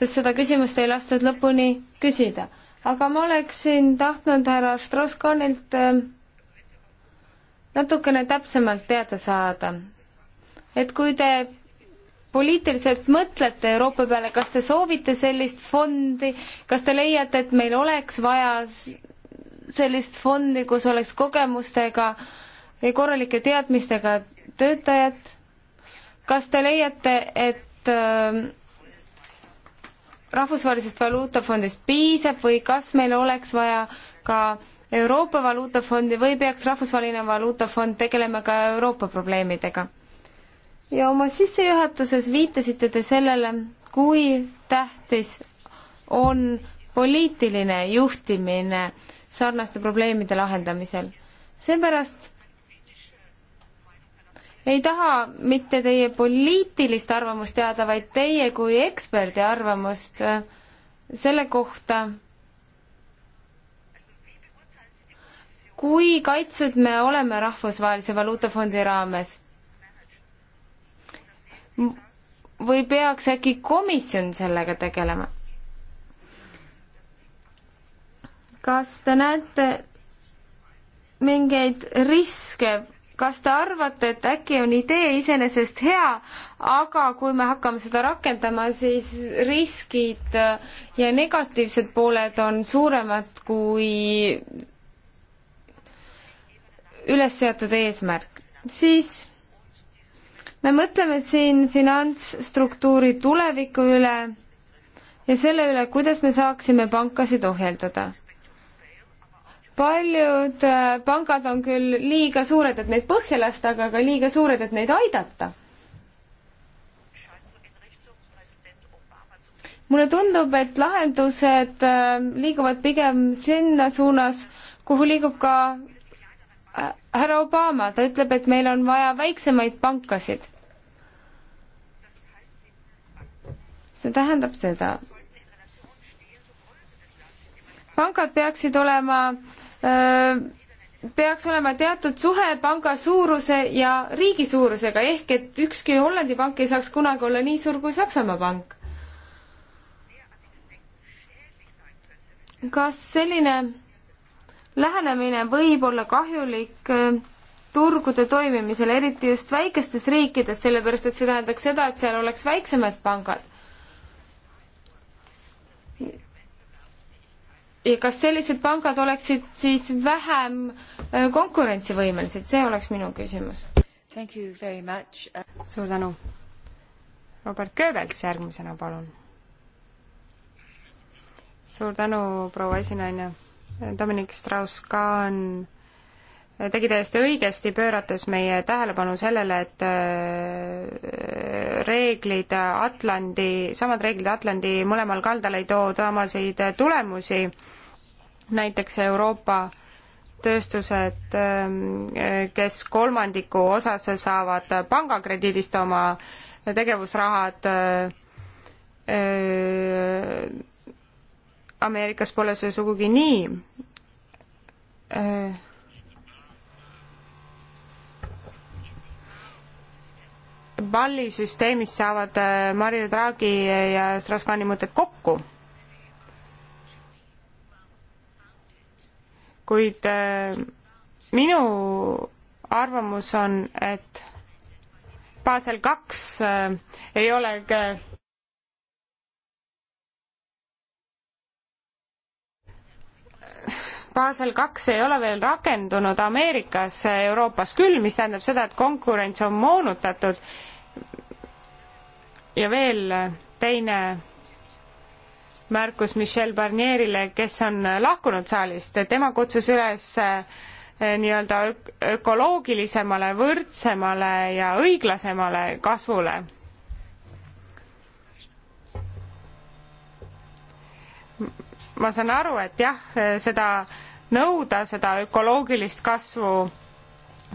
sest seda küsimust ei lastud lõpuni küsida. aga ma oleksin tahtnud härra Strauss-Kahnilt äh, natukene täpsemalt teada saada, et kui te poliitiliselt mõtlete Euroopa peale, kas te soovite sellist fondi, kas te leiate, et meil oleks vaja sellist fondi, kus oleks kogemustega ja korralike teadmistega töötajad, kas te leiate, et äh, rahvusvahelisest valuutafondist piisab või kas meil oleks vaja ka Euroopa Valuutafondi või peaks Rahvusvaheline Valuutafond tegelema ka Euroopa probleemidega? ja oma sissejuhatuses viitasite te sellele, kui tähtis on poliitiline juhtimine sarnaste probleemide lahendamisel. seepärast ei taha mitte teie poliitilist arvamust teada, vaid teie kui eksperdi arvamust selle kohta, kui kaitsnud me oleme Rahvusvahelise Valuutafondi raames või peaks äkki komisjon sellega tegelema? kas te näete mingeid riske, kas te arvate, et äkki on idee iseenesest hea, aga kui me hakkame seda rakendama, siis riskid äh, ja negatiivsed pooled on suuremad kui üles seatud eesmärk, siis me mõtleme siin finantsstruktuuri tuleviku üle ja selle üle, kuidas me saaksime pankasid ohjeldada. paljud äh, pangad on küll liiga suured, et neid põhja lasta, aga ka liiga suured, et neid aidata. mulle tundub, et lahendused äh, liiguvad pigem sinna suunas, kuhu liigub ka härra Obama, ta ütleb, et meil on vaja väiksemaid pankasid. see tähendab seda. pangad peaksid olema öö, peaks olema teatud suhe panga suuruse ja riigi suurusega, ehk et ükski Hollandi pank ei saaks kunagi olla nii suur kui Saksamaa pank. kas selline lähenemine võib olla kahjulik äh, turgude toimimisele, eriti just väikestes riikides, sellepärast et see tähendaks seda, et seal oleks väiksemad pangad. ja kas sellised pangad oleksid siis vähem äh, konkurentsivõimelised, see oleks minu küsimus. Uh, suur tänu. Robert Goebbels järgmisena, palun. suur tänu, proua esinaine Dominic Strauss-Kahn tegi täiesti õigesti, pöörates meie tähelepanu sellele, et äh, reeglid Atlandi, samad reeglid Atlandi mõlemal kaldal ei too tamasid tulemusi, näiteks Euroopa tööstused, äh, kes kolmandiku osas saavad pangakrediidist oma tegevusrahad, äh, Ameerikas pole see sugugi nii. pallisüsteemis äh, saavad äh, Mario Draghi ja Strauss-Kahni mõtted kokku. kuid äh, minu arvamus on, et Basel kaks ei ole Basel kaks ei ole veel rakendunud Ameerikas, Euroopas küll, mis tähendab seda, et konkurents on moonutatud. ja veel teine märkus Michel Barnierile, kes on lahkunud saalist, tema kutsus üles eh, nii-öelda ökoloogilisemale, võrdsemale ja õiglasemale kasvule ma saan aru, et jah, seda nõuda, seda ökoloogilist kasvu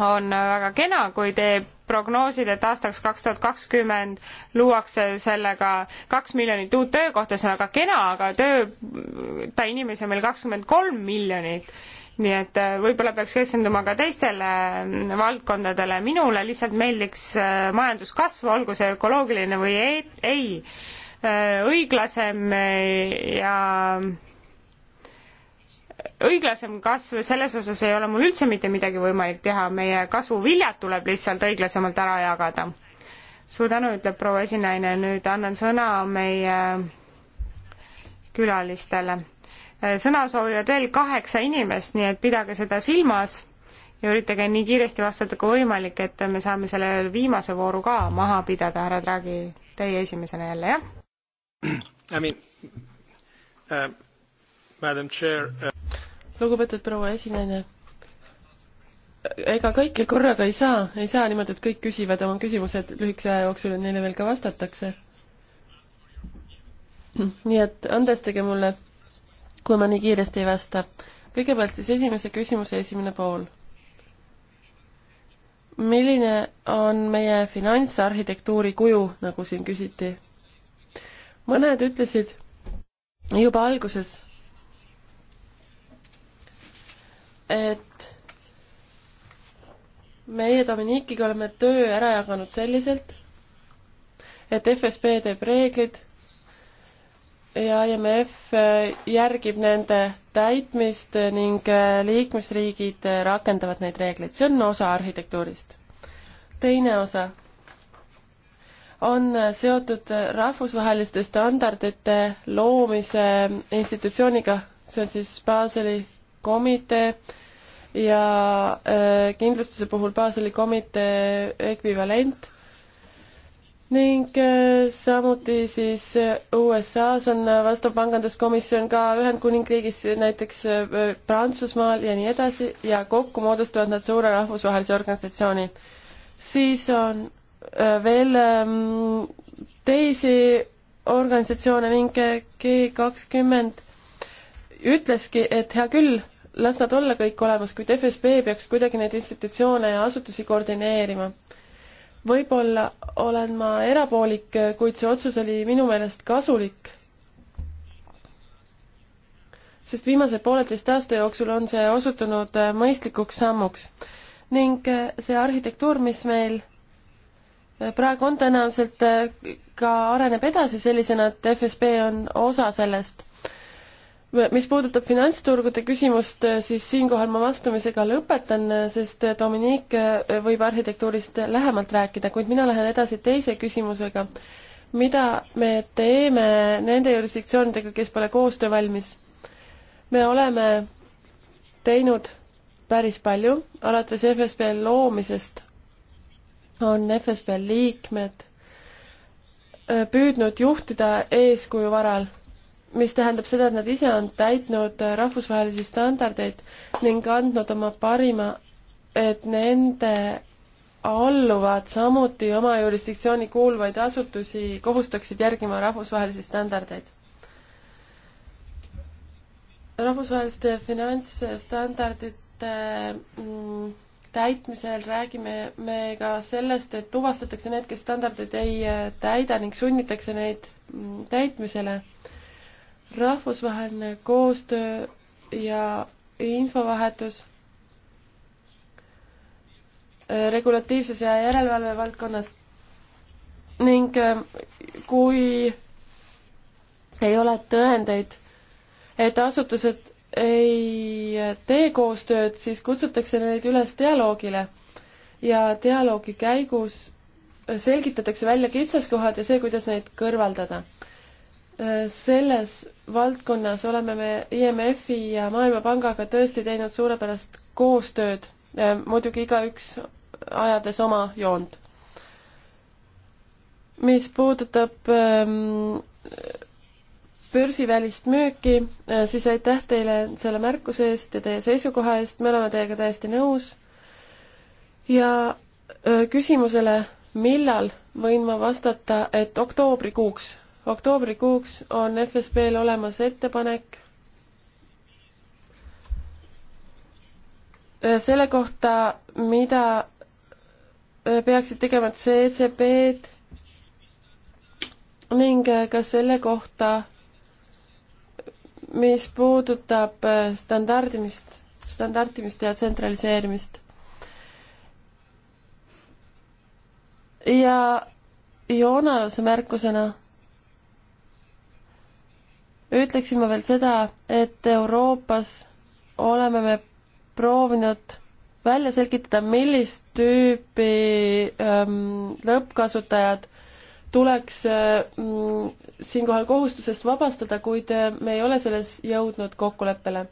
on väga kena, kui teeb prognoosid, et aastaks kaks tuhat kakskümmend luuakse sellega kaks miljonit uut töökohta, see on väga kena, aga tööta inimesi on meil kakskümmend kolm miljonit. nii et äh, võib-olla peaks keskenduma ka teistele mm, valdkondadele, minule lihtsalt meeldiks äh, majanduskasv, olgu see ökoloogiline või e-, ei, ei, äh, õiglasem ja õiglasem kasv, selles osas ei ole mul üldse mitte midagi võimalik teha, meie kasvuviljad tuleb lihtsalt õiglasemalt ära jagada. suur tänu, ütleb proua esinaine, nüüd annan sõna meie külalistele. sõna soovivad veel kaheksa inimest, nii et pidage seda silmas ja üritage nii kiiresti vastata kui võimalik, et me saame selle viimase vooru ka maha pidada, härra Draghi, teie esimesena jälle, jah? I mean uh, Madam Chair uh lugupeetud proua esinaine ega kõike korraga ei saa, ei saa niimoodi, et kõik küsivad oma küsimused lühikese aja jooksul ja neile veel ka vastatakse. nii et andestage mulle, kui ma nii kiiresti ei vasta. kõigepealt siis esimese küsimuse esimene pool. milline on meie finantsarhitektuuri kuju, nagu siin küsiti? mõned ütlesid juba alguses et meie Dominikiga oleme töö ära jaganud selliselt, et FSB teeb reeglid ja IMF järgib nende täitmist ning liikmesriigid rakendavad neid reegleid, see on osa arhitektuurist. teine osa on seotud rahvusvaheliste standardite loomise institutsiooniga, see on siis Baseli komitee, ja äh, kindlustuse puhul Baseli komitee ekvivalent ning äh, samuti siis äh, USA-s on vastav panganduskomisjon ka Ühendkuningriigis, näiteks Prantsusmaal ja nii edasi ja kokku moodustavad nad suure rahvusvahelise organisatsiooni. siis on veel ähm, teisi organisatsioone ning G kakskümmend ütleski, et hea küll las nad olla kõik olemas, kuid FSB peaks kuidagi neid institutsioone ja asutusi koordineerima. võib-olla olen ma erapoolik, kuid see otsus oli minu meelest kasulik. sest viimase pooleteist aasta jooksul on see osutunud äh, mõistlikuks sammuks ning äh, see arhitektuur, mis meil äh, praegu on, tõenäoliselt ka areneb edasi sellisena, et FSB on osa sellest mis puudutab finantsturgude küsimust, siis siinkohal ma vastamisega lõpetan, sest Dominique võib arhitektuurist lähemalt rääkida, kuid mina lähen edasi teise küsimusega. mida me teeme nende jurisdiktsioonidega, kes pole koostöövalmis? me oleme teinud päris palju, alates FSB loomisest on FSB liikmed püüdnud juhtida eeskuju varal mis tähendab seda, et nad ise on täitnud rahvusvahelisi standardeid ning andnud oma parima, et nende alluvad samuti oma jurisdiktsiooni kuuluvaid asutusi kohustaksid järgima rahvusvahelisi standardeid. rahvusvaheliste finantsstandardite mm, täitmisel räägime me ka sellest, et tuvastatakse need, kes standardeid ei äh, täida ning sunnitakse neid mm, täitmisele rahvusvaheline koostöö ja infovahetus äh, regulatiivses ja järelevalve valdkonnas ning äh, kui ei ole tõendeid, et asutused ei tee koostööd, siis kutsutakse neid üles dialoogile ja dialoogi käigus selgitatakse välja kitsaskohad ja see, kuidas neid kõrvaldada selles valdkonnas oleme me IMF-i ja Maailmapangaga tõesti teinud suurepärast koostööd, äh, muidugi igaüks ajades oma joont. mis puudutab ähm, börsivälist müüki, äh, siis aitäh teile selle märkuse eest ja teie seisukoha eest, me oleme teiega täiesti nõus. ja äh, küsimusele, millal, võin ma vastata, et oktoobrikuuks oktoobrikuuks on FSB-l olemas ettepanek selle kohta, mida äh, peaksid tegema CCP-d e ning äh, ka selle kohta, mis puudutab äh, standardimist, standardimist ja tsentraliseerimist. ja Joonaluse märkusena ütleksin ma veel seda, et Euroopas oleme me proovinud välja selgitada, millist tüüpi ähm, lõppkasutajad tuleks ähm, siinkohal kohustusest vabastada, kuid äh, me ei ole selles jõudnud kokkuleppele.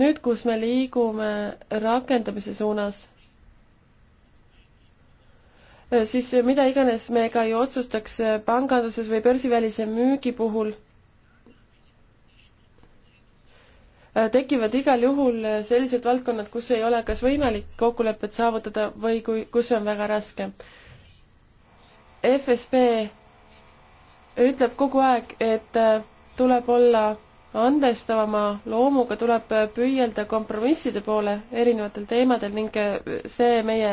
nüüd, kus me liigume rakendamise suunas, äh, siis mida iganes me ka ju otsustaks äh, panganduses või börsivälise müügi puhul Äh, tekivad igal juhul äh, sellised valdkonnad, kus ei ole kas võimalik kokkulepet saavutada või kui, kus on väga raske. FSB ütleb kogu aeg, et äh, tuleb olla andestavama loomuga, tuleb püüelda kompromisside poole erinevatel teemadel ning see meie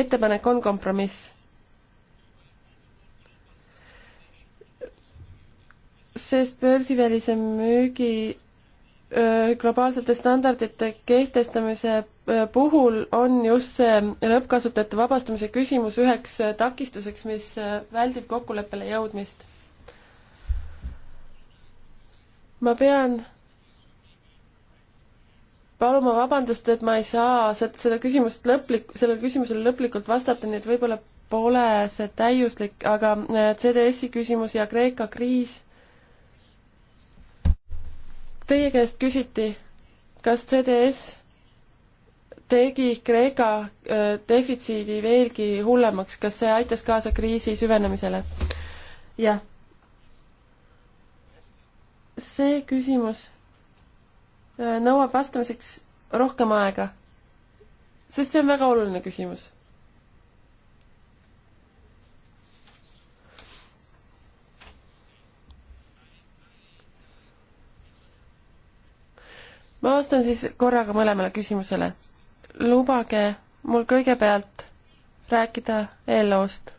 ettepanek on kompromiss sest börsivälise müügi globaalsete standardite kehtestamise puhul on just see lõppkasutajate vabastamise küsimus üheks takistuseks, mis väldib kokkuleppele jõudmist. ma pean paluma vabandust, et ma ei saa seda küsimust lõplik, sellele küsimusele lõplikult vastata, nii et võib-olla pole see täiuslik, aga CDS-i küsimus ja Kreeka kriis Teie käest küsiti, kas CDS tegi Kreeka äh, defitsiidi veelgi hullemaks, kas see aitas kaasa kriisi süvenemisele? jah. see küsimus äh, nõuab vastamiseks rohkem aega, sest see on väga oluline küsimus ma vastan siis korraga mõlemale küsimusele. lubage mul kõigepealt rääkida ELO-st.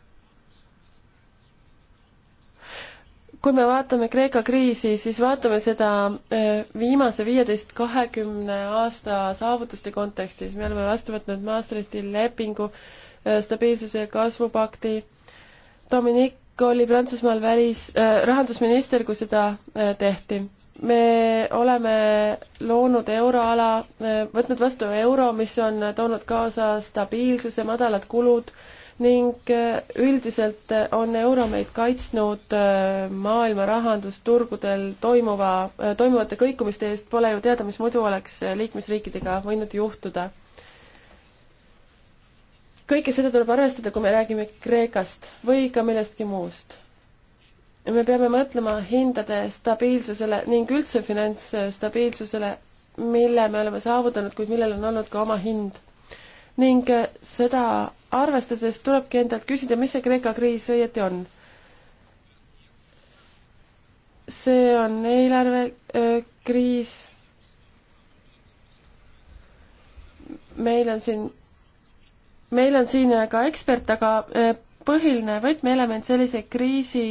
kui me vaatame Kreeka kriisi, siis vaatame seda äh, viimase viieteist, kahekümne aasta saavutuste kontekstis. me oleme vastu võtnud Maastrichti lepingu, äh, stabiilsuse ja kasvupakti. Dominic oli Prantsusmaal välis äh,, rahandusminister, kui seda äh, tehti me oleme loonud euroala, võtnud vastu euro, mis on toonud kaasa stabiilsuse, madalad kulud ning eh, üldiselt on euro meid kaitsnud eh, maailma rahandusturgudel toimuva, eh, toimuvate kõikumiste eest, pole ju teada, mis muidu oleks liikmesriikidega võinud juhtuda. kõike seda tuleb arvestada, kui me räägime Kreekast või ka millestki muust me peame mõtlema hindade stabiilsusele ning üldse finantsstabiilsusele, mille me oleme saavutanud, kuid millel on olnud ka oma hind. ning eh, seda arvestades tulebki endalt küsida, mis see Kreeka kriis õieti on. see on eelarvekriis. Eh, meil on siin, meil on siin ka ekspert, aga eh, põhiline võtmeelement sellise kriisi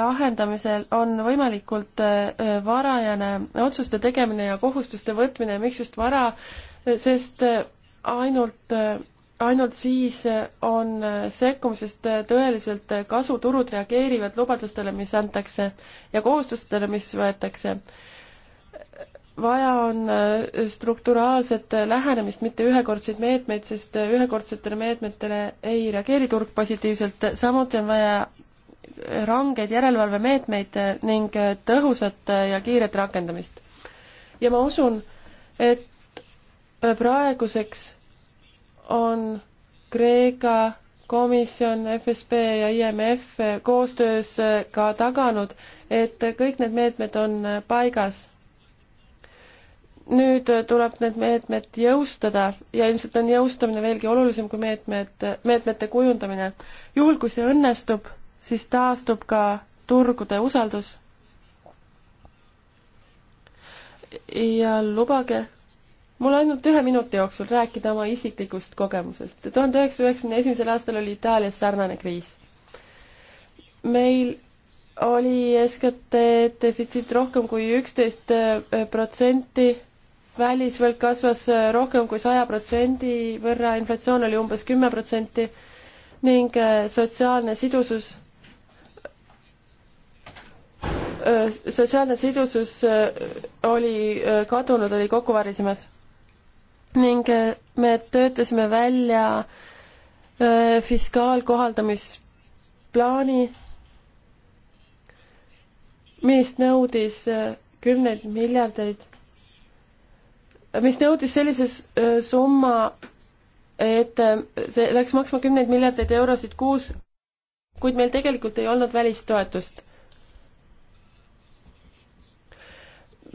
lahendamisel on võimalikult äh, varajane otsuste tegemine ja kohustuste võtmine, miks just vara, sest äh, ainult, äh, ainult siis on sekkumisest tõeliselt kasu, turud reageerivad lubadustele, mis antakse ja kohustustele, mis võetakse vaja on äh, strukturaalset äh, lähenemist, mitte ühekordseid meetmeid, sest äh, ühekordsetele meetmetele ei reageeri turg positiivselt, samuti on vaja rangeid järelevalvemeetmeid ning tõhusat ja kiiret rakendamist. ja ma usun, et praeguseks on Kreeka komisjon, FSB ja IMF koostöös ka taganud, et kõik need meetmed on paigas nüüd äh, tuleb need meetmed jõustada ja ilmselt on jõustamine veelgi olulisem kui meetmed, meetmete kujundamine. juhul, kui see õnnestub, siis taastub ka turgude usaldus. ja lubage mul ainult ühe minuti jooksul rääkida oma isiklikust kogemusest. tuhande üheksasaja üheksakümne esimesel aastal oli Itaalias sarnane kriis. meil oli SKT defitsiit rohkem kui üksteist äh, protsenti välisvõlg kasvas äh, rohkem kui saja protsendi võrra, inflatsioon oli umbes kümme protsenti ning äh, sotsiaalne sidusus, äh, sotsiaalne sidusus oli kadunud, oli kokku varisemas. ning me töötasime välja fiskaalkohaldamisplaani, mis nõudis kümneid miljardeid mis nõudis sellise äh, summa, et äh, see läks maksma kümneid miljardeid eurosid kuus, kuid meil tegelikult ei olnud välistoetust.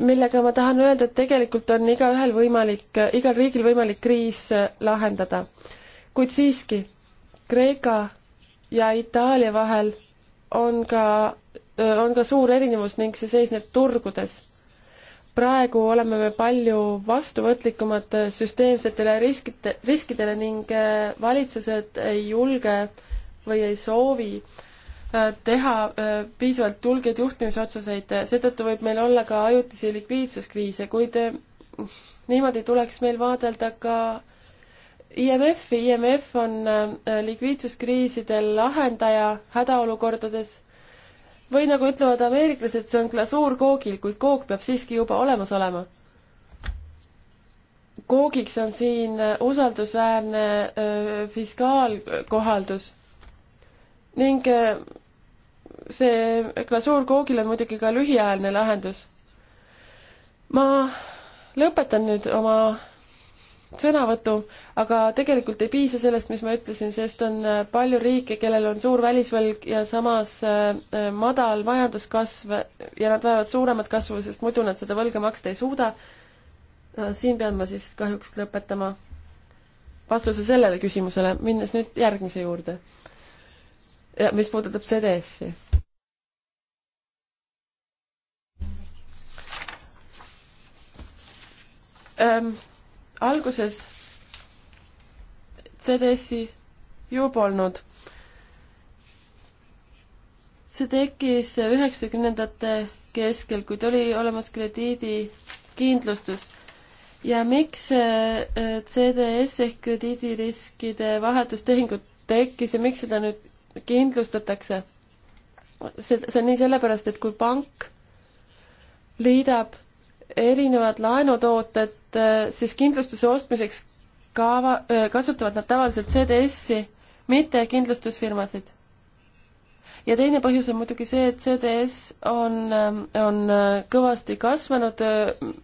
millega ma tahan öelda, et tegelikult on igaühel võimalik, igal riigil võimalik kriis äh, lahendada. kuid siiski, Kreeka ja Itaalia vahel on ka, on ka suur erinevus ning see seisneb turgudes praegu oleme me palju vastuvõtlikumad süsteemsetele riskite, riskidele ning äh, valitsused ei julge või ei soovi äh, teha äh, piisavalt julgeid juhtimisotsuseid, seetõttu võib meil olla ka ajutisi likviidsuskriise, kuid niimoodi tuleks meil vaadelda ka IMF-i, IMF on likviidsuskriiside lahendaja hädaolukordades või nagu ütlevad ameeriklased, see on glasuur koogil, kuid kook peab siiski juba olemas olema. koogiks on siin äh, usaldusväärne öö, äh, fiskaalkohaldus ning öö, äh, see glasuur koogil on muidugi ka lühiajaline lahendus. ma lõpetan nüüd oma sõnavõtu, aga tegelikult ei piisa sellest, mis ma ütlesin, sest on äh, palju riike, kellel on suur välisvõlg ja samas äh, äh, madal majanduskasv ja nad vajavad suuremat kasvu, sest muidu nad seda võlga maksta ei suuda. siin pean ma siis kahjuks lõpetama vastuse sellele küsimusele, minnes nüüd järgmise juurde. mis puudutab CDS-i ähm, alguses CDS-i ju polnud. see tekkis üheksakümnendate keskel, kuid oli olemas krediidikindlustus ja miks äh, CDS ehk krediidiriskide vahetustehingud tekkis ja miks seda nüüd kindlustatakse? see, see on nii sellepärast, et kui pank liidab erinevad laenutooted Äh, siis kindlustuse ostmiseks kaava, äh, kasutavad nad tavaliselt CDS-i, mitte kindlustusfirmasid. ja teine põhjus on muidugi see, et CDS on, ähm, on äh, kõvasti kasvanud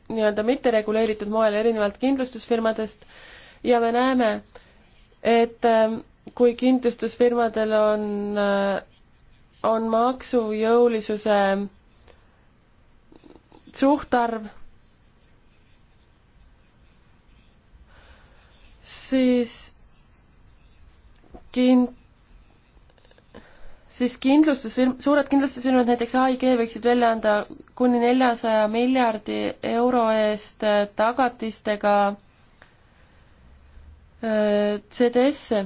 nii-öelda mittereguleeritud moel, erinevalt kindlustusfirmadest, ja me näeme, et ähm, kui kindlustusfirmadel on, on maksujõulisuse ähm, suhtarv siis kin-, siis kindlustusfirm, suured kindlustusfirmad, näiteks AIG võiksid välja anda kuni neljasaja miljardi euro eest äh, tagatistega äh, CDS-e.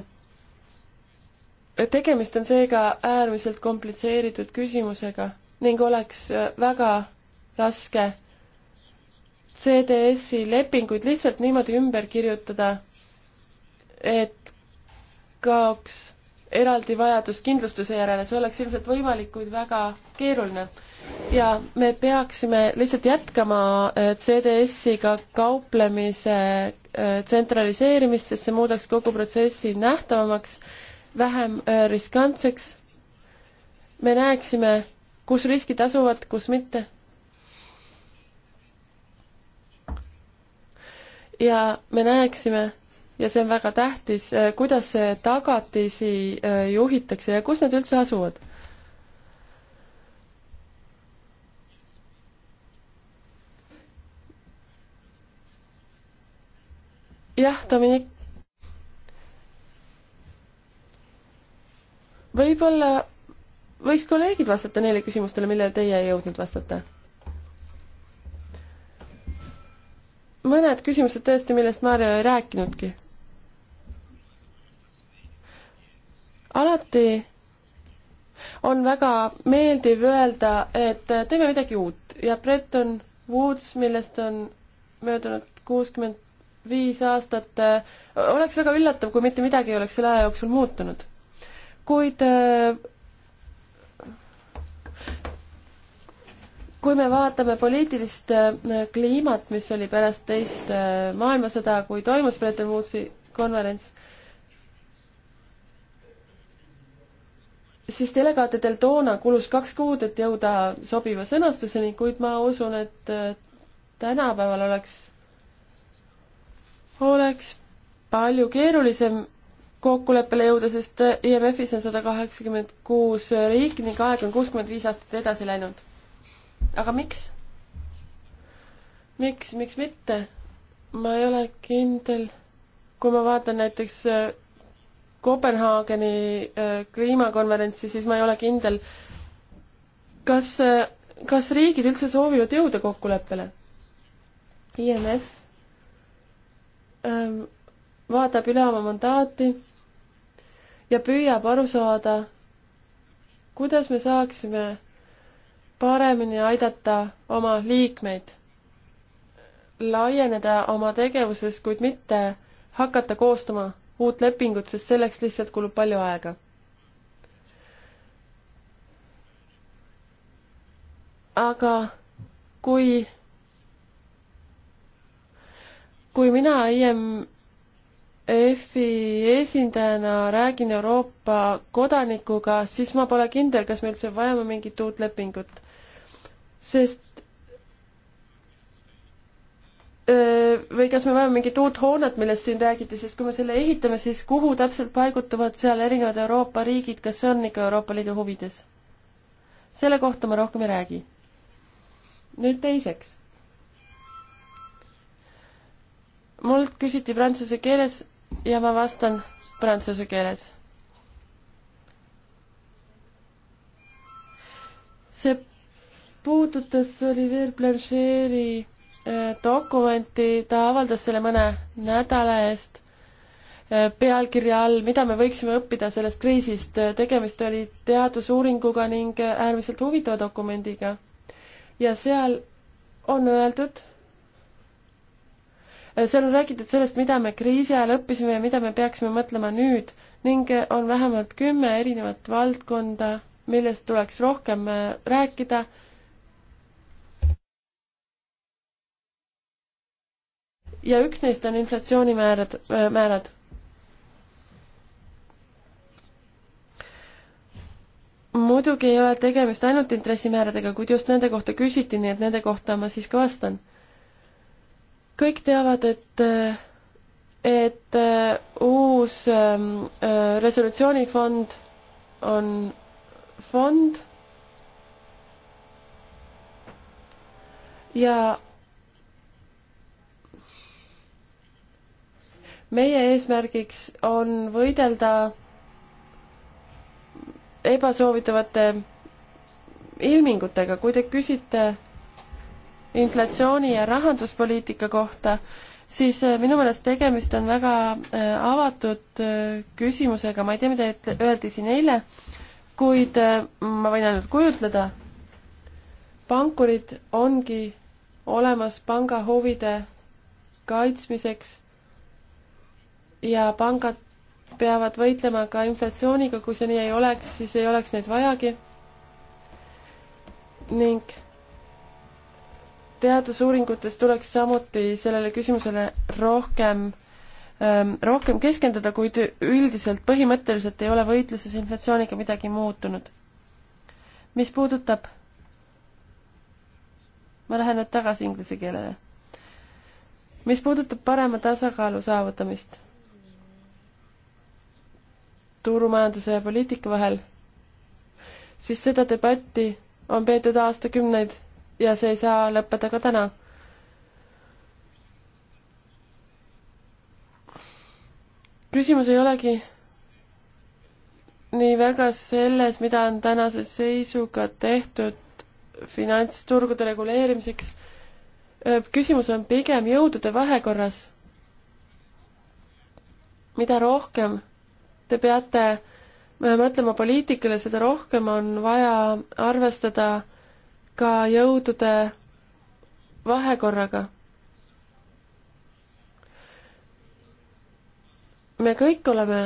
tegemist on seega äärmiselt komplitseeritud küsimusega ning oleks äh, väga raske CDS-i lepinguid lihtsalt niimoodi ümber kirjutada et kaoks eraldi vajadus kindlustuse järele, see oleks ilmselt võimalik, kuid väga keeruline. ja me peaksime lihtsalt jätkama äh, CDS-iga kauplemise äh, tsentraliseerimist, sest see muudaks kogu protsessi nähtavamaks, vähem äh, riskantseks. me näeksime, kus riskid asuvad, kus mitte. ja me näeksime ja see on väga tähtis, äh, kuidas tagatisi äh, juhitakse ja kus nad üldse asuvad? jah, Dominik. võib-olla võiks kolleegid vastata neile küsimustele, millele teie ei jõudnud vastata? mõned küsimused tõesti, millest Maarja ei rääkinudki alati on väga meeldiv öelda, et teeme midagi uut ja Bretton Woods, millest on möödunud kuuskümmend viis aastat, oleks väga üllatav, kui mitte midagi ei oleks selle aja jooksul muutunud. kuid kui me vaatame poliitilist kliimat, mis oli pärast teist maailmasõda, kui toimus Bretton Woodsi konverents, siis delegaatidel toona kulus kaks kuud, et jõuda sobiva sõnastuseni, kuid ma usun, et tänapäeval oleks, oleks palju keerulisem kokkuleppele jõuda, sest IMF-is on sada kaheksakümmend kuus riiki ning aeg on kuuskümmend viis aastat edasi läinud. aga miks? miks, miks mitte? ma ei ole kindel, kui ma vaatan näiteks Kopenhaageni äh, kliimakonverentsi, siis ma ei ole kindel, kas, äh, kas riigid üldse soovivad jõuda kokkuleppele. IMF ähm, vaatab üle oma mandaati ja püüab aru saada, kuidas me saaksime paremini aidata oma liikmeid laieneda oma tegevuses, kuid mitte hakata koostama uut lepingut, sest selleks lihtsalt kulub palju aega. aga kui, kui mina IMF-i esindajana räägin Euroopa kodanikuga, siis ma pole kindel, kas me üldse vajame mingit uut lepingut. sest või kas me vajame mingit uut hoonet, millest siin räägiti, sest kui me selle ehitame, siis kuhu täpselt paigutuvad seal erinevad Euroopa riigid, kas see on ikka Euroopa Liidu huvides? selle kohta ma rohkem ei räägi. nüüd teiseks. mult küsiti prantsuse keeles ja ma vastan prantsuse keeles. see puudutas Olivier Blancheri Äh, dokumenti, ta avaldas selle mõne nädala eest äh, pealkirja all, mida me võiksime õppida sellest kriisist. Äh, tegemist oli teadusuuringuga ning äärmiselt huvitava dokumendiga. ja seal on öeldud, seal on räägitud sellest, mida me kriisi ajal õppisime ja mida me peaksime mõtlema nüüd ning on vähemalt kümme erinevat valdkonda, millest tuleks rohkem rääkida ja üks neist on inflatsioonimäärad, äh, määrad. muidugi ei ole tegemist ainult intressimääradega, kuid just nende kohta küsiti, nii et nende kohta ma siis ka vastan. kõik teavad, et et äh, uus ähm, äh, resolutsioonifond on fond ja meie eesmärgiks on võidelda ebasoovitavate ilmingutega, kui te küsite inflatsiooni ja rahanduspoliitika kohta, siis eh, minu meelest tegemist on väga eh, avatud eh, küsimusega, ma ei tea, mida öeldi siin eile, kuid ma võin ainult kujutleda, pankurid ongi olemas panga huvide kaitsmiseks ja pangad peavad võitlema ka inflatsiooniga, kui see nii ei oleks, siis ei oleks neid vajagi. ning teadusuuringutes tuleks samuti sellele küsimusele rohkem ähm, rohkem keskenduda, kuid üldiselt põhimõtteliselt ei ole võitluses inflatsiooniga midagi muutunud. mis puudutab, ma lähen nüüd tagasi inglise keelele, mis puudutab parema tasakaalu saavutamist turumajanduse ja poliitika vahel, siis seda debatti on peetud aastakümneid ja see ei saa lõppeda ka täna. küsimus ei olegi nii väga selles, mida on tänase seisuga tehtud finantsturgude reguleerimiseks. küsimus on pigem jõudude vahekorras. mida rohkem Te peate äh, mõtlema poliitikale, seda rohkem on vaja arvestada ka jõudude vahekorraga. me kõik oleme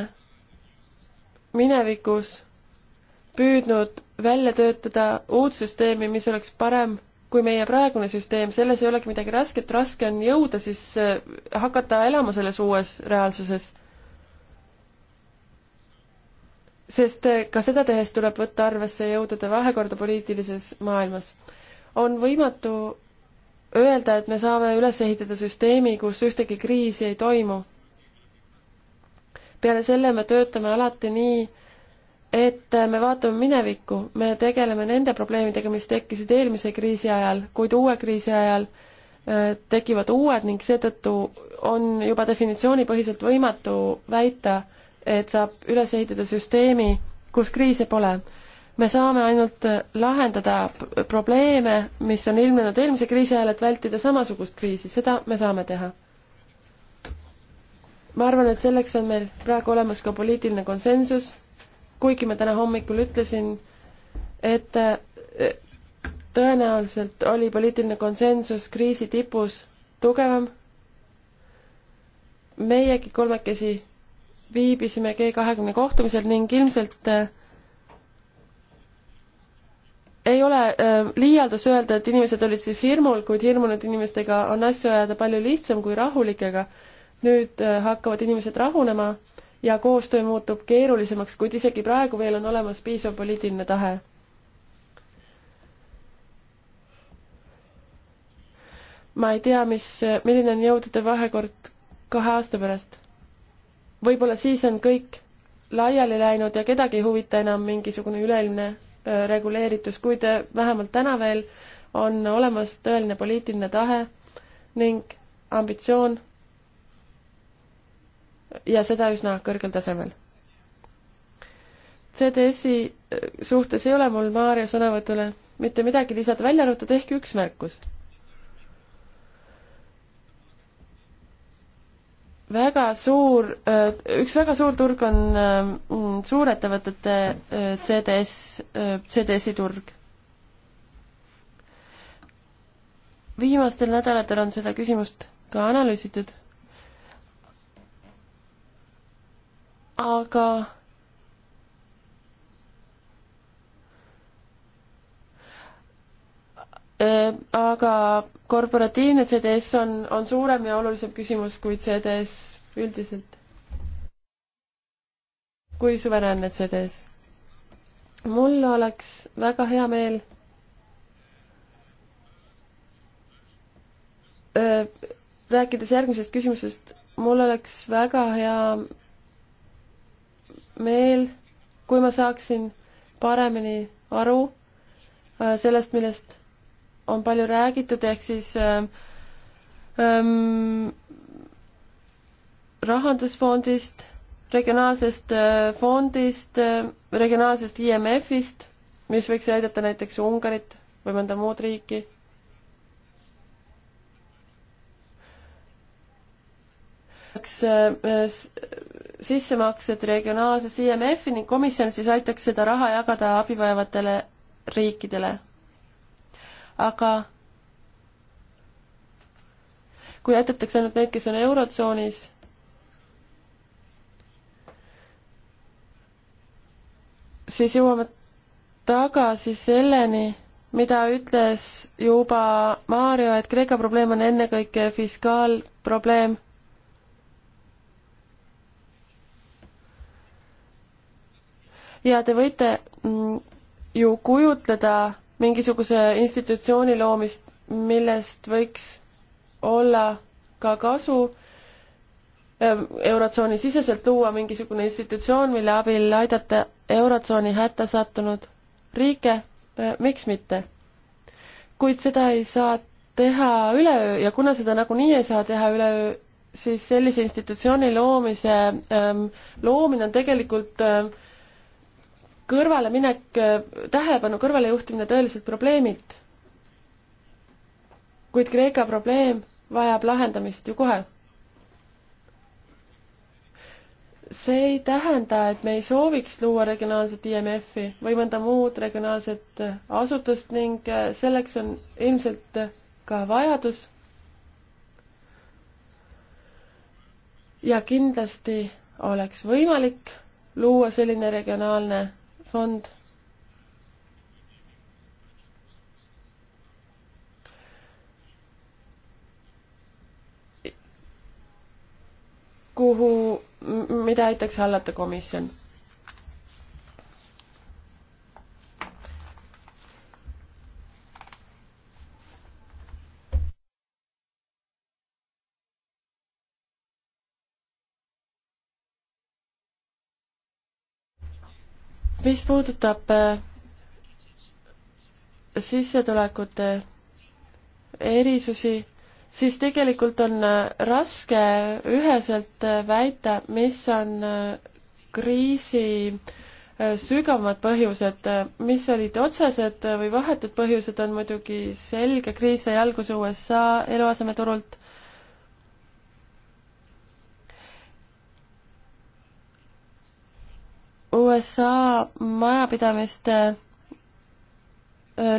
minevikus püüdnud välja töötada uut süsteemi, mis oleks parem kui meie praegune süsteem, selles ei olegi midagi rasket, raske on jõuda siis äh, hakata elama selles uues reaalsuses sest ka seda tehes tuleb võtta arvesse jõudude vahekorda poliitilises maailmas. on võimatu öelda, et me saame üles ehitada süsteemi, kus ühtegi kriisi ei toimu. peale selle me töötame alati nii, et me vaatame minevikku, me tegeleme nende probleemidega, mis tekkisid eelmise kriisi ajal, kuid uue kriisi ajal äh, tekivad uued ning seetõttu on juba definitsioonipõhiselt võimatu väita, et saab üles ehitada süsteemi, kus kriise pole. me saame ainult lahendada probleeme, mis on ilmnenud eelmise kriisi ajal, et vältida samasugust kriisi, seda me saame teha. ma arvan, et selleks on meil praegu olemas ka poliitiline konsensus, kuigi ma täna hommikul ütlesin, et eh, tõenäoliselt oli poliitiline konsensus kriisi tipus tugevam. meiegi kolmekesi viibisime G kahekümne kohtumisel ning ilmselt äh, ei ole äh, liialdus öelda, et inimesed olid siis hirmul, kuid hirmunud inimestega on asju ajada palju lihtsam kui rahulikega. nüüd äh, hakkavad inimesed rahunema ja koostöö muutub keerulisemaks, kuid isegi praegu veel on olemas piisav poliitiline tahe. ma ei tea, mis, milline on jõudude vahekord kahe aasta pärast võib-olla siis on kõik laiali läinud ja kedagi ei huvita enam mingisugune üleilmne reguleeritus, kuid vähemalt täna veel on olemas tõeline poliitiline tahe ning ambitsioon ja seda üsna kõrgel tasemel. CDS-i suhtes ei ole mul Maarja sõnavõtule mitte midagi lisada, välja arvatud ehk üks märkus väga suur, äh, üks väga suur turg on äh, suurettevõtete äh, CDS, CDS-i turg. viimastel nädalatel on seda küsimust ka analüüsitud. aga aga korporatiivne CDS on, on suurem ja olulisem küsimus kui CDS üldiselt. kui suveräänne CDS? mul oleks väga hea meel rääkides järgmisest küsimusest, mul oleks väga hea meel, kui ma saaksin paremini aru sellest, millest on palju räägitud, ehk siis ähm, ähm rahandusfondist, regionaalsest äh, fondist, äh, regionaalsest IMF-ist, mis võiks aidata näiteks Ungarit või mõnda muud riiki. peaks äh, sissemaksed regionaalses IMF-i ning komisjon siis aitaks seda raha jagada abivajavatele riikidele aga kui jätetakse ainult need, kes on Eurotsoonis, siis jõuame tagasi selleni, mida ütles juba Mario, et Kreeka probleem on ennekõike fiskaalprobleem. ja te võite mm, ju kujutleda mingisuguse institutsiooni loomist, millest võiks olla ka kasu, ähm, eurotsooni siseselt luua mingisugune institutsioon, mille abil aidata eurotsooni hätta sattunud riike, äh, miks mitte. kuid seda ei saa teha üleöö ja kuna seda nagunii ei saa teha üleöö, siis sellise institutsiooni loomise, ähm, loomine on tegelikult öö, ähm, kõrvaleminek, tähelepanu kõrvalejuhtimine tõeliselt probleemilt. kuid Kreeka probleem vajab lahendamist ju kohe. see ei tähenda, et me ei sooviks luua regionaalset IMF-i või mõnda muud regionaalset asutust ning selleks on ilmselt ka vajadus. ja kindlasti oleks võimalik luua selline regionaalne fond kuhu, mida aitaks hallata komisjon mis puudutab äh, sissetulekute erisusi, siis tegelikult on äh, raske üheselt äh, väita, mis on kriisi sügavamad põhjused, mis olid otsesed või vahetud põhjused, on muidugi selge, kriis sai alguse USA eluasemeturult USA majapidamiste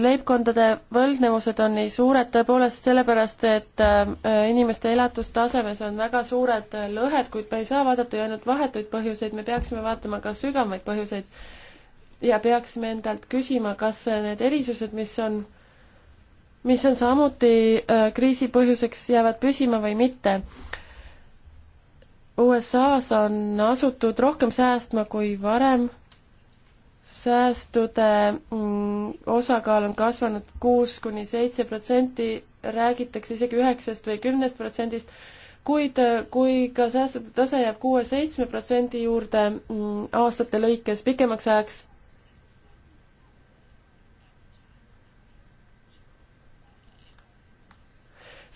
leibkondade võlgnevused on nii suured tõepoolest sellepärast, et inimeste elatustasemes on väga suured lõhed, kuid me ei saa vaadata ju ainult vahetuid põhjuseid, me peaksime vaatama ka sügavamaid põhjuseid. ja peaksime endalt küsima, kas need erisused, mis on, mis on samuti kriisi põhjuseks, jäävad püsima või mitte USA-s on asutud rohkem säästma kui varem. säästude mm, osakaal on kasvanud kuus kuni seitse protsenti, räägitakse isegi üheksast või kümnest protsendist, kuid äh, kui ka säästude tase jääb kuue-seitsme protsendi juurde mm, aastate lõikes pikemaks ajaks,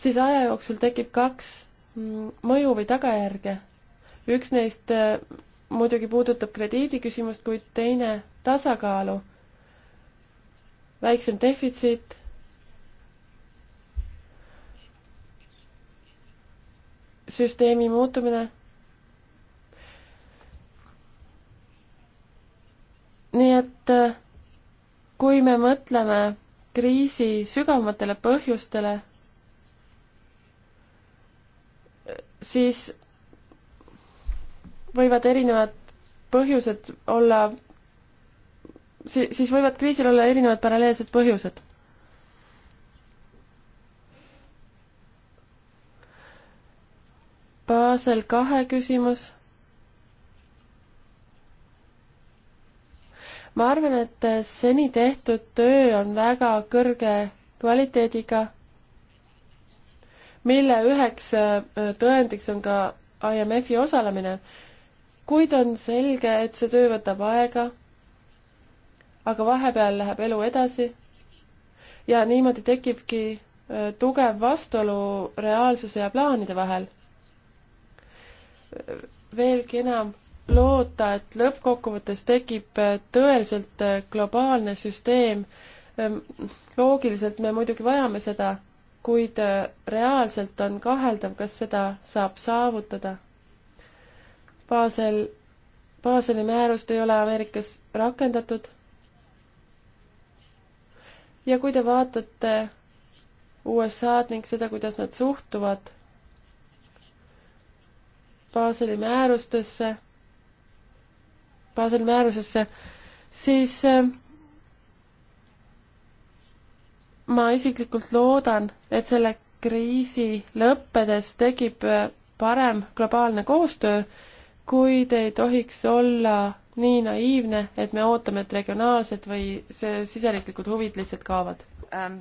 siis aja jooksul tekib kaks mm, mõju või tagajärge üks neist äh, muidugi puudutab krediidiküsimust, kuid teine tasakaalu. väiksem defitsiit. süsteemi muutumine. nii et äh, kui me mõtleme kriisi sügavamatele põhjustele, siis võivad erinevad põhjused olla, siis võivad kriisil olla erinevad paralleelsed põhjused. Basel kahe küsimus. ma arvan, et seni tehtud töö on väga kõrge kvaliteediga, mille üheks äh, tõendiks on ka IMF-i osalemine kuid on selge, et see töö võtab aega, aga vahepeal läheb elu edasi ja niimoodi tekibki tugev vastuolu reaalsuse ja plaanide vahel. veelgi enam, loota, et lõppkokkuvõttes tekib tõeliselt globaalne süsteem, loogiliselt me muidugi vajame seda, kuid reaalselt on kaheldav, kas seda saab saavutada Basel, Baseli määrust ei ole Ameerikas rakendatud. ja kui te vaatate USA-d ning seda, kuidas nad suhtuvad Baseli määrustesse, Baseli määrusesse, siis äh, ma isiklikult loodan, et selle kriisi lõppedes tekib äh, parem globaalne koostöö kuid ei tohiks olla nii naiivne, et me ootame, et regionaalsed või siseriiklikud huvid lihtsalt kaovad. Ähm,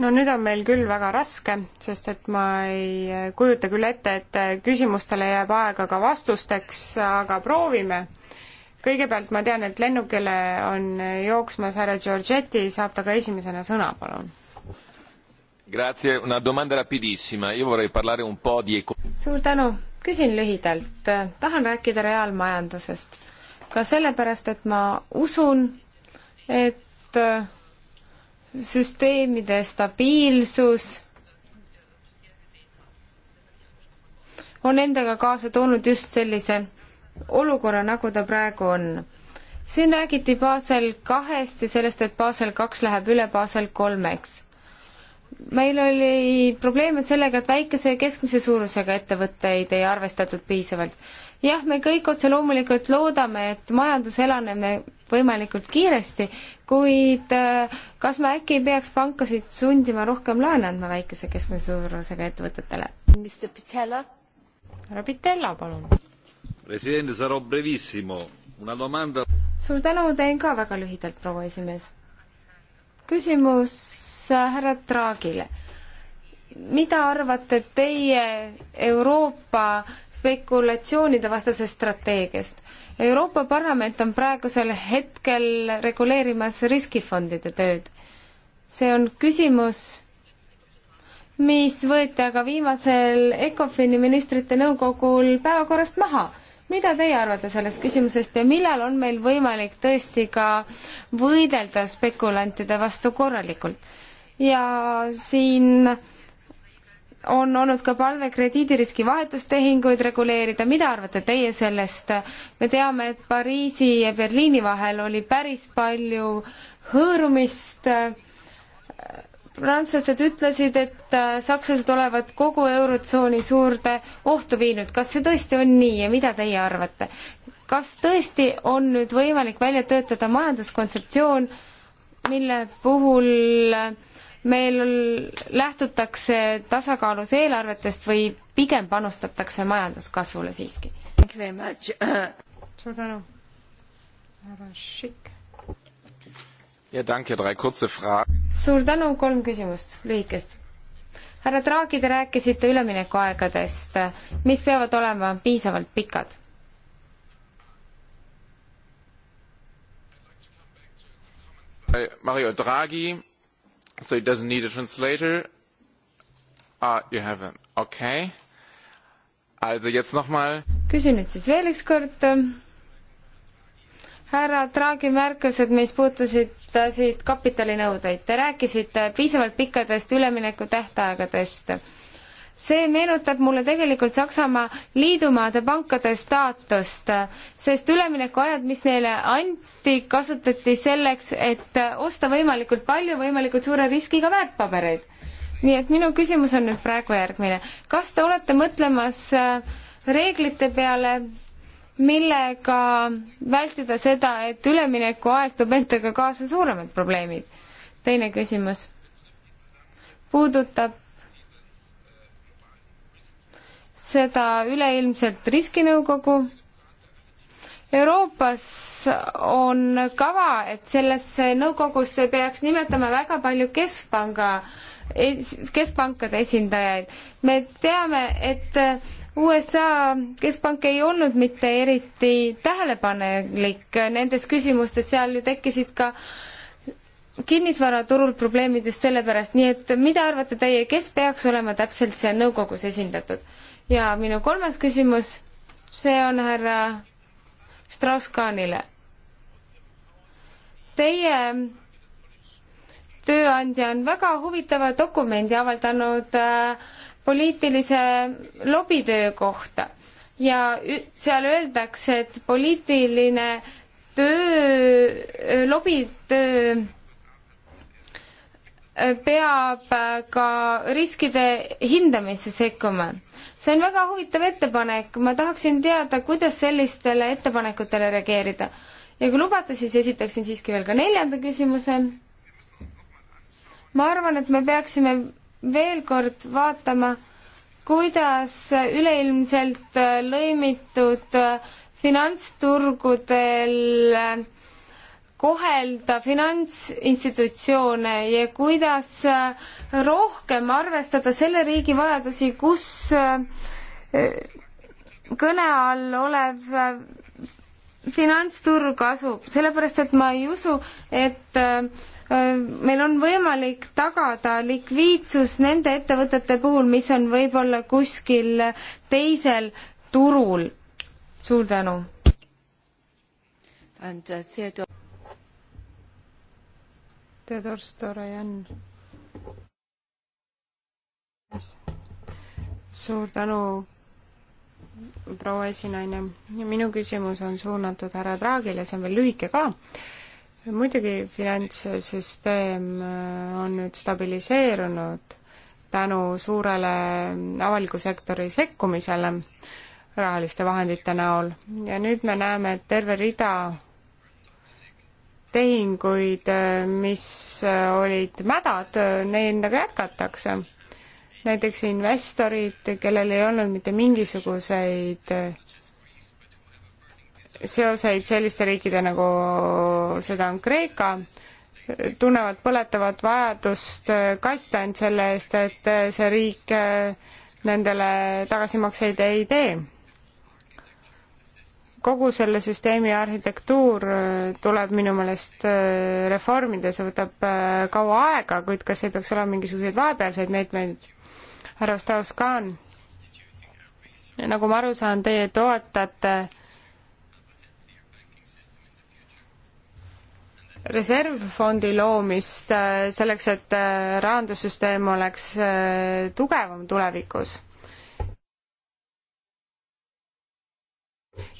no nüüd on meil küll väga raske, sest et ma ei äh, kujuta küll ette, et äh, küsimustele jääb aega ka vastusteks, aga proovime. kõigepealt ma tean, et lennukile on äh, jooksmas härra Giorgetti, saab ta ka esimesena sõna, palun. Grazie, una domanda rapidissima, io vorrei parlare un po di suur tänu küsin lühidalt, tahan rääkida reaalmajandusest. ka sellepärast, et ma usun, et äh, süsteemide stabiilsus on endaga kaasa toonud just sellise olukorra, nagu ta praegu on. siin räägiti Basel kahest ja sellest, et Basel kaks läheb üle Basel kolmeks meil oli probleeme sellega, et väikese ja keskmise suurusega ettevõtteid ei arvestatud piisavalt. jah, me kõik otse loomulikult loodame, et majandus elaneb võimalikult kiiresti, kuid äh, kas me äkki ei peaks pankasid sundima rohkem laene andma väikese keskmise suurusega ettevõtetele? härra Pitella, palun. president, sarò brevissimo, una domanda. suur tänu, teen ka väga lühidalt, proua esimees küsimus äh, härra Draagile. mida arvate teie Euroopa spekulatsioonide vastasest strateegiast? Euroopa Parlament on praegusel hetkel reguleerimas riskifondide tööd. see on küsimus, mis võeti aga viimasel ECOFIN-i ministrite nõukogul päevakorrast maha mida teie arvate sellest küsimusest ja millal on meil võimalik tõesti ka võidelda spekulantide vastu korralikult? ja siin on olnud ka palve krediidiriski vahetustehinguid reguleerida, mida arvate teie sellest? me teame, et Pariisi ja Berliini vahel oli päris palju hõõrumist äh, prantslased ütlesid, et äh, sakslased olevat kogu Eurotsooni suurde ohtu viinud. kas see tõesti on nii ja mida teie arvate? kas tõesti on nüüd võimalik välja töötada majanduskontseptsioon, mille puhul äh, meil lähtutakse tasakaalus eelarvetest või pigem panustatakse majanduskasvule siiski? suur tänu, härra Šik ja danke, drei kurze fragen. suur tänu, kolm küsimust, lühikest härra Draghi, te rääkisite üleminekuaegadest, mis peavad olema piisavalt pikad? Mario Draghi, so he doesn't need a translator. Ah, you have him, okei okay.. Also jetzt nochmal. küsin nüüd siis veel ükskord. härra Draghi märkused, mis puutusid puudutasid kapitalinõudeid. Te rääkisite piisavalt pikkadest üleminekutähtaegadest. see meenutab mulle tegelikult Saksamaa liidumaade pankade staatust, sest üleminekuajad, mis neile anti, kasutati selleks, et osta võimalikult palju võimalikult suure riskiga väärtpabereid. nii et minu küsimus on nüüd praegu järgmine. kas te olete mõtlemas äh, reeglite peale millega vältida seda, et üleminekuaeg toob endaga kaasa suuremad probleemid? teine küsimus puudutab seda üleilmset riskinõukogu. Euroopas on kava, et sellesse nõukogusse peaks nimetama väga palju keskpanga, keskpankade esindajaid. me teame, et USA keskpank ei olnud mitte eriti tähelepanelik nendes küsimustes, seal ju tekkisid ka kinnisvaraturul probleemid just sellepärast, nii et mida arvate teie, kes peaks olema täpselt seal nõukogus esindatud? ja minu kolmas küsimus, see on härra Strauss-Kahnile. Teie tööandja on väga huvitava dokumendi avaldanud äh, poliitilise lobitöö kohta ja seal öeldakse, et poliitiline töö, lobitöö äh, peab äh, ka riskide hindamisse sekkuma. see on väga huvitav ettepanek, ma tahaksin teada, kuidas sellistele ettepanekutele reageerida. ja kui lubate, siis esitaksin siiski veel ka neljanda küsimuse. ma arvan, et me peaksime veel kord vaatama, kuidas üleilmselt äh, lõimitud äh, finantsturgudel äh, kohelda finantsinstitutsioone ja kuidas rohkem arvestada selle riigi vajadusi, kus kõne all olev finantsturg asub, sellepärast et ma ei usu, et Äh, meil on võimalik tagada likviidsus nende ettevõtete puhul, mis on võib-olla kuskil teisel turul. suur tänu. Uh, Theodor Storajan. suur tänu proua esinaine. minu küsimus on suunatud härra Draagile, see on veel lühike ka muidugi finantssüsteem äh, on nüüd stabiliseerunud tänu suurele avaliku sektori sekkumisele rahaliste vahendite näol ja nüüd me näeme, et terve rida tehinguid, äh, mis äh, olid mädad, nendega jätkatakse. näiteks investorid, kellel ei olnud mitte mingisuguseid seoseid selliste riikide nagu seda on Kreeka, tunnevad põletavat vajadust kaitsta end selle eest, et see riik eh, nendele tagasimakseid ei tee. kogu selle süsteemi arhitektuur eh, tuleb minu meelest eh, reformida, see võtab kaua aega, kuid kas ei peaks olema mingisuguseid vahepealseid meetmeid? härra Strauss-Kahn, nagu ma aru saan, teie toetate reservfondi loomist äh, selleks, et äh, rahandussüsteem oleks äh, tugevam tulevikus.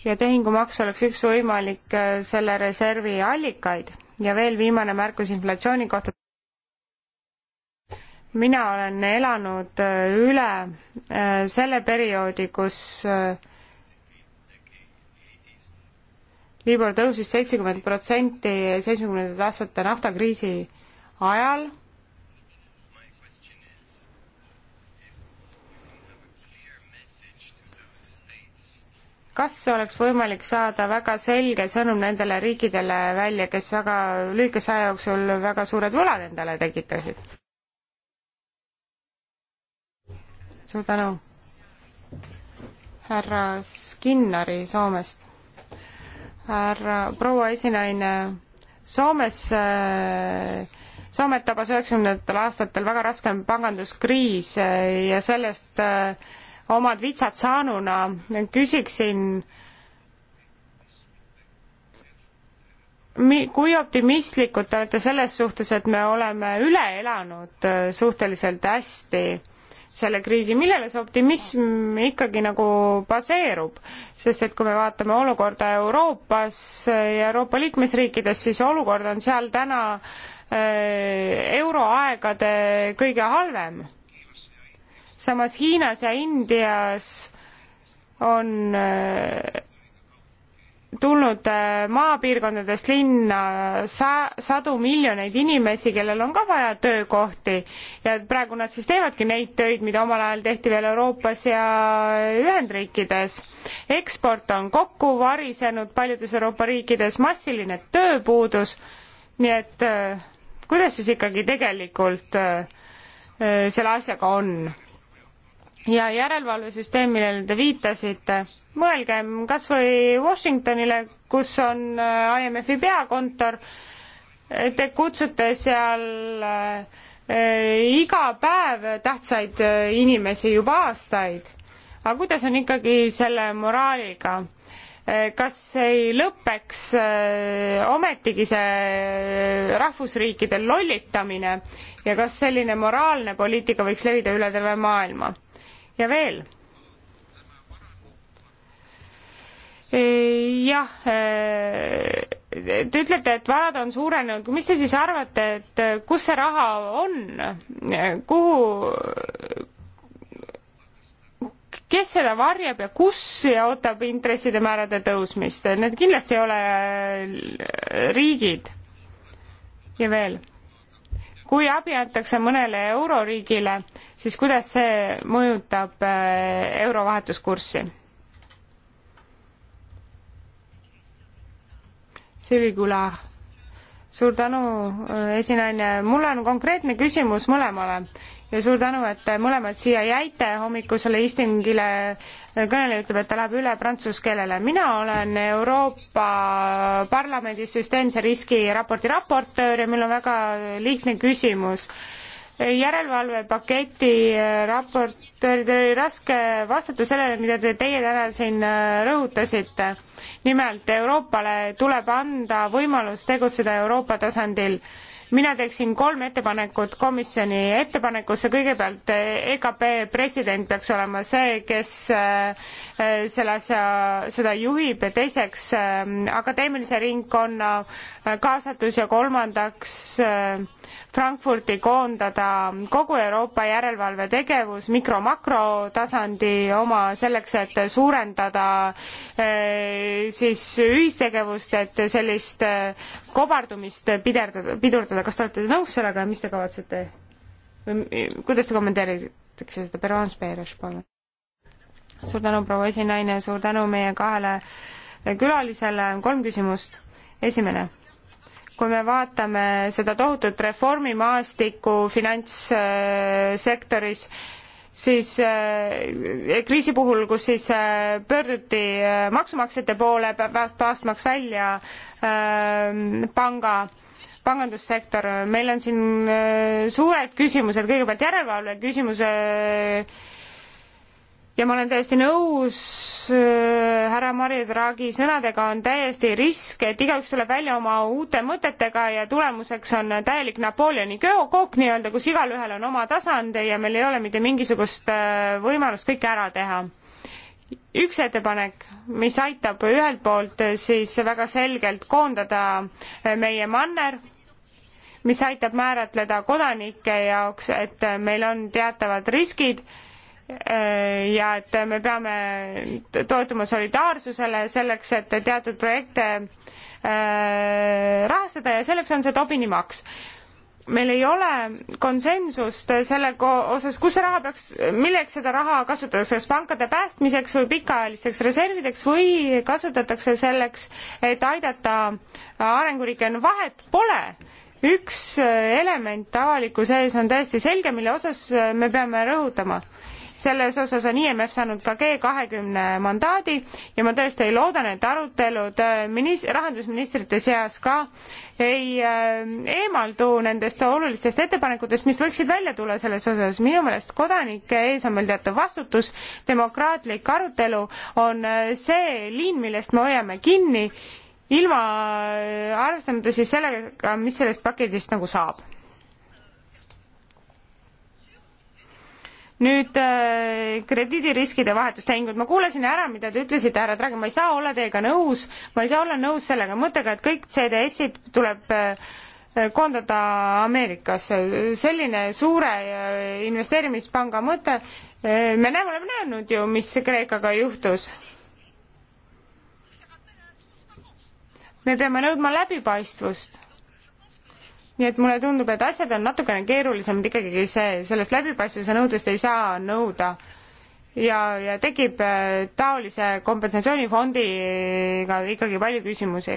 ja tehingumaks oleks üks võimalik selle reservi allikaid ja veel viimane märkus inflatsiooni kohta. mina olen elanud üle selle perioodi, kus Libor tõusis seitsekümmend protsenti seitsmekümnendate aastate naftakriisi ajal. kas oleks võimalik saada väga selge sõnum nendele riikidele välja, kes väga lühikese aja jooksul väga suured võlad endale tekitasid? suur tänu. härra Skinnari Soomest härra, proua esinaine, Soomes, äh, Soomet tabas üheksakümnendatel aastatel väga raske panganduskriis äh, ja sellest äh, omad vitsad saanuna küsiksin, mi-, kui optimistlikud te olete selles suhtes, et me oleme üle elanud suhteliselt hästi selle kriisi, millele see optimism ikkagi nagu baseerub? sest et kui me vaatame olukorda Euroopas ja Euroopa liikmesriikides, siis olukord on seal täna äh, euroaegade kõige halvem. samas Hiinas ja Indias on äh, tulnud äh, maapiirkondadest linna sa-, sadu miljoneid inimesi, kellel on ka vaja töökohti ja praegu nad siis teevadki neid töid, mida omal ajal tehti veel Euroopas ja Ühendriikides. eksport on kokku varisenud paljudes Euroopa riikides, massiline tööpuudus, nii et äh, kuidas siis ikkagi tegelikult äh, selle asjaga on? ja järelevalvesüsteem, millele te viitasite, mõelgem kas või Washingtonile, kus on äh, IMF-i peakontor, te kutsute seal äh, iga päev tähtsaid äh, inimesi juba aastaid. aga kuidas on ikkagi selle moraaliga? kas ei lõpeks ometigi see rahvusriikide lollitamine ja kas selline moraalne poliitika võiks levida üle terve maailma? ja veel jah, äh, te ütlete, et varad on suurenenud, mis te siis arvate, et äh, kus see raha on, äh, kuhu, kes seda varjab ja kus ja ootab intresside määrade tõusmist, need kindlasti ei ole riigid. ja veel kui abi antakse mõnele euroriigile, siis kuidas see mõjutab äh, euro vahetuskurssi? Sivi Kula, suur tänu, äh, esinaine. mul on konkreetne küsimus mõlemale ja suur tänu, et mõlemad siia jäite hommikusele istungile. kõneleja ütleb, et ta läheb üle prantsuse keelele. mina olen Euroopa Parlamendi süsteemse riski raporti raportöör ja mul on väga lihtne küsimus järelevalvepaketi äh, raportööridel oli raske vastata sellele, mida te teie täna siin äh, rõhutasite. nimelt Euroopale tuleb anda võimalus tegutseda Euroopa tasandil mina teeksin kolm ettepanekut komisjoni ettepanekusse, kõigepealt EKP eh, e president peaks olema see, kes eh, eh, selle asja, seda juhib ja teiseks akadeemilise ringkonna kaasatus ja kolmandaks Frankfurti koondada kogu Euroopa järelevalvetegevus mikro-makrotasandi oma selleks, et suurendada eh, siis ühistegevust, et sellist eh, kobardumist piderdada, pidurdada. kas te olete nõus sellega ja mis te kavatsete või kuidas te kommenteeritakse seda Peruans Peres, palun? suur tänu, proua esinaine, suur tänu meie kahele külalisele, kolm küsimust. esimene kui me vaatame seda tohutut reformimaastikku finantssektoris, siis eh, kriisi puhul, kus siis eh, pöörduti eh, maksumaksjate poole, päästmaks välja panga pangandussektor, meil on siin suured küsimused, kõigepealt järelevalve küsimuse ja ma olen täiesti nõus äh, härra Marju Draghi sõnadega, on täiesti risk, et igaüks tuleb välja oma uute mõtetega ja tulemuseks on täielik Napoleoni kook nii-öelda, kus igalühel on oma tasand ja meil ei ole mitte mingisugust äh, võimalust kõike ära teha. üks ettepanek, mis aitab ühelt poolt äh, siis väga selgelt koondada meie manner, mis aitab määratleda kodanike jaoks, et meil on teatavad riskid Äh, ja et me peame toetuma solidaarsusele selleks, et teatud projekte äh, rahastada ja selleks on see Tobini maks. meil ei ole konsensust selle osas, kus see raha peaks, milleks seda raha kasutatakse, kas pankade päästmiseks või pikaajalisteks reservideks või kasutatakse selleks, et aidata arenguriike, no vahet pole üks element avalikkuse ees on täiesti selge, mille osas me peame rõhutama selles osas on IMF saanud ka G kahekümne mandaadi ja ma tõesti loodan, et arutelud äh, minis-, rahandusministrite seas ka ei äh, eemaldu nendest olulistest ettepanekutest, mis võiksid välja tulla selles osas. minu meelest kodanike ees on meil teatav vastutus, demokraatlik arutelu on äh, see liin, millest me hoiame kinni, ilma arvestamata siis sellega, mis sellest paketist nagu saab nüüd äh, krediidiriskide vahetustehingud, ma kuulasin ära, mida te ütlesite, härra Draghi, ma ei saa olla teiega nõus, ma ei saa olla nõus sellega mõttega, et kõik CDS-id tuleb äh, koondada Ameerikasse, selline suure äh, investeerimispanga mõte, me näeme, oleme näinud ju, mis Kreekaga juhtus. me peame nõudma läbipaistvust nii et mulle tundub, et asjad on natukene keerulisemad ikkagi see, sellest läbipaistvuse nõudest ei saa nõuda ja, ja tekib äh, taolise kompensatsioonifondiga ikkagi palju küsimusi.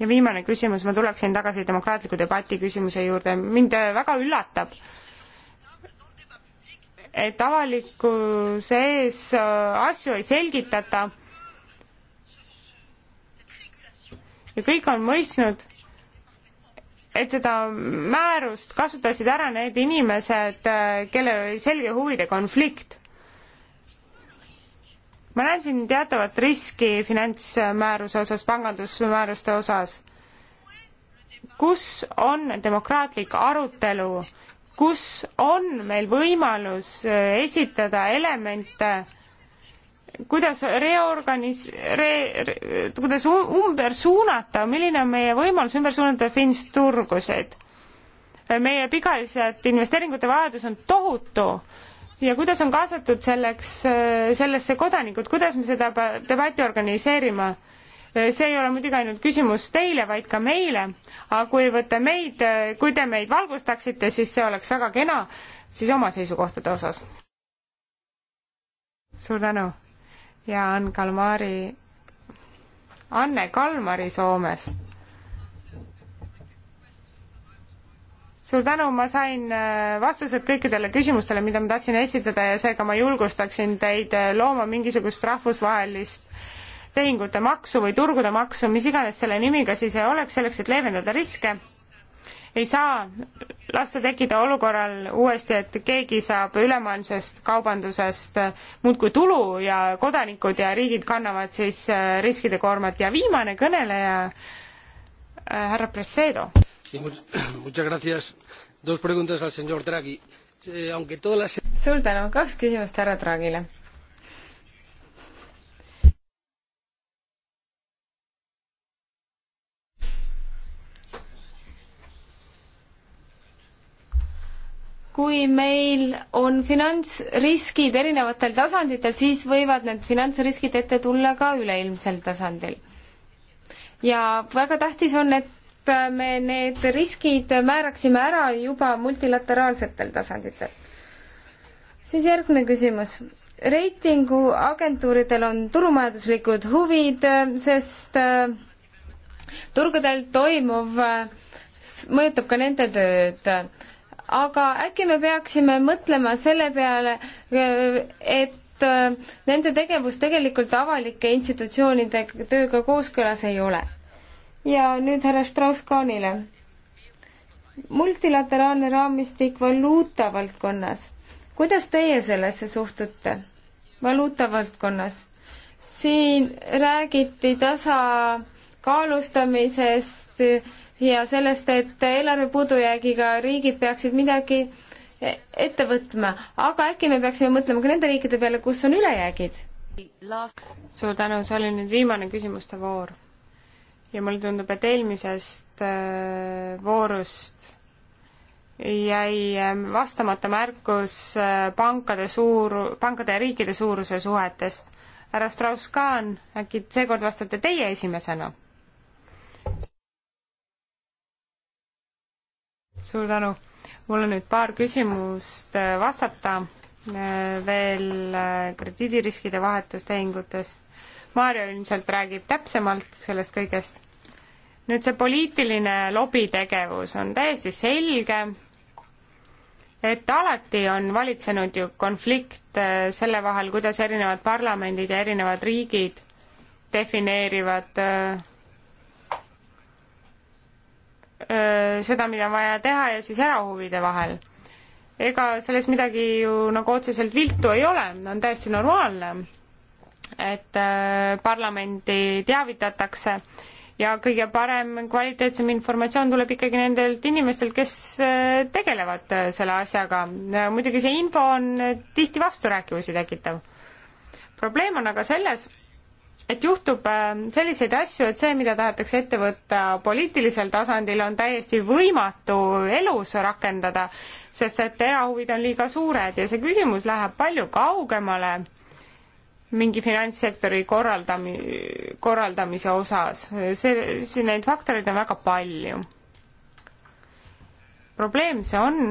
ja viimane küsimus, ma tuleksin tagasi demokraatliku debati küsimuse juurde, mind äh, väga üllatab, et avalikkuse ees äh, asju ei selgitata ja kõik on mõistnud, et seda määrust kasutasid ära need inimesed, kellel oli selge huvide konflikt. ma näen siin teatavat riski finantsmääruse osas, pangandusmääruste osas. kus on demokraatlik arutelu, kus on meil võimalus esitada elemente, kuidas reorganis- re,, re, kuidas ümber suunata, milline on meie võimalus ümber suunata Finst turgusid? meie pikaajalised investeeringute vajadus on tohutu ja kuidas on kaasatud selleks, sellesse kodanikud, kuidas me seda debatti organiseerima? see ei ole muidugi ainult küsimus teile, vaid ka meile, aga kui võtta meid, kui te meid valgustaksite, siis see oleks väga kena, siis oma seisukohtade osas. suur tänu ja Ann Kalmari, Anne Kalmari Soomest. suur tänu, ma sain äh, vastused kõikidele küsimustele, mida ma tahtsin esitada ja seega ma julgustaksin teid äh, looma mingisugust rahvusvahelist tehingute maksu või turgude maksu, mis iganes selle nimiga siis oleks, selleks et leevendada riske ei saa lasta tekkida olukorral uuesti, et keegi saab ülemaailmsest kaubandusest muudkui tulu ja kodanikud ja riigid kannavad siis äh, riskide koormat ja viimane kõneleja äh,, härra Presedo. Eh, suur tänu, kaks küsimust härra Draghile kui meil on finantsriskid erinevatel tasanditel, siis võivad need finantsriskid ette tulla ka üleilmsel tasandil. ja väga tähtis on, et me need riskid määraksime ära juba multilateraalsetel tasanditel. siis järgmine küsimus. reitinguagentuuridel on turumajanduslikud huvid, sest äh, turgudel toimuv äh, mõjutab ka nende tööd aga äkki me peaksime mõtlema selle peale, et äh, nende tegevus tegelikult avalike institutsioonide tööga kooskõlas ei ole. ja nüüd härra Strauss-Kahnile. multilateraalne raamistik valuuta valdkonnas. kuidas teie sellesse suhtute? valuuta valdkonnas siin räägiti tasakaalustamisest ja sellest, et eelarve puudujäägiga riigid peaksid midagi ette võtma, aga äkki me peaksime mõtlema ka nende riikide peale, kus on ülejäägid? suur tänu, see oli nüüd viimane küsimuste voor. ja mulle tundub, et eelmisest äh, voorust jäi ähm, vastamata märkus äh, pankade suur, pankade ja riikide suuruse suhetest. härra Strauss-Kahn, äkki seekord vastate teie esimesena? suur tänu. mul on nüüd paar küsimust äh, vastata äh, veel äh, krediidiriskide vahetustehingutest. Maarja ilmselt räägib täpsemalt sellest kõigest. nüüd see poliitiline lobitegevus on täiesti selge, et alati on valitsenud ju konflikt selle vahel, kuidas erinevad parlamendid ja erinevad riigid defineerivad seda, mida on vaja teha ja siis erahuvide vahel. ega selles midagi ju nagu otseselt viltu ei ole, on täiesti normaalne, et äh, parlamendi teavitatakse ja kõige parem, kvaliteetsem informatsioon tuleb ikkagi nendelt inimestelt, kes äh, tegelevad äh, selle asjaga. muidugi see info on tihti vasturääkivusi tekitav. probleem on aga selles, et juhtub äh, selliseid asju, et see, mida tahetakse ette võtta poliitilisel tasandil, on täiesti võimatu elus rakendada, sest et erahuvid on liiga suured ja see küsimus läheb palju kaugemale mingi finantssektori korraldami-, korraldamise osas. see, siin neid faktoreid on väga palju. probleem see on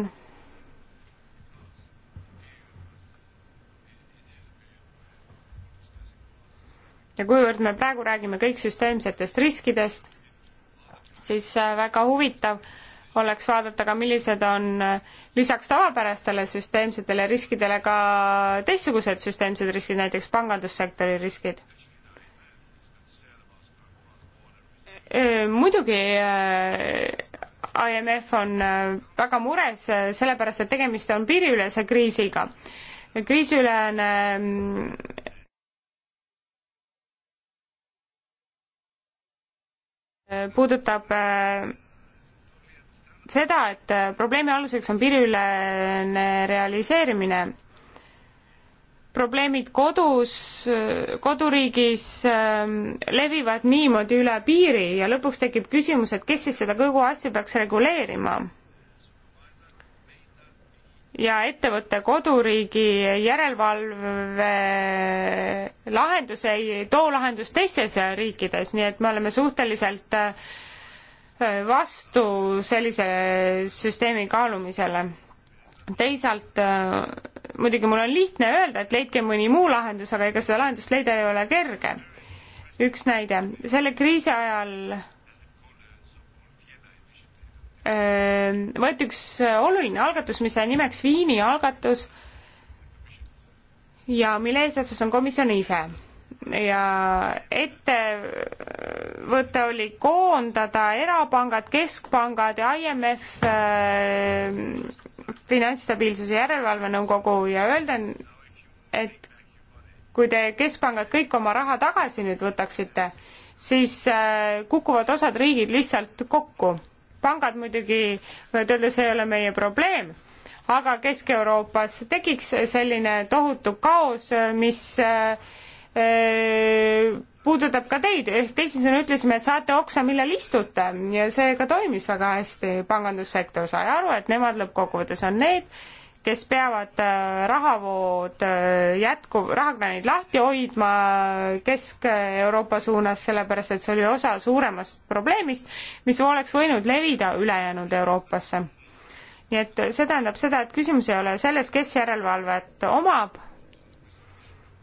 ja kuivõrd me praegu räägime kõik süsteemsetest riskidest, siis äh, väga huvitav oleks vaadata ka, millised on äh, lisaks tavapärastele süsteemsetele riskidele ka teistsugused süsteemsed riskid, näiteks pangandussektori riskid äh, muidugi IMF on väga mures, sellepärast et tegemist on piiriülese kriisiga. kriisiülene mm, puudutab äh, seda, et äh, probleemi aluseks on piiriülene realiseerimine. probleemid kodus, koduriigis ähm, levivad niimoodi üle piiri ja lõpuks tekib küsimus, et kes siis seda kogu asja peaks reguleerima ja ettevõtte koduriigi järelevalve lahendus ei too lahendust teistes riikides, nii et me oleme suhteliselt äh, vastu sellise süsteemi kaalumisele. teisalt äh, muidugi mul on lihtne öelda, et leidke mõni muu lahendus, aga ega seda lahendust leida ei ole kerge. üks näide, selle kriisi ajal Ehm, võeti üks äh, oluline algatus, mis sai nimeks Viini algatus ja mille eesotsas on komisjon ise. ja ettevõte äh, oli koondada erapangad, keskpangad ja IMF äh, finantsstabiilsuse järelevalvenõukogu ja öelda, et kui te keskpangad kõik oma raha tagasi nüüd võtaksite, siis äh, kukuvad osad riigid lihtsalt kokku pangad muidugi, võivad öelda, see ei ole meie probleem, aga Kesk-Euroopas tekiks selline tohutu kaos, mis äh, äh, puudutab ka teid, ehk teisisõnu ütlesime, et saate oksa, millel istute ja see ka toimis väga hästi, pangandussektor sai aru, et nemad lõppkokkuvõttes on need, kes peavad äh, rahavood äh, jätku, rahakranid lahti hoidma Kesk-Euroopa suunas, sellepärast et see oli osa suuremast probleemist, mis oleks võinud levida ülejäänud Euroopasse. nii et see tähendab seda, et küsimus ei ole selles, kes järelevalvet omab,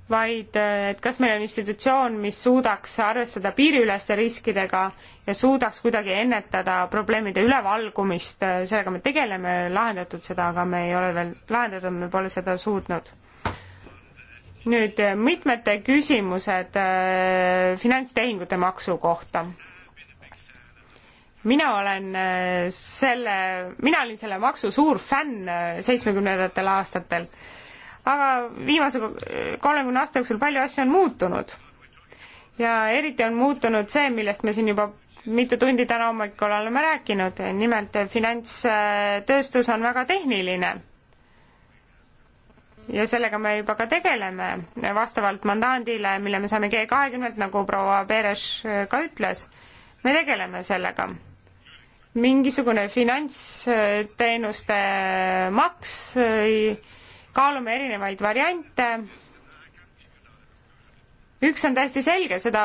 vaid äh, et kas meil on institutsioon, mis suudaks arvestada piiriüleste riskidega ja suudaks kuidagi ennetada probleemide ülevalgumist, sellega me tegeleme, lahendatud seda, aga me ei ole veel lahendatud, me pole seda suutnud. nüüd äh, mitmete küsimused äh, finantstehingute maksu kohta mina olen äh, selle, mina olin selle maksu suur fänn seitsmekümnendatel aastatel äh, aga viimase kolmekümne aasta jooksul palju asju on muutunud. ja eriti on muutunud see, millest me siin juba mitu tundi täna hommikul oleme rääkinud, nimelt finantstööstus on väga tehniline. ja sellega me juba ka tegeleme vastavalt mandaandile, mille me saame G kahekümnelt, nagu proua Peres ka ütles. me tegeleme sellega mingisugune finantsteenuste maks ei kaalume erinevaid variante. üks on täiesti selge, seda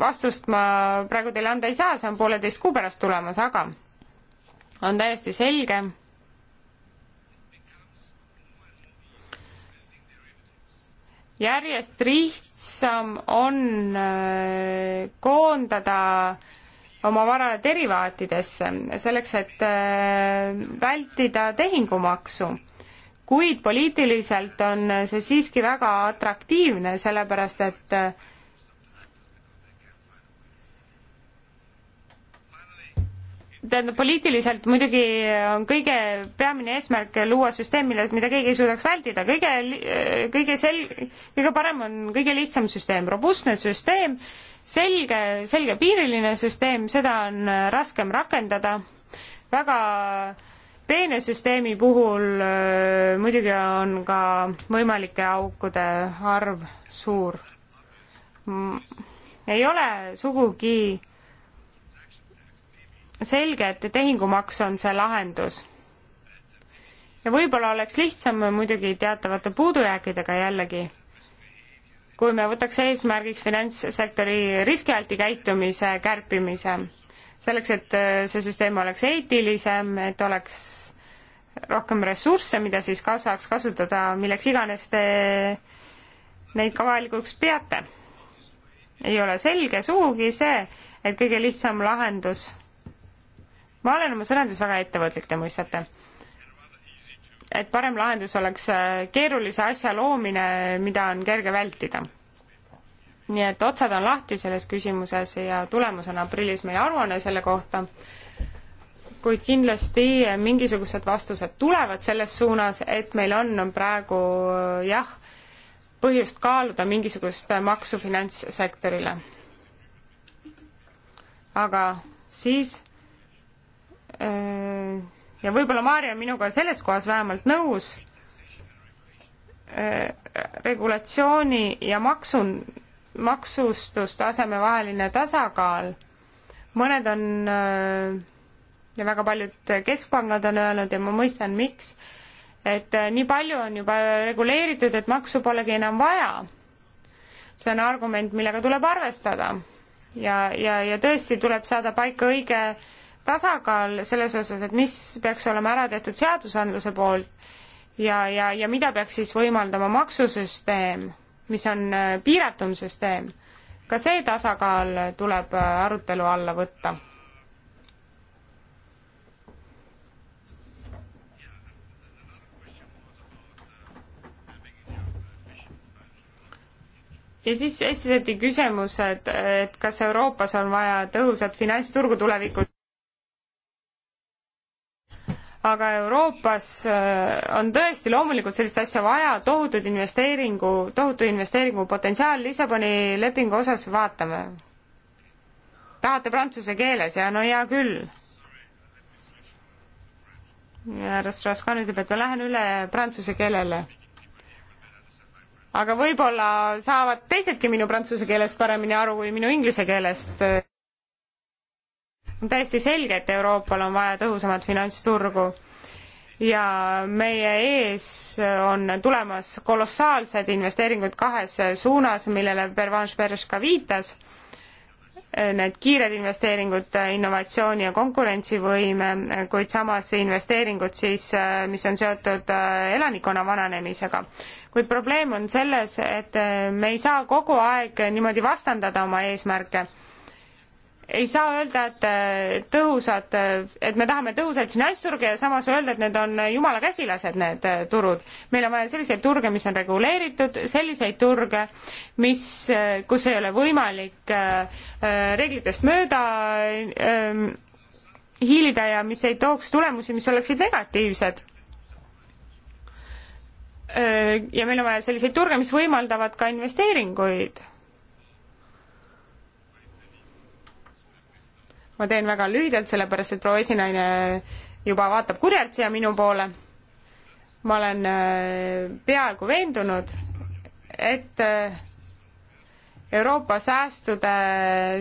vastust ma praegu teile anda ei saa, see on pooleteist kuu pärast tulemas, aga on täiesti selge järjest lihtsam on äh, koondada oma vara derivaatidesse, selleks et äh, vältida tehingumaksu kuid poliitiliselt on see siiski väga atraktiivne, sellepärast et tähendab, poliitiliselt muidugi on kõige peamine eesmärk luua süsteem, mille, mida keegi ei suudaks vältida, kõige, kõige sel-, kõige parem on kõige lihtsam süsteem, robustne süsteem, selge, selgepiiriline süsteem, seda on raskem rakendada, väga äh, peenesüsteemi puhul muidugi on ka võimalike aukude arv suur. Mm, ei ole sugugi selge, et tehingumaks on see lahendus. ja võib-olla oleks lihtsam muidugi teatavate puudujääkidega jällegi, kui me võtaks eesmärgiks finantssektori riskialti käitumise kärpimise selleks, et äh, see süsteem oleks eetilisem, et oleks rohkem ressursse, mida siis ka saaks kasutada milleks iganes te neid ka vajalikuks peate. ei ole selge sugugi see, et kõige lihtsam lahendus, ma olen oma sõnades väga ettevõtlik, te mõistate, et parem lahendus oleks äh, keerulise asja loomine, mida on kerge vältida nii et otsad on lahti selles küsimuses ja tulemus on aprillis meie aruanne selle kohta, kuid kindlasti mingisugused vastused tulevad selles suunas, et meil on, on praegu jah, põhjust kaaluda mingisugust maksu finantssektorile. aga siis äh, ja võib-olla Maarja on minuga selles kohas vähemalt nõus, äh, regulatsiooni ja maksu maksustustaseme vaheline tasakaal, mõned on äh, ja väga paljud keskpangad on öelnud ja ma mõistan, miks, et äh, nii palju on juba reguleeritud, et maksu polegi enam vaja. see on argument, millega tuleb arvestada. ja, ja, ja tõesti tuleb saada paika õige tasakaal selles osas, et mis peaks olema ära tehtud seadusandluse poolt ja, ja, ja mida peaks siis võimaldama maksusüsteem mis on äh, piiratum süsteem, ka see tasakaal tuleb äh, arutelu alla võtta. ja siis esitati küsimus, et, et kas Euroopas on vaja tõhusat finantsturgu tulevikus aga Euroopas äh, on tõesti loomulikult sellist asja vaja, tohutud investeeringu, tohutu investeeringu potentsiaal, Lissaboni lepingu osas vaatame. tahate prantsuse keeles ja no hea küll. härra Strauss-Kahn ütleb, et ma lähen üle prantsuse keelele. aga võib-olla saavad teisedki minu prantsuse keelest paremini aru kui minu inglise keelest on täiesti selge, et Euroopal on vaja tõhusamat finantsturgu ja meie ees on tulemas kolossaalsed investeeringud kahes suunas, millele Pervanš Perš ka viitas. Need kiired investeeringud innovatsiooni ja konkurentsivõime, kuid samas investeeringud siis, mis on seotud äh, elanikkonna vananemisega. kuid probleem on selles, et äh, me ei saa kogu aeg niimoodi vastandada oma eesmärke ei saa öelda, et äh, tõhusad, äh, et me tahame tõhusaid finantsturge ja samas öelda, et need on jumala käsilased, need äh, turud. meil on vaja selliseid turge, mis on reguleeritud, selliseid turge, mis, kus ei ole võimalik reeglitest mööda ähm, hiilida ja mis ei tooks tulemusi, mis oleksid negatiivsed ja meil on vaja selliseid turge, mis võimaldavad ka investeeringuid ma teen väga lühidalt, sellepärast et proua esinaine juba vaatab kurjalt siia minu poole. ma olen äh, peaaegu veendunud, et äh, Euroopa säästude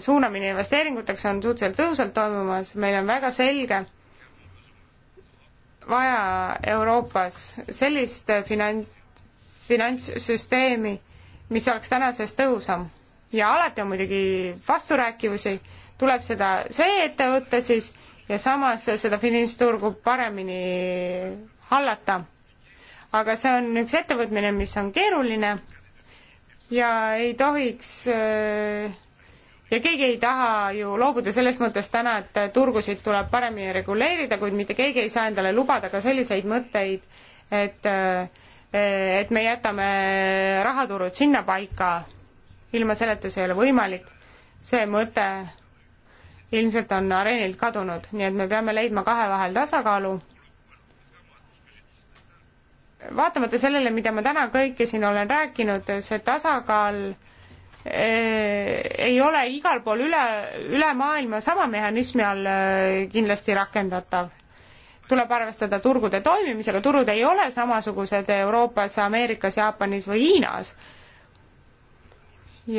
suunamine investeeringuteks on suhteliselt tõhusalt toimumas, meil on väga selge vaja Euroopas sellist finan-, finantssüsteemi, mis oleks tänasest tõhusam. ja alati on muidugi vasturääkivusi tuleb seda, see ette võtta siis ja samas seda finantsturgu paremini hallata. aga see on üks ettevõtmine, mis on keeruline ja ei tohiks äh, ja keegi ei taha ju loobuda selles mõttes täna, et turgusid tuleb paremini reguleerida, kuid mitte keegi ei saa endale lubada ka selliseid mõtteid, et äh, et me jätame rahaturud sinnapaika, ilma selleta see ei ole võimalik, see mõte ilmselt on areenilt kadunud, nii et me peame leidma kahe vahel tasakaalu. vaatamata sellele, mida ma täna kõike siin olen rääkinud, see tasakaal eh, ei ole igal pool üle, üle maailma sama mehhanismi all eh, kindlasti rakendatav. tuleb arvestada turgude toimimisega, turud ei ole samasugused Euroopas, Ameerikas, Jaapanis või Hiinas.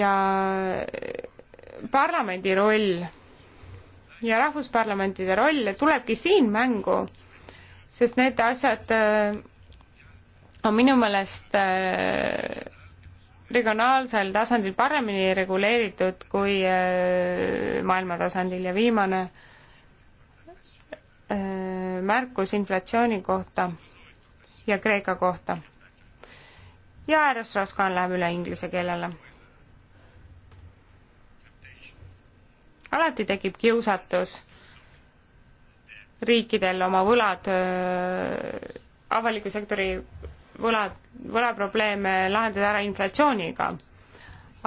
ja eh, parlamendi roll ja rahvusparlamentide roll tulebki siin mängu, sest need asjad äh, on minu meelest äh, regionaalsel tasandil paremini reguleeritud kui äh, maailma tasandil ja viimane märkus inflatsiooni kohta ja Kreeka kohta. ja äärmusraskan läheb üle inglise keelele alati tekib kiusatus riikidel oma võlad, äh, avaliku sektori võlad, võlaprobleeme lahendada ära inflatsiooniga.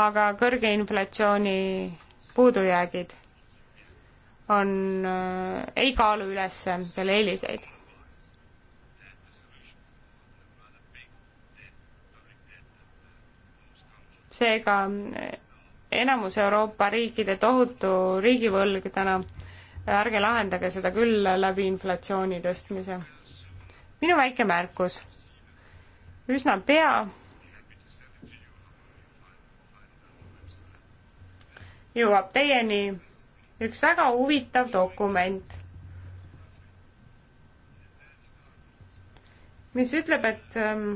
aga kõrge inflatsiooni puudujäägid on, äh, ei kaalu üles selle eeliseid seega enamus Euroopa riikide tohutu riigivõlg täna, ärge lahendage seda küll läbi inflatsiooni tõstmise. minu väike märkus. üsna pea jõuab teieni üks väga huvitav dokument, mis ütleb, et ähm,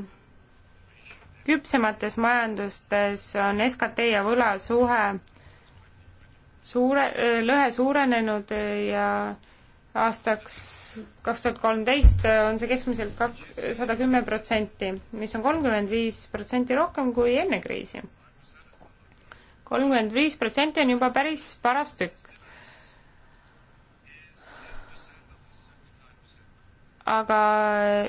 küpsemates majandustes on SKT ja võla suhe suure, lõhe suurenenud ja aastaks kaks tuhat kolmteist on see keskmiselt kak-, sada kümme protsenti, mis on kolmkümmend viis protsenti rohkem kui enne kriisi. kolmkümmend viis protsenti on juba päris paras tükk aga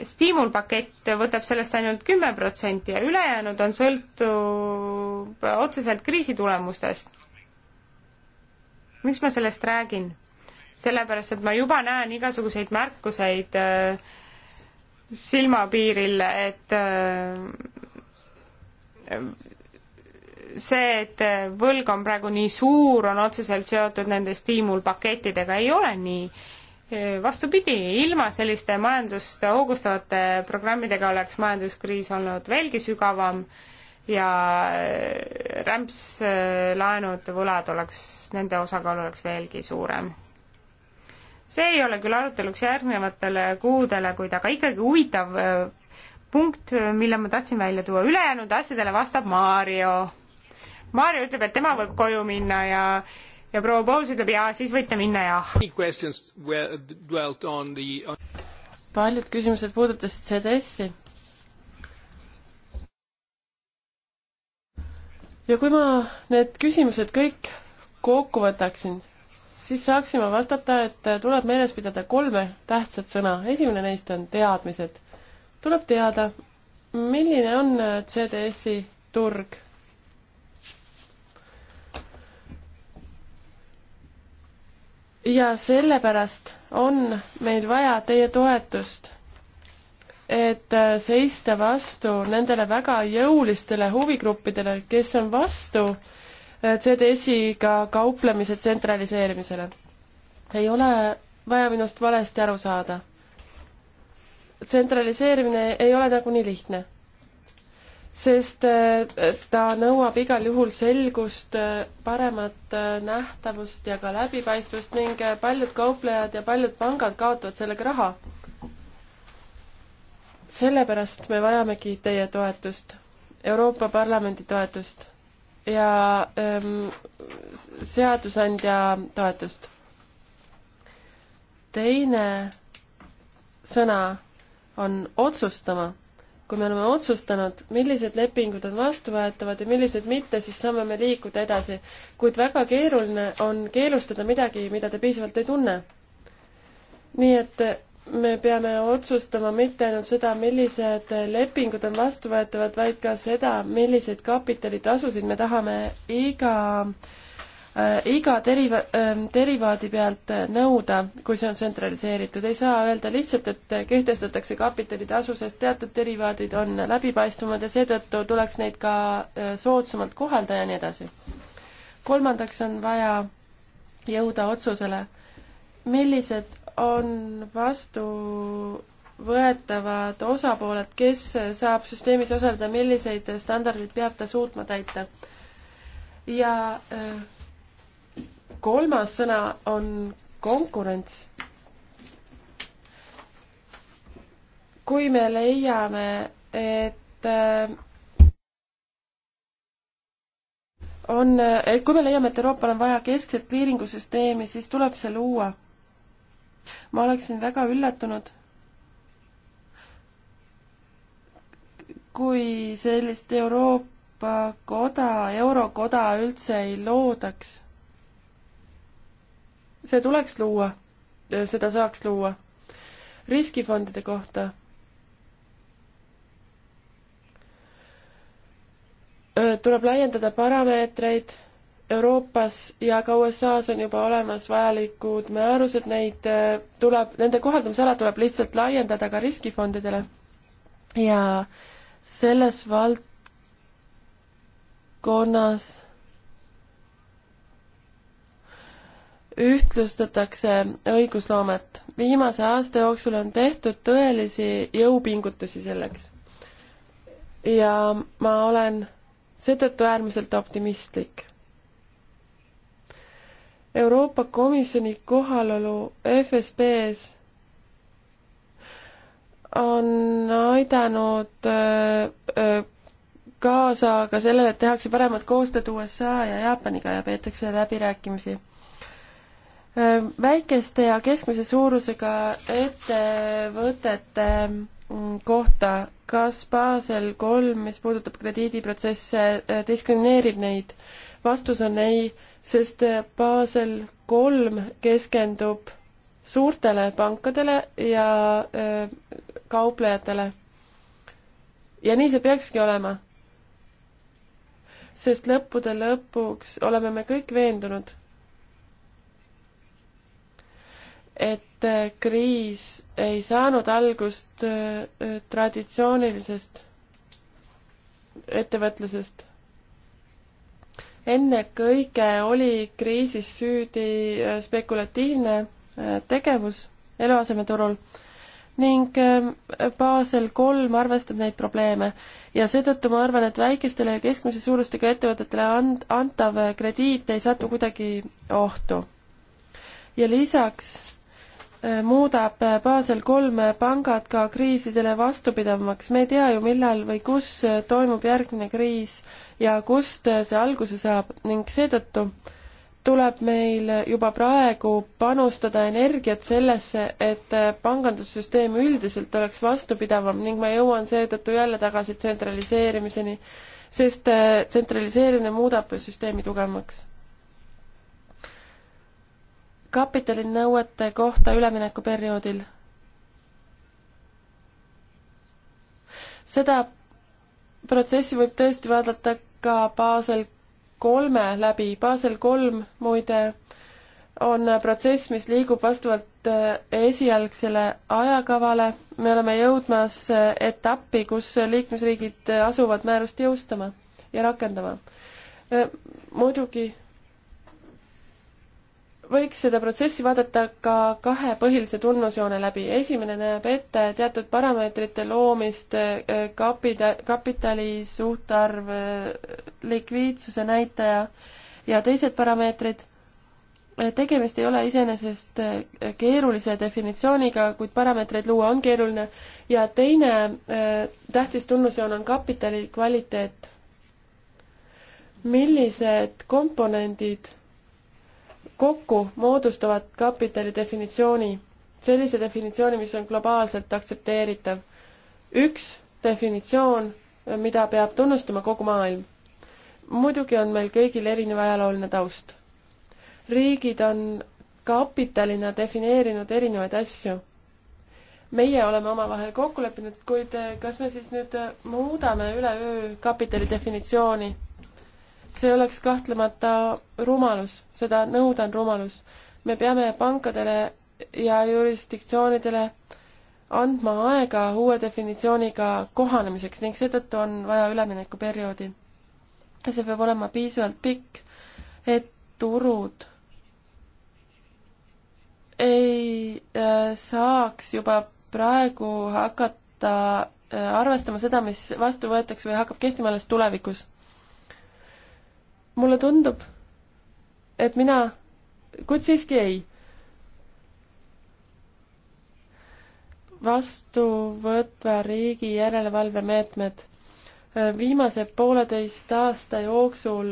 stiimulpakett võtab sellest ainult kümme protsenti ja ülejäänud on sõltub otseselt kriisi tulemustest. miks ma sellest räägin? sellepärast, et ma juba näen igasuguseid märkuseid äh, silmapiiril, et äh, see, et võlg on praegu nii suur, on otseselt seotud nende stiimulpakettidega, ei ole nii äh, vastupidi, ilma selliste majandust hoogustavate programmidega oleks majanduskriis olnud veelgi sügavam ja äh, rämpslaenud, äh, võlad oleks, nende osakaal oleks veelgi suurem. see ei ole küll aruteluks järgnevatele kuudele, kuid aga ikkagi huvitav äh, punkt, mille ma tahtsin välja tuua, ülejäänud asjadele vastab Mario. Mario ütleb, et tema võib koju minna ja äh, ja proua Pauls ütleb jaa, siis võite minna jah. paljud küsimused puudutasid CDS-i. ja kui ma need küsimused kõik kokku võtaksin, siis saaksime vastata, et tuleb meeles pidada kolme tähtsat sõna. esimene neist on teadmised. tuleb teada, milline on CDS-i turg ja sellepärast on meil vaja teie toetust, et äh, seista vastu nendele väga jõulistele huvigruppidele, kes on vastu äh, CDS-iga kauplemise tsentraliseerimisele. ei ole vaja minust valesti aru saada. tsentraliseerimine ei ole nagunii lihtne sest ta nõuab igal juhul selgust, paremat äh, nähtavust ja ka läbipaistvust ning äh, paljud kauplejad ja paljud pangad kaotavad sellega raha. sellepärast me vajamegi teie toetust, Euroopa Parlamendi toetust ja ähm, seadusandja toetust. teine sõna on otsustama kui me oleme otsustanud, millised lepingud on vastuvõetavad ja millised mitte, siis saame me liikuda edasi. kuid väga keeruline on keelustada midagi, mida te piisavalt ei tunne. nii et me peame otsustama mitte ainult seda, millised lepingud on vastuvõetavad, vaid ka seda, milliseid kapitalitasusid me tahame iga äh, Äh, iga deriva-, äh, derivaadi pealt äh, nõuda, kui see on tsentraliseeritud, ei saa öelda lihtsalt, et kehtestatakse kapitalitasu, sest teatud derivaadid on läbipaistvamad ja seetõttu tuleks neid ka soodsamalt kohelda ja nii edasi. kolmandaks on vaja jõuda otsusele, millised on vastu võetavad osapooled, kes saab süsteemis osaleda, milliseid standardeid peab ta suutma täita. ja äh, kolmas sõna on konkurents. kui me leiame, et äh, on, et kui me leiame, et Euroopal on vaja keskset kliiringusüsteemi, siis tuleb see luua. ma oleksin väga üllatunud, kui sellist Euroopa koda, eurokoda üldse ei loodaks see tuleks luua, seda saaks luua. riskifondide kohta. tuleb laiendada parameetreid Euroopas ja ka USA-s on juba olemas vajalikud määrused, neid äh, tuleb, nende kohaldamisala tuleb lihtsalt laiendada ka riskifondidele. ja selles valdkonnas ühtlustatakse õigusloomet. viimase aasta jooksul on tehtud tõelisi jõupingutusi selleks. ja ma olen seetõttu äärmiselt optimistlik. Euroopa Komisjoni kohalolu FSB-s on aidanud kaasa ka sellele, et tehakse paremat koostööd USA ja Jaapaniga ja peetakse läbirääkimisi väikeste ja keskmise suurusega ettevõtete mm, kohta, kas Basel kolm, mis puudutab krediidiprotsesse, diskrimineerib neid? vastus on ei, sest Basel kolm keskendub suurtele pankadele ja öö, kauplejatele. ja nii see peakski olema. sest lõppude lõpuks oleme me kõik veendunud et äh, kriis ei saanud algust äh, äh, traditsioonilisest ettevõtlusest. ennekõike oli kriisis süüdi spekulatiivne tegevus eluasemeturul ning Basel kolm arvestab neid probleeme ja seetõttu ma arvan, et väikestele ja keskmise suurustega ettevõtetele and-, antav krediit ei satu kuidagi ohtu. ja lisaks Äh, muudab äh, Basel kolm äh, pangad ka kriisidele vastupidavamaks. me ei tea ju, millal või kus toimub järgmine kriis ja kust see alguse saab ning seetõttu tuleb meil juba praegu panustada energiat sellesse, et pangandussüsteem üldiselt oleks vastupidavam ning ma jõuan seetõttu jälle tagasi tsentraliseerimiseni, sest tsentraliseerimine muudab süsteemi tugevamaks kapitalinõuete kohta üleminekuperioodil. seda protsessi võib tõesti vaadata ka Basel kolme läbi. Basel kolm muide on protsess, mis liigub vastavalt eh, esialgsele ajakavale. me oleme jõudmas eh, etappi, kus liikmesriigid eh, asuvad määrust jõustama ja rakendama. muidugi võiks seda protsessi vaadata ka kahe põhilise tunnusjoone läbi. esimene näeb ette teatud parameetrite loomist, eh, kapita-, kapitali suhtarv, eh, likviidsuse näitaja ja teised parameetrid. Eh, tegemist ei ole iseenesest keerulise definitsiooniga, kuid parameetreid luua on keeruline. ja teine tähtis tunnusjoon on kapitali kvaliteet. millised komponendid kokku moodustavad kapitali definitsiooni, sellise definitsiooni, mis on globaalselt aktsepteeritav. üks definitsioon, mida peab tunnustama kogu maailm. muidugi on meil kõigil erinev ajalooline taust. riigid on kapitalina defineerinud erinevaid asju meie oleme omavahel kokku leppinud, kuid eh, kas me siis nüüd eh, muudame üleöö kapitali definitsiooni? see oleks kahtlemata rumalus, seda nõuda on rumalus. me peame pankadele ja jurisdiktsioonidele andma aega uue definitsiooniga kohanemiseks ning seetõttu on vaja üleminekuperioodi. see peab olema piisavalt pikk, et turud ei äh, saaks juba praegu hakata äh, arvestama seda, mis vastu võetakse või hakkab kehtima alles tulevikus mulle tundub, et mina, kuid siiski ei. vastuvõtva riigi järelevalvemeetmed. viimase pooleteist aasta jooksul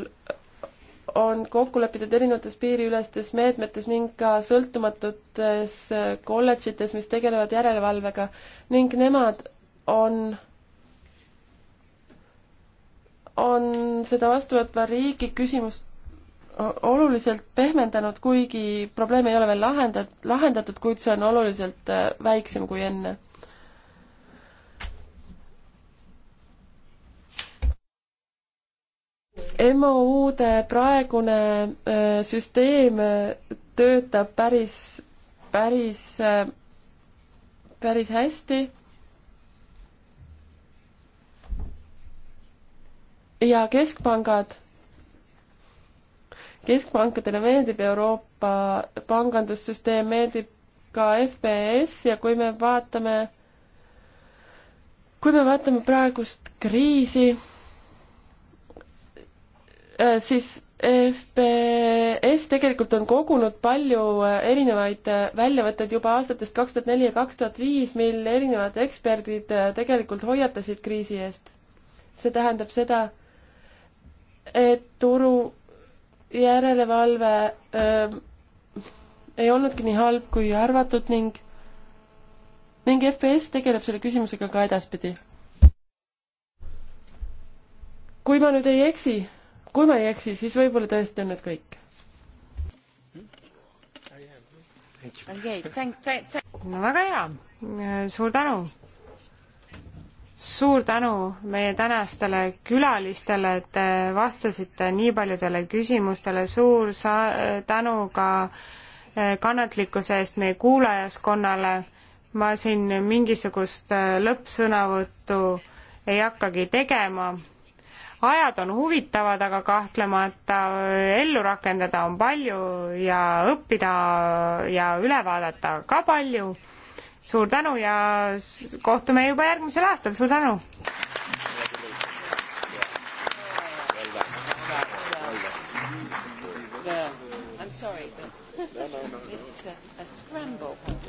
on kokku lepitud erinevates piiriülestes meetmetes ning ka sõltumatutes kolledžites, mis tegelevad järelevalvega ning nemad on on seda vastuvõtva riigi küsimust oluliselt pehmendanud, kuigi probleem ei ole veel lahendat-, lahendatud, kuid see on oluliselt äh, väiksem kui enne. MOU-de praegune äh, süsteem äh, töötab päris, päris, päris hästi ja keskpangad, keskpankadele meeldib Euroopa pangandussüsteem, meeldib ka FPS ja kui me vaatame, kui me vaatame praegust kriisi, eh, siis FPS tegelikult on kogunud palju eh, erinevaid eh, väljavõtteid juba aastatest kaks tuhat neli ja kaks tuhat viis, mil erinevad eksperdid tegelikult hoiatasid kriisi eest. see tähendab seda, et turu järelevalve öö, ähm, ei olnudki nii halb kui arvatud ning, ning FPS tegeleb selle küsimusega ka edaspidi. kui ma nüüd ei eksi, kui ma ei eksi, siis võib-olla tõesti on need kõik. no väga hea, suur tänu suur tänu meie tänastele külalistele, et te vastasite nii paljudele küsimustele, suur sa-, tänu ka eh, kannatlikkuse eest meie kuulajaskonnale, ma siin mingisugust eh, lõppsõnavõttu ei hakkagi tegema, ajad on huvitavad, aga kahtlemata eh, ellu rakendada on palju ja õppida ja üle vaadata ka palju suur tänu ja kohtume juba järgmisel aastal, suur tänu! Yeah, I'm sorry, but it's a, a scramble.